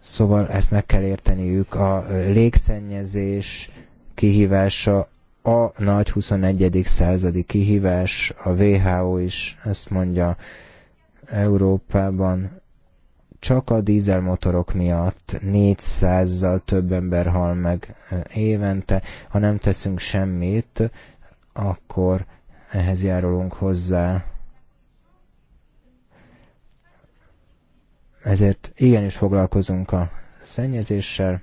Szóval ezt meg kell érteniük. A légszennyezés kihívása a nagy 21. századi kihívás, a WHO is ezt mondja Európában. Csak a dízelmotorok miatt 400-zal több ember hal meg évente. Ha nem teszünk semmit, akkor ehhez járulunk hozzá Ezért igenis foglalkozunk a szennyezéssel,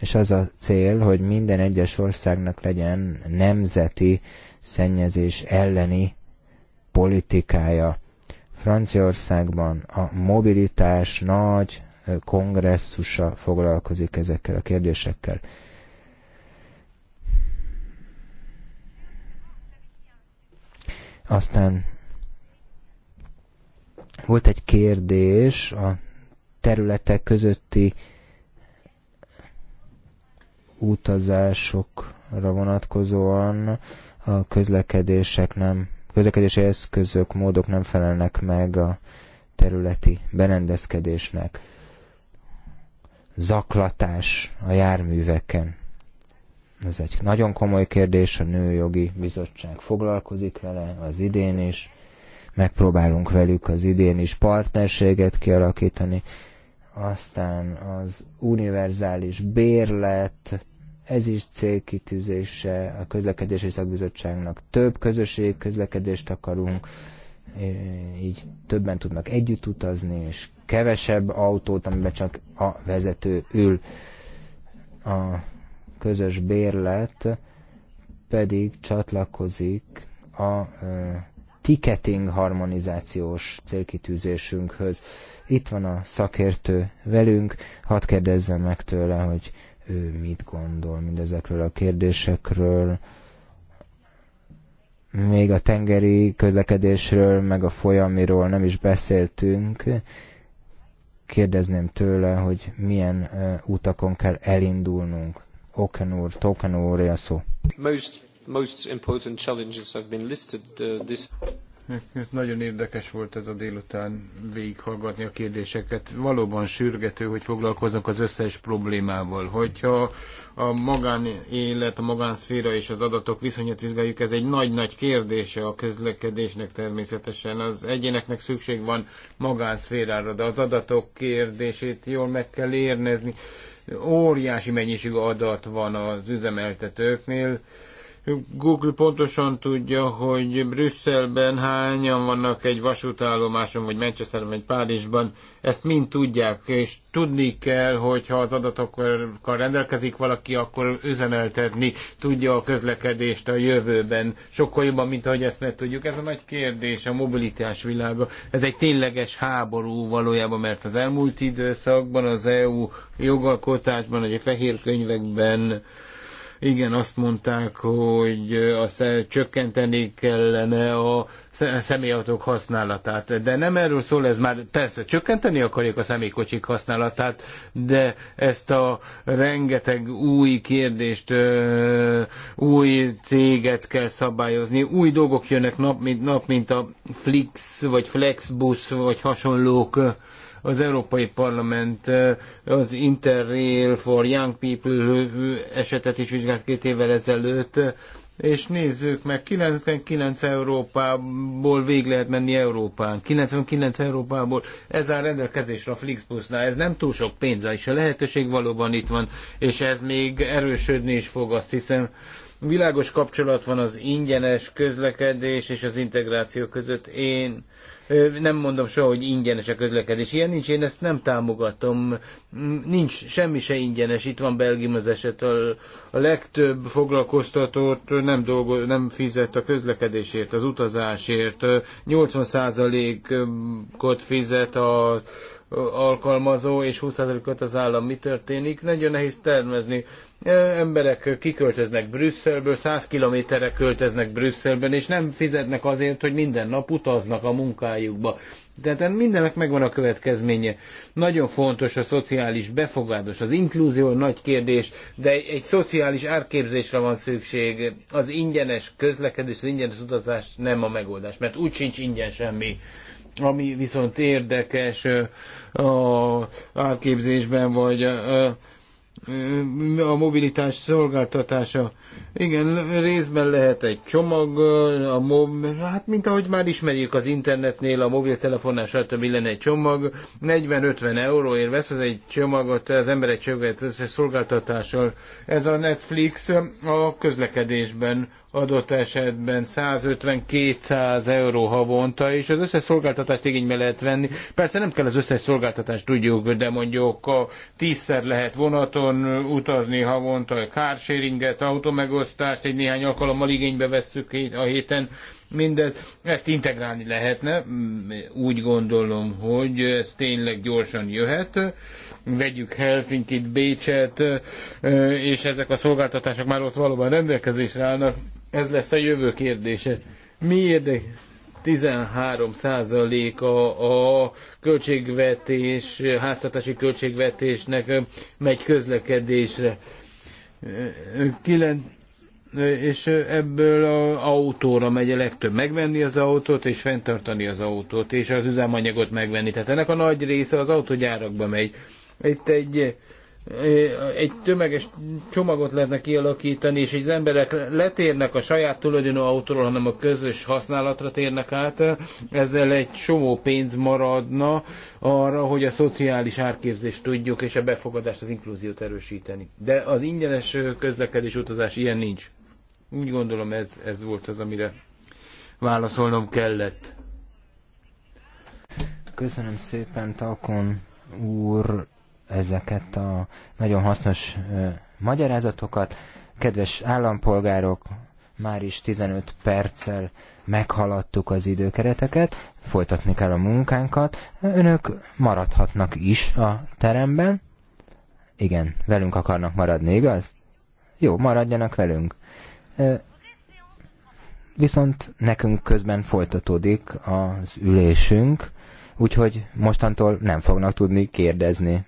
és az a cél, hogy minden egyes országnak legyen nemzeti szennyezés elleni politikája. Franciaországban a mobilitás nagy kongresszusa foglalkozik ezekkel a kérdésekkel. Aztán volt egy kérdés a területek közötti utazásokra vonatkozóan a közlekedések nem, közlekedési eszközök, módok nem felelnek meg a területi berendezkedésnek. Zaklatás a járműveken. Ez egy nagyon komoly kérdés, a Nőjogi Bizottság foglalkozik vele, az idén is megpróbálunk velük az idén is partnerséget kialakítani, aztán az univerzális bérlet, ez is célkitűzése a közlekedési szakbizottságnak. Több közösség közlekedést akarunk, így többen tudnak együtt utazni, és kevesebb autót, amiben csak a vezető ül. A közös bérlet pedig csatlakozik a ticketing harmonizációs célkitűzésünkhöz. Itt van a szakértő velünk, hadd kérdezzem meg tőle, hogy ő mit gondol mindezekről a kérdésekről, még a tengeri közlekedésről, meg a folyamiról nem is beszéltünk. Kérdezném tőle, hogy milyen uh, utakon kell elindulnunk. Oken úr, Token úr, a szó. Most most important challenges have been listed uh, this ez nagyon érdekes volt ez a délután végighallgatni a kérdéseket. Valóban sürgető, hogy foglalkoznak az összes problémával. Hogyha a magánélet, a magánszféra és az adatok viszonyát vizsgáljuk, ez egy nagy-nagy kérdése a közlekedésnek természetesen. Az egyéneknek szükség van magánszférára, de az adatok kérdését jól meg kell érnezni. Óriási mennyiségű adat van az üzemeltetőknél, Google pontosan tudja, hogy Brüsszelben hányan vannak egy vasútállomáson, vagy Manchesterben, vagy Párizsban. Ezt mind tudják, és tudni kell, hogy ha az adatokkal rendelkezik valaki, akkor üzeneltetni tudja a közlekedést a jövőben. Sokkal jobban, mint ahogy ezt meg tudjuk. Ez a nagy kérdés a mobilitás világa. Ez egy tényleges háború valójában, mert az elmúlt időszakban az EU jogalkotásban, vagy a fehér könyvekben igen, azt mondták, hogy azt csökkenteni kellene a személyautók használatát. De nem erről szól, ez már persze csökkenteni akarják a személykocsik használatát, de ezt a rengeteg új kérdést, új céget kell szabályozni. Új dolgok jönnek nap, mint nap, mint a Flix, vagy Flexbus, vagy hasonlók az Európai Parlament az Interrail for Young People esetet is vizsgált két évvel ezelőtt, és nézzük meg, 99 Európából végig lehet menni Európán. 99 Európából ez áll rendelkezésre a Flixbusznál. Ez nem túl sok pénz, és a lehetőség valóban itt van, és ez még erősödni is fog, azt hiszem. Világos kapcsolat van az ingyenes közlekedés és az integráció között. Én nem mondom soha, hogy ingyenes a közlekedés. Ilyen nincs, én ezt nem támogatom. Mm, nincs semmi se ingyenes. Itt van Belgium az eset. A, a legtöbb foglalkoztatót nem, dolgo, nem fizet a közlekedésért, az utazásért. 80%-ot fizet a alkalmazó, és 20%-ot az állam. Mi történik? Nagyon nehéz termezni emberek kiköltöznek Brüsszelből, száz kilométerre költöznek Brüsszelben, és nem fizetnek azért, hogy minden nap utaznak a munkájukba. Tehát mindennek megvan a következménye. Nagyon fontos a szociális befogadás, az inkluzió nagy kérdés, de egy szociális árképzésre van szükség. Az ingyenes közlekedés, az ingyenes utazás nem a megoldás, mert úgy sincs ingyen semmi. Ami viszont érdekes a árképzésben, vagy a, a mobilitás szolgáltatása. Igen, részben lehet egy csomag, a mob, hát mint ahogy már ismerjük az internetnél, a mobiltelefonnál, stb. lenne egy csomag, 40-50 euróért vesz egy csomagot az ember egy csomagot szolgáltatással. Ez a Netflix a közlekedésben adott esetben 150-200 euró havonta, és az összes szolgáltatást igénybe lehet venni. Persze nem kell az összes szolgáltatást tudjuk, de mondjuk a tízszer lehet vonaton utazni havonta, kárséringet, automegosztást egy néhány alkalommal igénybe vesszük a héten, mindez, ezt integrálni lehetne, úgy gondolom, hogy ez tényleg gyorsan jöhet. Vegyük Helsinkit, Bécset, és ezek a szolgáltatások már ott valóban rendelkezésre állnak. Ez lesz a jövő kérdése. Mi érdek? 13 százalék a költségvetés, háztartási költségvetésnek megy közlekedésre. 9, és ebből az autóra megy a legtöbb megvenni az autót, és fenntartani az autót, és az üzemanyagot megvenni. Tehát ennek a nagy része az autógyárakba megy. Itt egy egy tömeges csomagot lehetne kialakítani, és az emberek letérnek a saját tulajdonú autóról, hanem a közös használatra térnek át, ezzel egy csomó pénz maradna arra, hogy a szociális árképzést tudjuk, és a befogadást, az inkluziót erősíteni. De az ingyenes közlekedés utazás ilyen nincs. Úgy gondolom ez, ez volt az, amire válaszolnom kellett. Köszönöm szépen, Takon úr ezeket a nagyon hasznos magyarázatokat. Kedves állampolgárok, már is 15 perccel meghaladtuk az időkereteket, folytatni kell a munkánkat. Önök maradhatnak is a teremben. Igen, velünk akarnak maradni, igaz? Jó, maradjanak velünk. Viszont nekünk közben folytatódik az ülésünk, úgyhogy mostantól nem fognak tudni kérdezni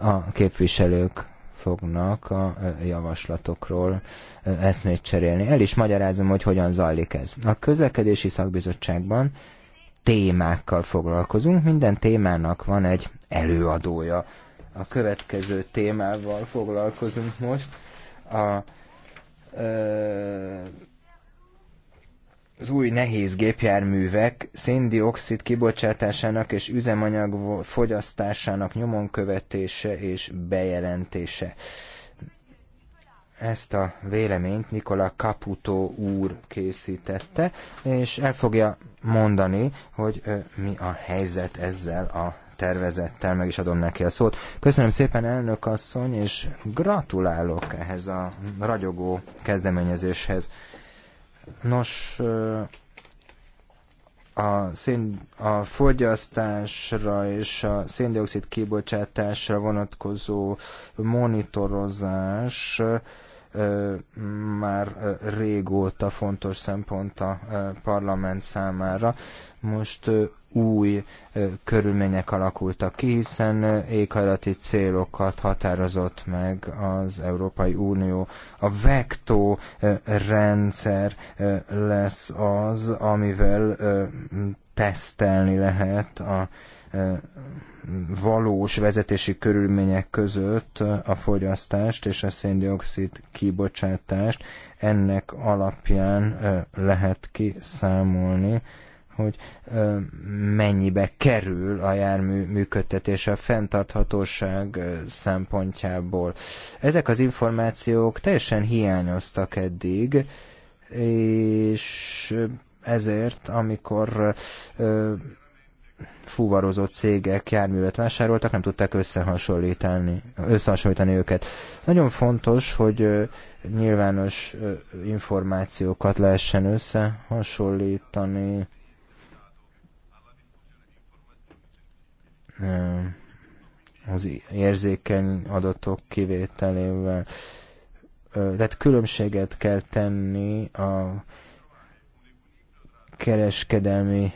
a képviselők fognak a javaslatokról eszmét cserélni. El is magyarázom, hogy hogyan zajlik ez. A közlekedési szakbizottságban témákkal foglalkozunk, minden témának van egy előadója. A következő témával foglalkozunk most. A ö, az új nehéz gépjárművek széndiokszid kibocsátásának és üzemanyag fogyasztásának nyomon követése és bejelentése. Ezt a véleményt Nikola Caputo úr készítette, és el fogja mondani, hogy mi a helyzet ezzel a tervezettel, meg is adom neki a szót. Köszönöm szépen, elnök asszony, és gratulálok ehhez a ragyogó kezdeményezéshez. Nos, a, szén, a fogyasztásra és a széndiokszid kibocsátásra vonatkozó monitorozás már régóta fontos szempont a parlament számára. Most új körülmények alakultak ki, hiszen éghajlati célokat határozott meg az Európai Unió. A vektó rendszer lesz az, amivel tesztelni lehet a valós vezetési körülmények között a fogyasztást és a széndiokszid kibocsátást, ennek alapján lehet kiszámolni, hogy mennyibe kerül a jármű működtetése a fenntarthatóság szempontjából. Ezek az információk teljesen hiányoztak eddig, és ezért, amikor fuvarozott cégek járművet vásároltak, nem tudták összehasonlítani, összehasonlítani őket. Nagyon fontos, hogy nyilvános információkat lehessen összehasonlítani. az érzékeny adatok kivételével. Tehát különbséget kell tenni a kereskedelmi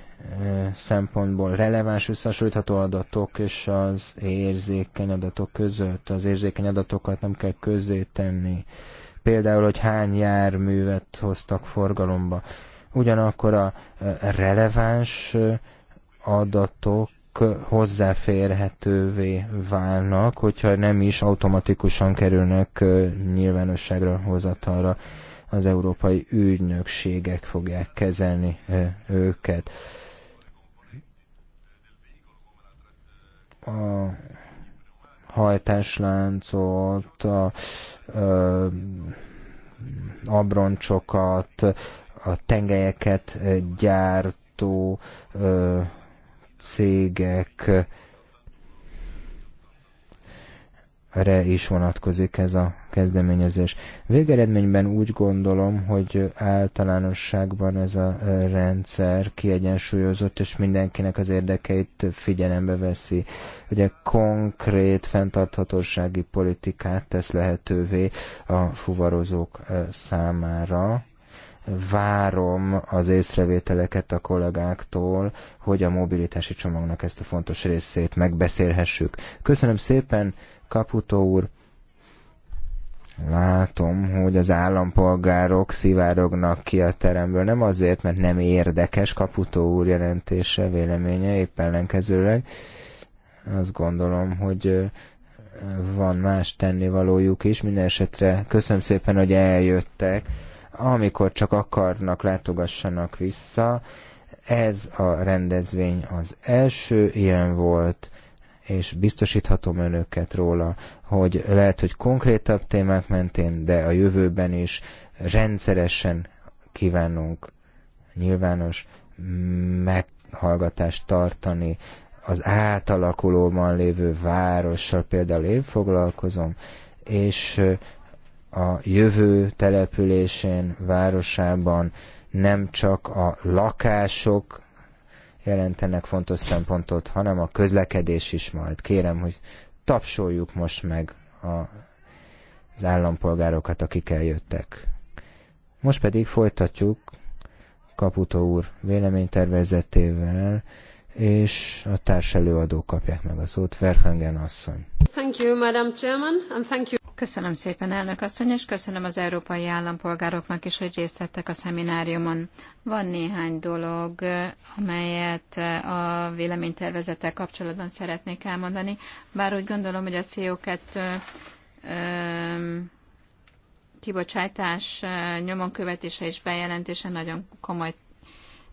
szempontból releváns összehasonlítható adatok és az érzékeny adatok között. Az érzékeny adatokat nem kell közzé tenni. Például, hogy hány járművet hoztak forgalomba. Ugyanakkor a releváns adatok hozzáférhetővé válnak, hogyha nem is automatikusan kerülnek nyilvánosságra, hozatalra. Az európai ügynökségek fogják kezelni őket a hajtásláncot, a, a abroncsokat, a tengelyeket gyártó cégek cégekre is vonatkozik ez a kezdeményezés. Végeredményben úgy gondolom, hogy általánosságban ez a rendszer kiegyensúlyozott, és mindenkinek az érdekeit figyelembe veszi. Ugye konkrét fenntarthatósági politikát tesz lehetővé a fuvarozók számára, várom az észrevételeket a kollégáktól, hogy a mobilitási csomagnak ezt a fontos részét megbeszélhessük. Köszönöm szépen, Kaputó úr! látom, hogy az állampolgárok szivárognak ki a teremből, nem azért, mert nem érdekes Kaputó úr jelentése, véleménye, épp ellenkezőleg. Azt gondolom, hogy van más tennivalójuk is. Minden esetre köszönöm szépen, hogy eljöttek. Amikor csak akarnak, látogassanak vissza. Ez a rendezvény az első ilyen volt és biztosíthatom önöket róla, hogy lehet, hogy konkrétabb témák mentén, de a jövőben is rendszeresen kívánunk nyilvános meghallgatást tartani az átalakulóban lévő várossal, például én foglalkozom, és a jövő településén, városában nem csak a lakások jelentenek fontos szempontot, hanem a közlekedés is majd. Kérem, hogy tapsoljuk most meg a, az állampolgárokat, akik eljöttek. Most pedig folytatjuk Kaputó úr véleménytervezetével, és a társelőadók kapják meg a szót, Verhangen asszony. Thank you, Madam Chairman, and thank you. Köszönöm szépen, elnök asszony, és köszönöm az európai állampolgároknak is, hogy részt vettek a szemináriumon. Van néhány dolog, amelyet a véleménytervezettel kapcsolatban szeretnék elmondani, bár úgy gondolom, hogy a CO2 kibocsátás nyomon követése és bejelentése nagyon komoly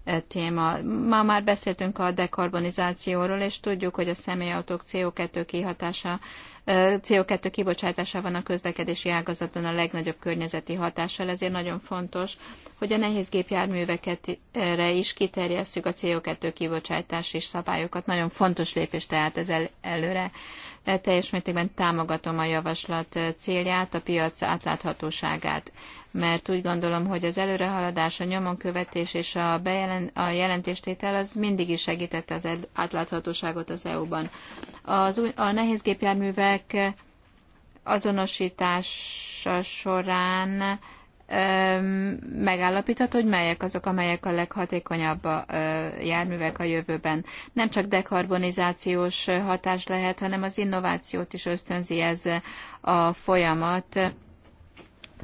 E, téma. Ma már beszéltünk a dekarbonizációról, és tudjuk, hogy a személyautók CO2 kihatása e, CO2 kibocsátása van a közlekedési ágazatban a legnagyobb környezeti hatással, ezért nagyon fontos, hogy a nehéz gépjárművekre is kiterjesszük a CO2 kibocsátás és szabályokat. Nagyon fontos lépés tehát ez el, előre. E, teljes mértékben támogatom a javaslat célját, a piac átláthatóságát mert úgy gondolom, hogy az előrehaladás, a nyomonkövetés és a, bejelen, a jelentéstétel az mindig is segítette az átláthatóságot az EU-ban. Az, a nehézgépjárművek azonosítása során megállapíthat, hogy melyek azok, amelyek a leghatékonyabb a járművek a jövőben. Nem csak dekarbonizációs hatás lehet, hanem az innovációt is ösztönzi ez a folyamat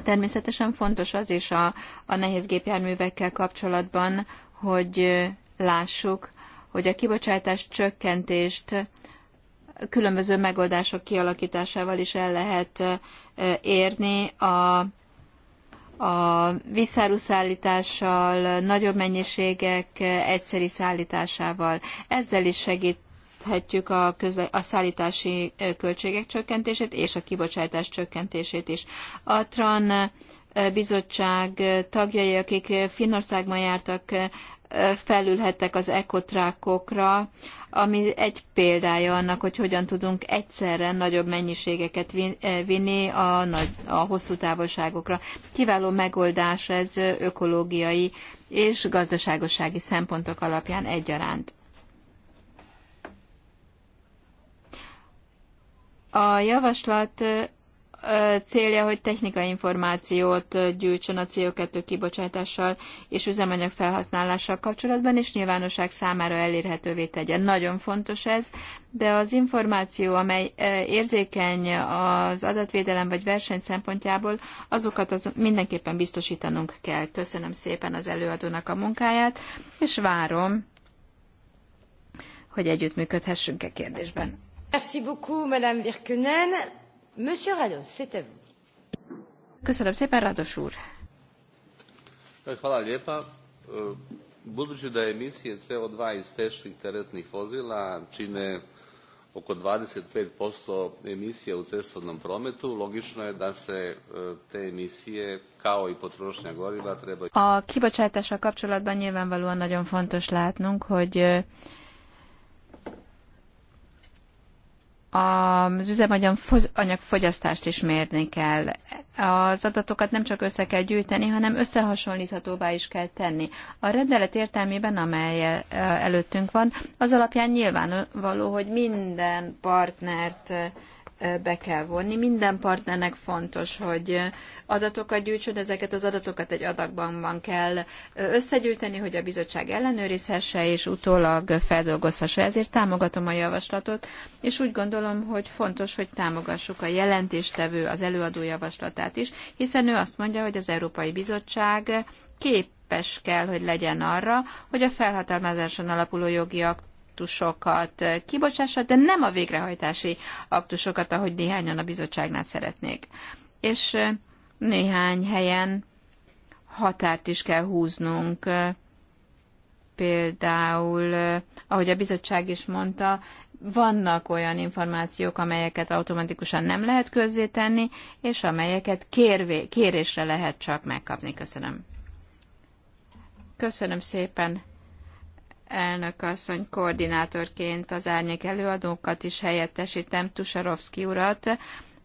Természetesen fontos az is a, a nehéz gépjárművekkel kapcsolatban, hogy lássuk, hogy a kibocsátás csökkentést különböző megoldások kialakításával is el lehet érni. A, a szállítással, nagyobb mennyiségek egyszeri szállításával. Ezzel is segít segíthetjük a, köze, a szállítási költségek csökkentését és a kibocsátás csökkentését is. A TRAN bizottság tagjai, akik Finnországban jártak, felülhettek az ekotrákokra, ami egy példája annak, hogy hogyan tudunk egyszerre nagyobb mennyiségeket vinni a, nagy, a hosszú távolságokra. Kiváló megoldás ez ökológiai és gazdaságossági szempontok alapján egyaránt. A javaslat célja, hogy technikai információt gyűjtsön a CO2 kibocsátással és üzemanyag felhasználással kapcsolatban, és nyilvánosság számára elérhetővé tegyen. Nagyon fontos ez, de az információ, amely érzékeny az adatvédelem vagy verseny szempontjából, azokat az mindenképpen biztosítanunk kell. Köszönöm szépen az előadónak a munkáját, és várom, hogy együttműködhessünk e kérdésben. Merci beaucoup, Madame Virkünen. Monsieur Rados, c'est à vous. Köszönöm szépen, Rados úr. Hvala lijepa. E, budući da emisije CO2 iz teških teretnih vozila čine oko 25% emisija u cestovnom prometu, logično je da se e, te emisije kao i potrošnja goriva treba... A kibocsátással kapcsolatban nyilvánvalóan nagyon fontos látnunk, hogy e, az üzemanyag fogyasztást is mérni kell. Az adatokat nem csak össze kell gyűjteni, hanem összehasonlíthatóvá is kell tenni. A rendelet értelmében, amely eh, előttünk van, az alapján nyilvánvaló, hogy minden partnert eh, be kell vonni. Minden partnernek fontos, hogy adatokat gyűjtsön, ezeket az adatokat egy adatbankban kell összegyűjteni, hogy a bizottság ellenőrizhesse és utólag feldolgozhassa. Ezért támogatom a javaslatot, és úgy gondolom, hogy fontos, hogy támogassuk a jelentéstevő, az előadó javaslatát is, hiszen ő azt mondja, hogy az Európai Bizottság kép képes kell, hogy legyen arra, hogy a felhatalmazáson alapuló jogi akt aktusokat eh, kibocsássa, de nem a végrehajtási aktusokat, ahogy néhányan a bizottságnál szeretnék. És eh, néhány helyen határt is kell húznunk, eh, például, ahogy a bizottság is mondta, vannak olyan információk, amelyeket automatikusan nem lehet közzétenni, és amelyeket kérvé, kérésre lehet csak megkapni. Köszönöm. Köszönöm szépen elnök asszony koordinátorként az árnyék előadókat is helyettesítem, Tusarovszki urat,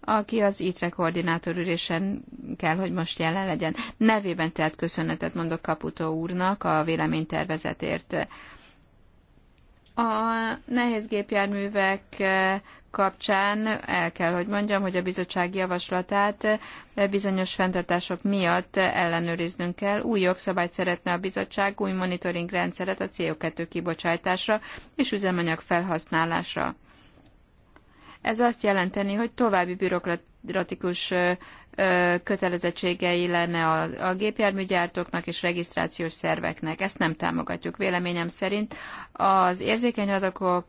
aki az ITRE koordinátor ülésen kell, hogy most jelen legyen. Nevében tehát köszönetet mondok Kaputó úrnak a véleménytervezetért. A nehéz gépjárművek kapcsán el kell, hogy mondjam, hogy a bizottság javaslatát bizonyos fenntartások miatt ellenőriznünk kell. Új jogszabályt szeretne a bizottság, új monitoring rendszeret a CO2 kibocsátásra és üzemanyag felhasználásra. Ez azt jelenteni, hogy további bürokratikus kötelezettségei lenne a, a gépjárműgyártóknak és regisztrációs szerveknek. Ezt nem támogatjuk. Véleményem szerint az érzékeny adatok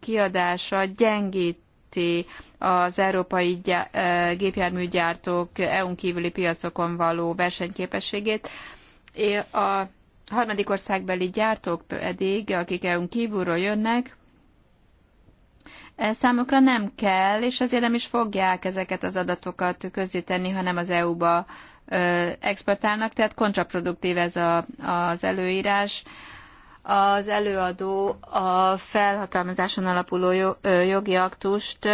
kiadása gyengíti az európai gépjárműgyártók EU-n kívüli piacokon való versenyképességét. A harmadik országbeli gyártók pedig, akik EU-n kívülről jönnek, e, számukra nem kell, és azért nem is fogják ezeket az adatokat közíteni, hanem az EU-ba exportálnak, tehát kontraproduktív ez a, az előírás az előadó a felhatalmazáson alapuló jogi aktust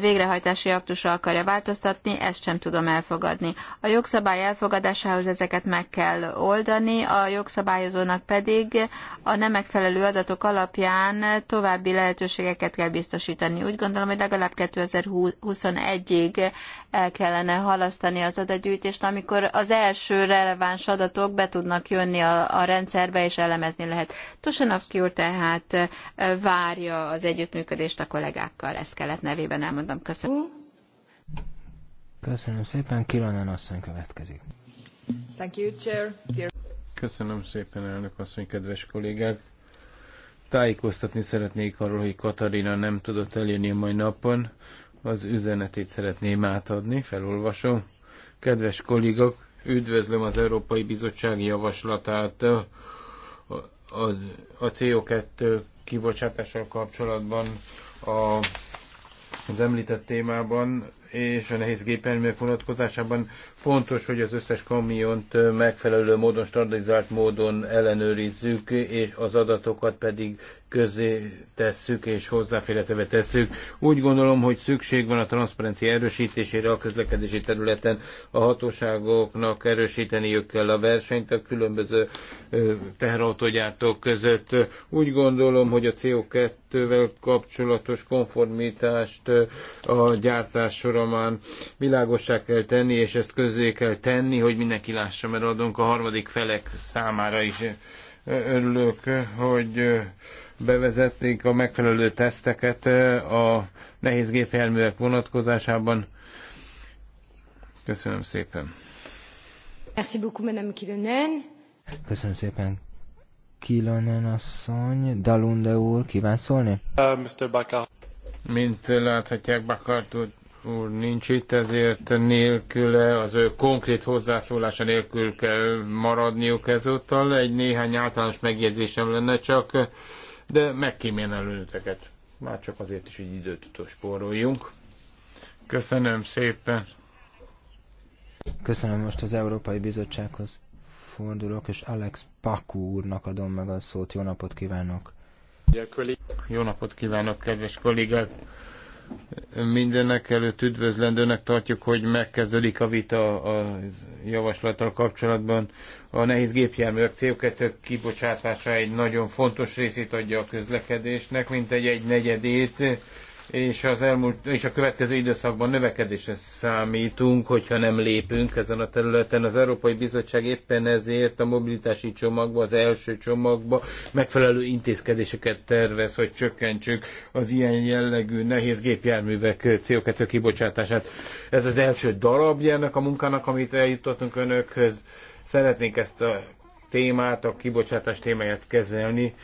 végrehajtási aktusra akarja változtatni, ezt sem tudom elfogadni. A jogszabály elfogadásához ezeket meg kell oldani, a jogszabályozónak pedig a nem megfelelő adatok alapján további lehetőségeket kell biztosítani. Úgy gondolom, hogy legalább 2021-ig el kellene halasztani az adatgyűjtést, amikor az első releváns adatok be tudnak jönni a, a rendszerbe, és elemezni lehet. Tusanovszki úr tehát várja az együttműködést a kollégákkal, ezt kellett nevében nevében elmondom. Köszönöm. Köszönöm szépen. Kilonen asszony következik. Thank you, Chair. Dear... Köszönöm szépen, elnök asszony, kedves kollégák. Tájékoztatni szeretnék arról, hogy Katarina nem tudott eljönni a mai napon. Az üzenetét szeretném átadni, felolvasom. Kedves kollégak, üdvözlöm az Európai Bizottság javaslatát a CO2 kibocsátással kapcsolatban a az említett témában és a nehéz gépjárművek vonatkozásában fontos, hogy az összes kamiont megfelelő módon, standardizált módon ellenőrizzük, és az adatokat pedig közé tesszük és hozzáférhetővé tesszük. Úgy gondolom, hogy szükség van a transzparencia erősítésére a közlekedési területen. A hatóságoknak erősíteniük kell a versenyt a különböző teherautógyártók között. Úgy gondolom, hogy a CO2-vel kapcsolatos konformitást a gyártás során folyamán világossá kell tenni, és ezt közzé kell tenni, hogy mindenki lássa, mert adunk a harmadik felek számára is. Örülök, hogy bevezették a megfelelő teszteket a nehéz gépjárművek vonatkozásában. Köszönöm szépen. Merci beaucoup, Madame Kilonen. Köszönöm szépen, Kilonen asszony. Dalunde úr, kíván szólni? Uh, Mr. Bakar, Mint láthatják, Bakart úr úr nincs itt, ezért nélküle, az ő konkrét hozzászólása nélkül kell maradniuk ezúttal. Egy néhány általános megjegyzésem lenne csak, de megkímélem önöteket. Már csak azért is, hogy időt spóroljunk. Köszönöm szépen. Köszönöm most az Európai Bizottsághoz fordulok, és Alex Paku úrnak adom meg a szót. Jó napot kívánok! Jó napot kívánok, kedves kollégák! Mindenek előtt üdvözlendőnek tartjuk, hogy megkezdődik a vita a javaslattal kapcsolatban. A nehéz gépjárművek CO2 kibocsátása egy nagyon fontos részét adja a közlekedésnek, mint egy egy negyedét és, az elmúlt, és a következő időszakban növekedésre számítunk, hogyha nem lépünk ezen a területen. Az Európai Bizottság éppen ezért a mobilitási csomagba, az első csomagba megfelelő intézkedéseket tervez, hogy csökkentsük az ilyen jellegű nehéz gépjárművek CO2 kibocsátását. Ez az első darabja ennek a munkának, amit eljutottunk önökhöz. Szeretnénk ezt a témát, a kibocsátás témáját kezelni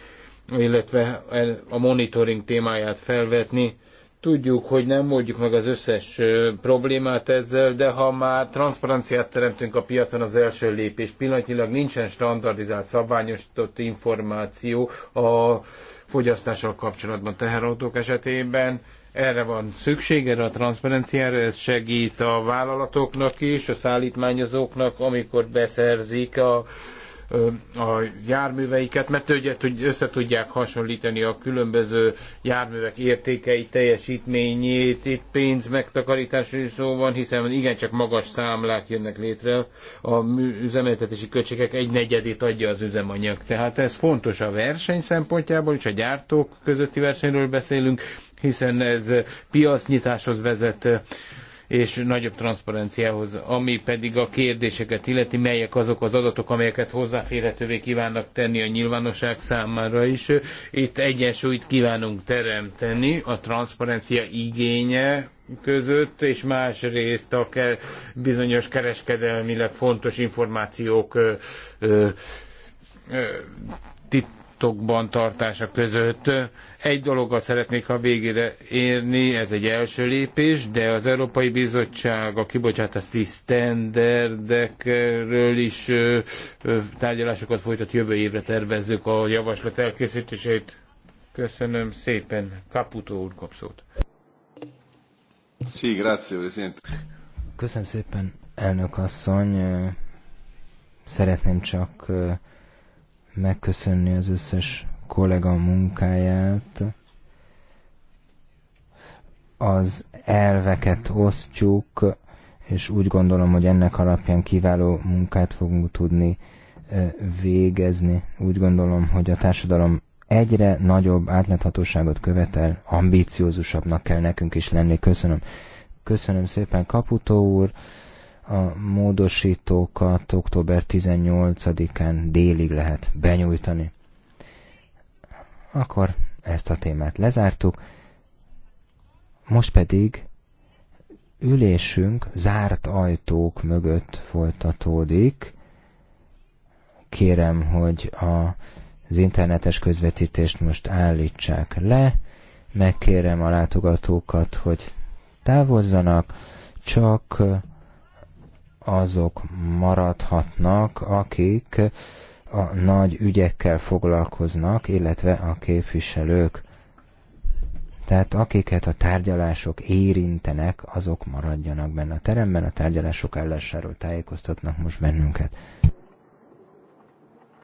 illetve a monitoring témáját felvetni. Tudjuk, hogy nem oldjuk meg az összes problémát ezzel, de ha már transzparenciát teremtünk a piacon, az első lépés pillanatnyilag nincsen standardizált, szabványosított információ a fogyasztással kapcsolatban teherautók esetében. Erre van szükség, erre a transzparenciára, ez segít a vállalatoknak is, a szállítmányozóknak, amikor beszerzik a a járműveiket, mert össze tudják hasonlítani a különböző járművek értékeit, teljesítményét, itt pénz megtakarításról is szó van, hiszen igencsak magas számlák jönnek létre, a üzemeltetési költségek egy negyedét adja az üzemanyag. Tehát ez fontos a verseny szempontjából, és a gyártók közötti versenyről beszélünk, hiszen ez piacnyitáshoz vezet és nagyobb transzparenciához, ami pedig a kérdéseket illeti, melyek azok az adatok, amelyeket hozzáférhetővé kívánnak tenni a nyilvánosság számára is. Itt egyensúlyt kívánunk teremteni a transzparencia igénye között, és másrészt a bizonyos kereskedelmileg fontos információk ö, ö, ö, tit titokban tartása között. Egy dologgal szeretnék a végére érni, ez egy első lépés, de az Európai Bizottság a kibocsátási sztenderdekről is tárgyalásokat folytat jövő évre tervezzük a javaslat elkészítését. Köszönöm szépen. Kaputó úr kap szót. Sí, grazie, Köszönöm szépen, elnök asszony. Szeretném csak megköszönni az összes kollega munkáját. Az elveket osztjuk, és úgy gondolom, hogy ennek alapján kiváló munkát fogunk tudni végezni. Úgy gondolom, hogy a társadalom egyre nagyobb átláthatóságot követel, ambíciózusabbnak kell nekünk is lenni. Köszönöm. Köszönöm szépen, Kaputó úr. A módosítókat október 18-án délig lehet benyújtani. Akkor ezt a témát lezártuk. Most pedig ülésünk zárt ajtók mögött folytatódik. Kérem, hogy a, az internetes közvetítést most állítsák le. Megkérem a látogatókat, hogy távozzanak, csak azok maradhatnak, akik a nagy ügyekkel foglalkoznak, illetve a képviselők. Tehát akiket a tárgyalások érintenek, azok maradjanak benne a teremben, a tárgyalások ellensáról tájékoztatnak most bennünket.